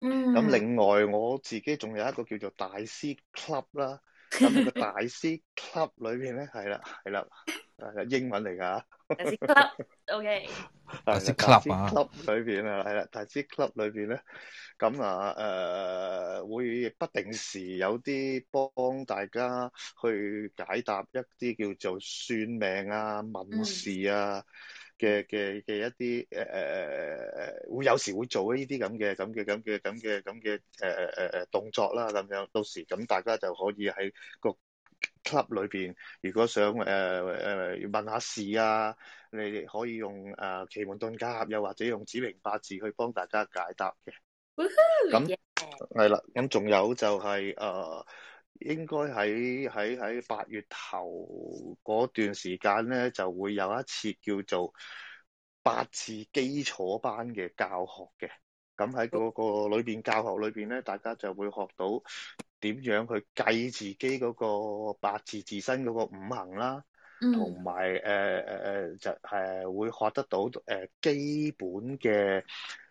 嗯。咁另外我自己仲有一個叫做大師 club 啦。咁個大師 club 裏邊咧，係啦，係啦，係英文嚟噶。大師 club，ok，大師 club 啊，club 裏邊啊，係啦，大師 club 裏邊咧，咁啊，誒，會不定時有啲幫大家去解答一啲叫做算命啊、問事啊。嘅嘅嘅一啲誒誒誒誒會有時會做呢啲咁嘅咁嘅咁嘅咁嘅咁嘅誒誒誒動作啦咁樣，到時咁大家就可以喺個 club 裏邊，如果想誒誒、呃、問一下事啊，你可以用誒、呃、奇門遁甲又或者用指名八字去幫大家解答嘅。咁係啦，咁仲 yeah. 有就係、是、誒。呃應該喺喺喺八月頭嗰段時間咧，就會有一次叫做八字基礎班嘅教學嘅。咁喺嗰個裏邊教學裏邊咧，大家就會學到點樣去計自己嗰個八字自身嗰個五行啦，同埋誒誒誒就、呃、會學得到誒基本嘅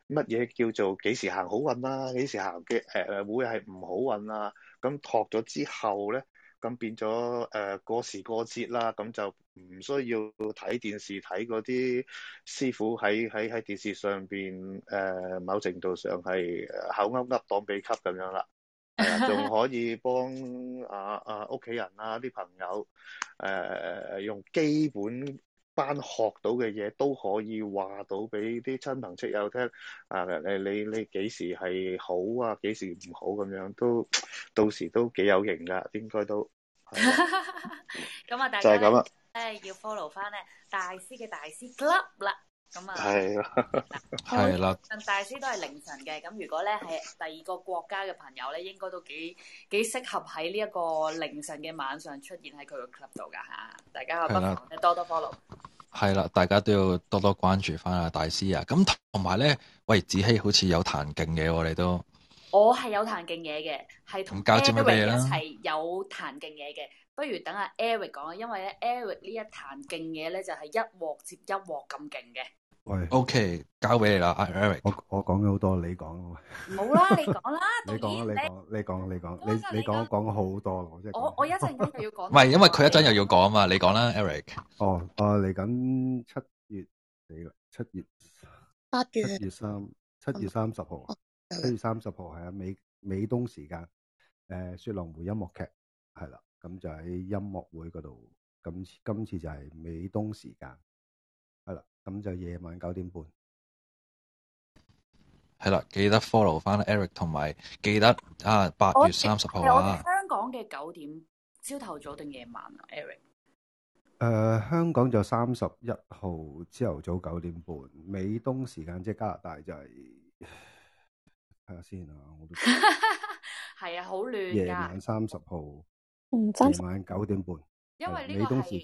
乜嘢叫做幾時行好運啦，幾時行嘅誒會係唔好運啊。咁學咗之後咧，咁變咗誒、呃、過時過節啦，咁就唔需要睇電視睇嗰啲師傅喺喺喺電視上邊誒、呃、某程度上係口噏噏，當秘笈咁樣啦，係、呃、仲可以幫啊啊屋企人啦啲、啊、朋友誒、呃、用基本。班學到嘅嘢都可以話到俾啲親朋戚友聽啊！你你你幾時係好啊？幾時唔好咁、啊、樣都到時都幾有型㗎，應該都。咁啊、 嗯，大家即係咁啦，要 follow 翻咧，大師嘅大師 club 啦。咁啊，係啊，係啦。阿大師都係凌晨嘅。咁，如果咧係第二個國家嘅朋友咧，應該都幾幾適合喺呢一個凌晨嘅晚上出現喺佢個 club 度㗎嚇。大家不妨咧多多 follow。係啦，大家都要多多關注翻阿大師啊。咁同埋咧，喂，子希好似有彈勁嘢喎，你都我係有彈勁嘢嘅，係同 Eric 一齊有彈勁嘢嘅。不如等阿 Eric 講，因為咧 Eric 呢一彈勁嘢咧就係一鑊接一鑊咁勁嘅。喂，OK，交俾你啦，啊 Eric。我我講咗好多，你講。好 啦，你講啦，你講，你講，你講，你講，我你你說講，我講好多，我真係。我我一陣又要講。唔係，因為佢一陣又要講啊嘛，你講啦，Eric。哦，啊，嚟緊七月你七月八月。月三，七月三十號，七月三十號係啊，美美東時間，誒、呃，雪狼湖音樂劇係啦，咁就喺音樂會嗰度，咁今,今次就係美東時間。咁就夜晚九點半，係啦，記得 follow 翻 Eric 同埋，記得啊，八月三十號啊。香港嘅九點，朝頭早定夜晚啊，Eric？誒、呃，香港就三十一號朝頭早九點半，美東時間，即係加拿大就係、是，睇下先啊，我都係 啊，好亂。夜晚三十號，夜晚九點半。因為呢個係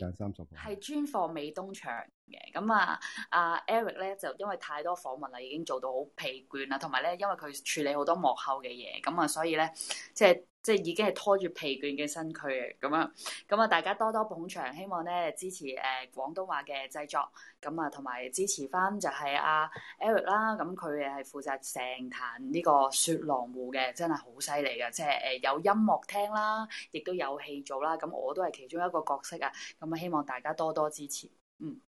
係專放美東場嘅，咁啊，阿、啊、Eric 咧，就因為太多訪問啦，已經做到好疲倦啦，同埋咧，因為佢處理好多幕後嘅嘢，咁啊，所以咧，即係。即係已經係拖住疲倦嘅身軀嘅咁樣，咁啊大家多多捧場，希望咧支持誒廣東話嘅製作，咁啊同埋支持翻就係阿 Eric 啦，咁佢係負責成壇呢個雪狼湖嘅，真係好犀利嘅，即係誒有音樂聽啦，亦都有戲做啦，咁我都係其中一個角色啊，咁啊希望大家多多支持，嗯。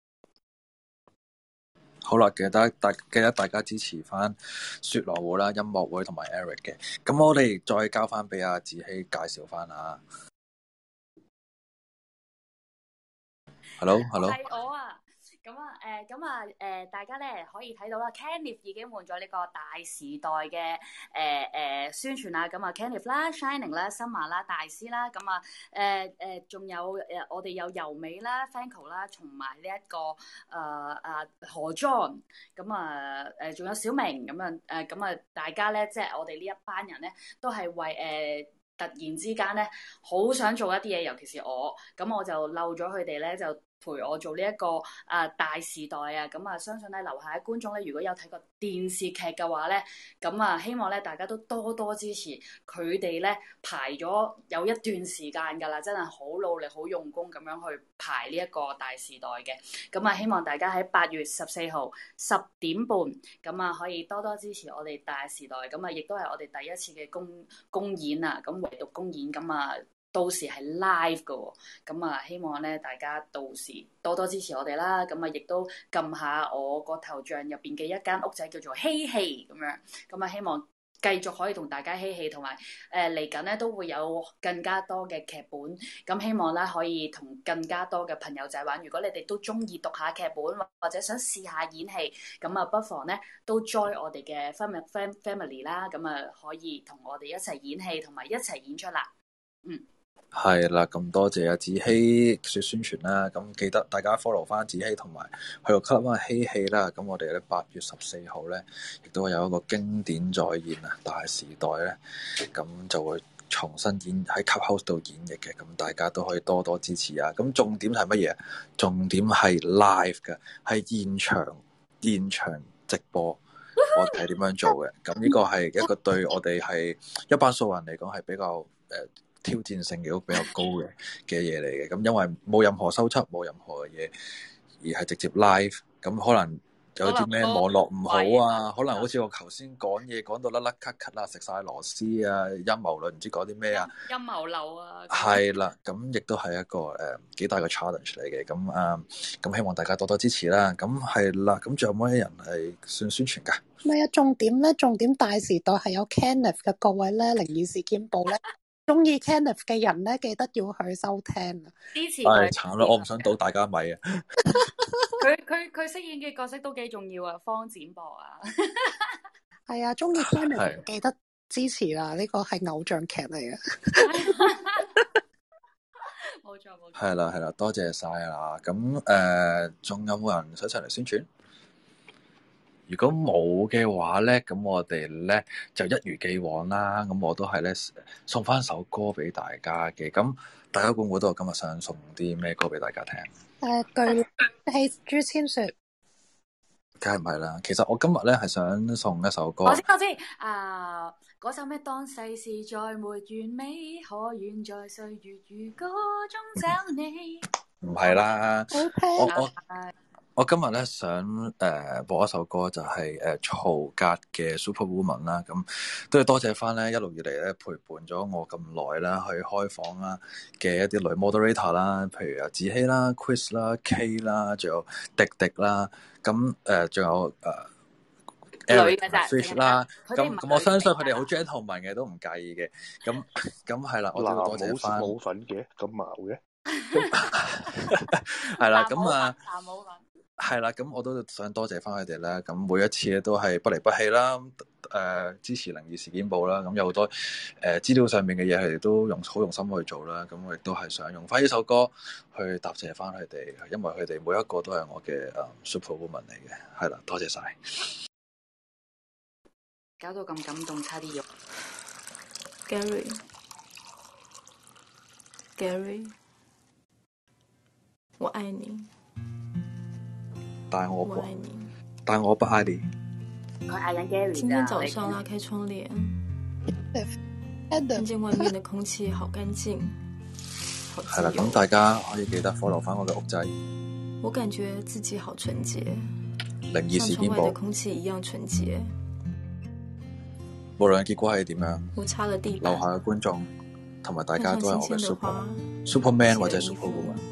好啦，記得大記得大家支持翻雪落湖啦，音樂會同埋 Eric 嘅。咁我哋再交翻畀阿子希介紹翻啊。Hello，Hello。係我啊。咁啊，誒，咁啊，誒，大家咧可以睇到啦 Kenneth 已經換咗呢個大時代嘅，誒誒宣傳啦，咁啊 Kenneth 啦，Shining 啦 Summer 啦，大師啦，咁啊，誒誒，仲有誒，我哋有柔美啦，Fangco 啦，同埋呢一個誒誒何 John 咁啊，誒，仲有小明，咁樣，誒，咁啊，大家咧，即係我哋呢一班人咧，都係為誒突然之間咧，好想做一啲嘢，尤其是我，咁我就漏咗佢哋咧，就。陪我做呢一個啊大時代啊，咁啊相信咧，樓下嘅觀眾咧，如果有睇過電視劇嘅話咧，咁啊希望咧，大家都多多支持佢哋，咧排咗有一段時間噶啦，真係好努力、好用功咁樣去排呢一個大時代嘅。咁啊希望大家喺八月十四號十點半，咁啊可以多多支持我哋大時代。咁啊亦都係我哋第一次嘅公公演啊，咁唯獨公演咁啊。到時係 live 噶，咁啊，希望咧大家到時多多支持我哋啦。咁啊，亦都撳下我個頭像入邊嘅一間屋仔，叫做嬉戲咁樣。咁啊，希望繼續可以同大家嬉戲，同埋誒嚟緊咧都會有更加多嘅劇本。咁希望咧可以同更加多嘅朋友仔玩。如果你哋都中意讀下劇本，或者想試下演戲，咁啊，不妨咧都 join 我哋嘅 family 啦。咁啊，可以同我哋一齊演戲，同埋一齊演出啦。嗯。係啦，咁多謝阿子希說宣傳啦。咁記得大家 follow 翻子希同埋去到 club 啊希希啦。咁我哋咧八月十四號咧，亦都有一個經典再現啊，大時代咧，咁就會重新演喺 club house 度演繹嘅。咁大家都可以多多支持啊。咁重點係乜嘢？重點係 live 嘅，係現場現場直播，我哋係點樣做嘅？咁呢個係一個對我哋係一班素人嚟講係比較誒。呃挑戰性亦都比較高嘅嘅嘢嚟嘅，咁因為冇任何收輯，冇任何嘢，而係直接 live。咁可能有啲咩網絡唔好啊？可能好似我頭先講嘢講到甩甩咳咳啊，食晒螺絲啊，陰謀論唔知講啲咩啊？陰謀流啊，係啦，咁亦都係一個誒幾大個 challenge 嚟嘅。咁啊，咁希望大家多多支持啦。咁係啦，咁仲有冇啲人係算宣傳噶？唔係啊，重點咧，重點大時代係有 Kenneth 嘅各位咧，靈異事件簿咧。中意 Kenneth 嘅人咧，記得要去收聽。支持係慘啦，我唔想倒大家米啊！佢佢佢飾演嘅角色都幾重要啊，方展博啊，係 啊！鍾意 Kenneth 記得支持啦，呢個係偶像劇嚟嘅，冇錯冇錯。係啦係啦，多謝晒啦。咁誒，仲、呃、有冇人想一齊嚟宣傳？如果冇嘅話咧，咁我哋咧就一如既往啦。咁我都係咧送翻首歌俾大家嘅。咁大家估唔估到我今日想送啲咩歌俾大家聽？誒、啊，對喺朱千雪，梗係唔係啦。其實我今日咧係想送一首歌。我知我知。啊，嗰首咩？當世事再沒完美，可遠在歲月如歌中找你？唔係 啦，我 Okay. 我。我我今日咧想誒播一首歌就係、是、誒曹格嘅 Superwoman 啦，咁都係多謝翻咧一路以嚟咧陪伴咗我咁耐啦，去開房啦嘅一啲女 moderator 啦，譬如啊子希啦、Chris 啦、K 啦、e，仲有迪迪啦，咁誒仲有誒女嘅就咁咁，我相信佢哋好 gentleman 嘅，都唔介意嘅。咁咁係啦，我都男要多謝翻冇粉嘅咁矛嘅係啦，咁啊。係啦，咁我都想多謝翻佢哋啦。咁每一次都係不離不棄啦，誒、呃、支持《靈異事件簿》啦。咁有好多誒資料上面嘅嘢佢哋都用好用心去做啦。咁我亦都係想用翻呢首歌去答謝翻佢哋，因為佢哋每一個都係我嘅誒、呃、super woman 嚟嘅。係啦，多謝晒，搞到咁感動，差啲肉，Gary，Gary，我愛你。Gary, Gary, 但我不，但我不愛你。今天早上拉開窗簾，看見外面的空氣好乾淨。係啦，咁大家可以記得 follow 翻我嘅屋仔。我感覺自己好純潔，靈異事件簿，像窗外的空氣一樣純潔。無論結果係點樣，樓下嘅觀眾同埋大家都係我嘅 super，superman 或者 superwoman。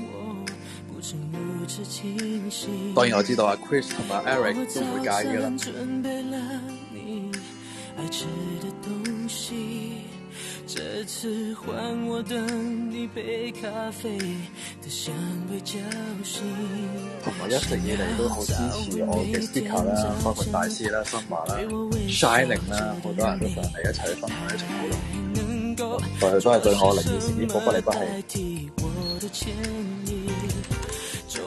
當然我知道啊 Chris 同 Eric 都會介意嘅啦。同我一直以嚟都好支持我嘅 Sticker 啦，包括大師啦、Simba 啦、Shining 啦，好多人都上嚟一齊去分享呢種感動。佢哋都係對我嚟嘅，是不離不棄。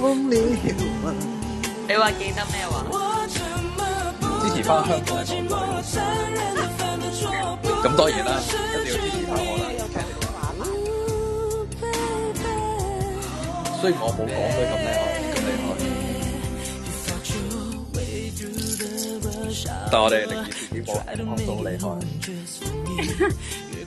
你話記得咩話？支持翻香港，咁當、啊、Okay. 然啦，一定要支持翻我啦。Okay. 雖然我冇講，所以咁厲害，咁厲害。 但係我哋自己自己播，同樣都厲害。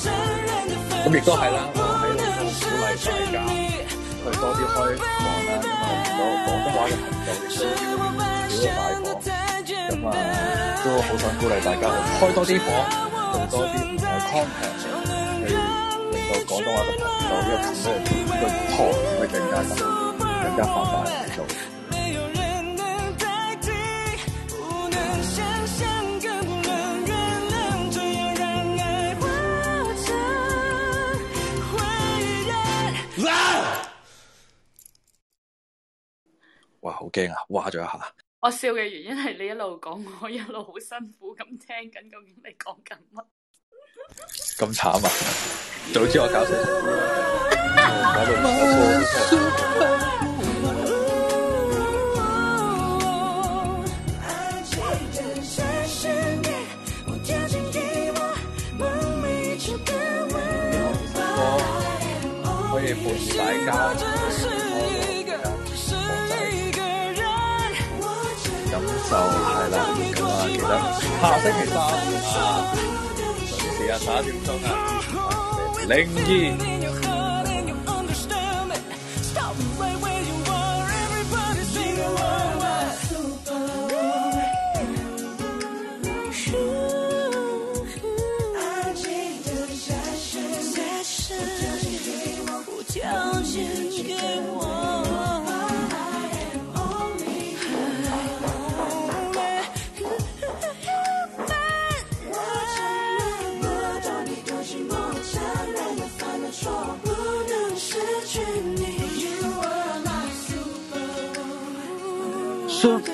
咁亦，嗯、都係啦，我喺度鼓勵大家去多啲開房啦，咁啊，我廣東話嘅朋友亦都少咗買房，咁啊，都好想鼓勵大家開多啲房，做多啲同 contact，去令到廣東話嘅朋友一齊去拖，去更加咁更加驚啊！哇咗一下，我笑嘅原因係你一路講，我一路好辛苦咁聽緊，究竟你講緊乜？咁慘啊！早知我教識。我唔好意思。就係啦，咁啊記得下星期三啊，隨時啊十二點鐘啊，零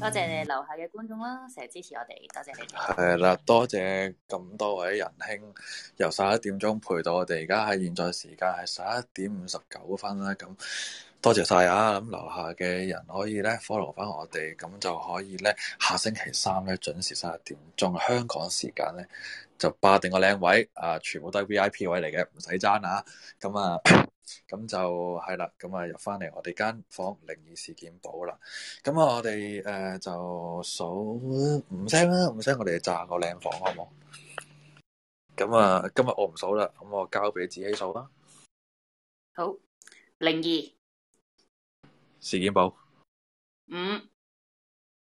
多謝你樓下嘅觀眾啦，成日支持我哋，多謝你。係啦，多謝咁多位仁兄由十一點鐘陪到我哋，而家係現在時間係十一點五十九分啦。咁多謝晒啊！咁、嗯、樓下嘅人可以咧 follow 翻我哋，咁就可以咧下星期三咧準時十一點鐘香港時間咧就霸定個靚位啊！全部都係 VIP 位嚟嘅，唔使爭啊！咁啊～咁就係啦，咁啊入翻嚟我哋間房靈異事件簿啦，咁啊我哋誒、呃、就數五聲啦，五聲我哋炸個靚房好唔好？咁啊今日我唔數啦，咁我交俾自己數啦。好，靈異事件簿五。嗯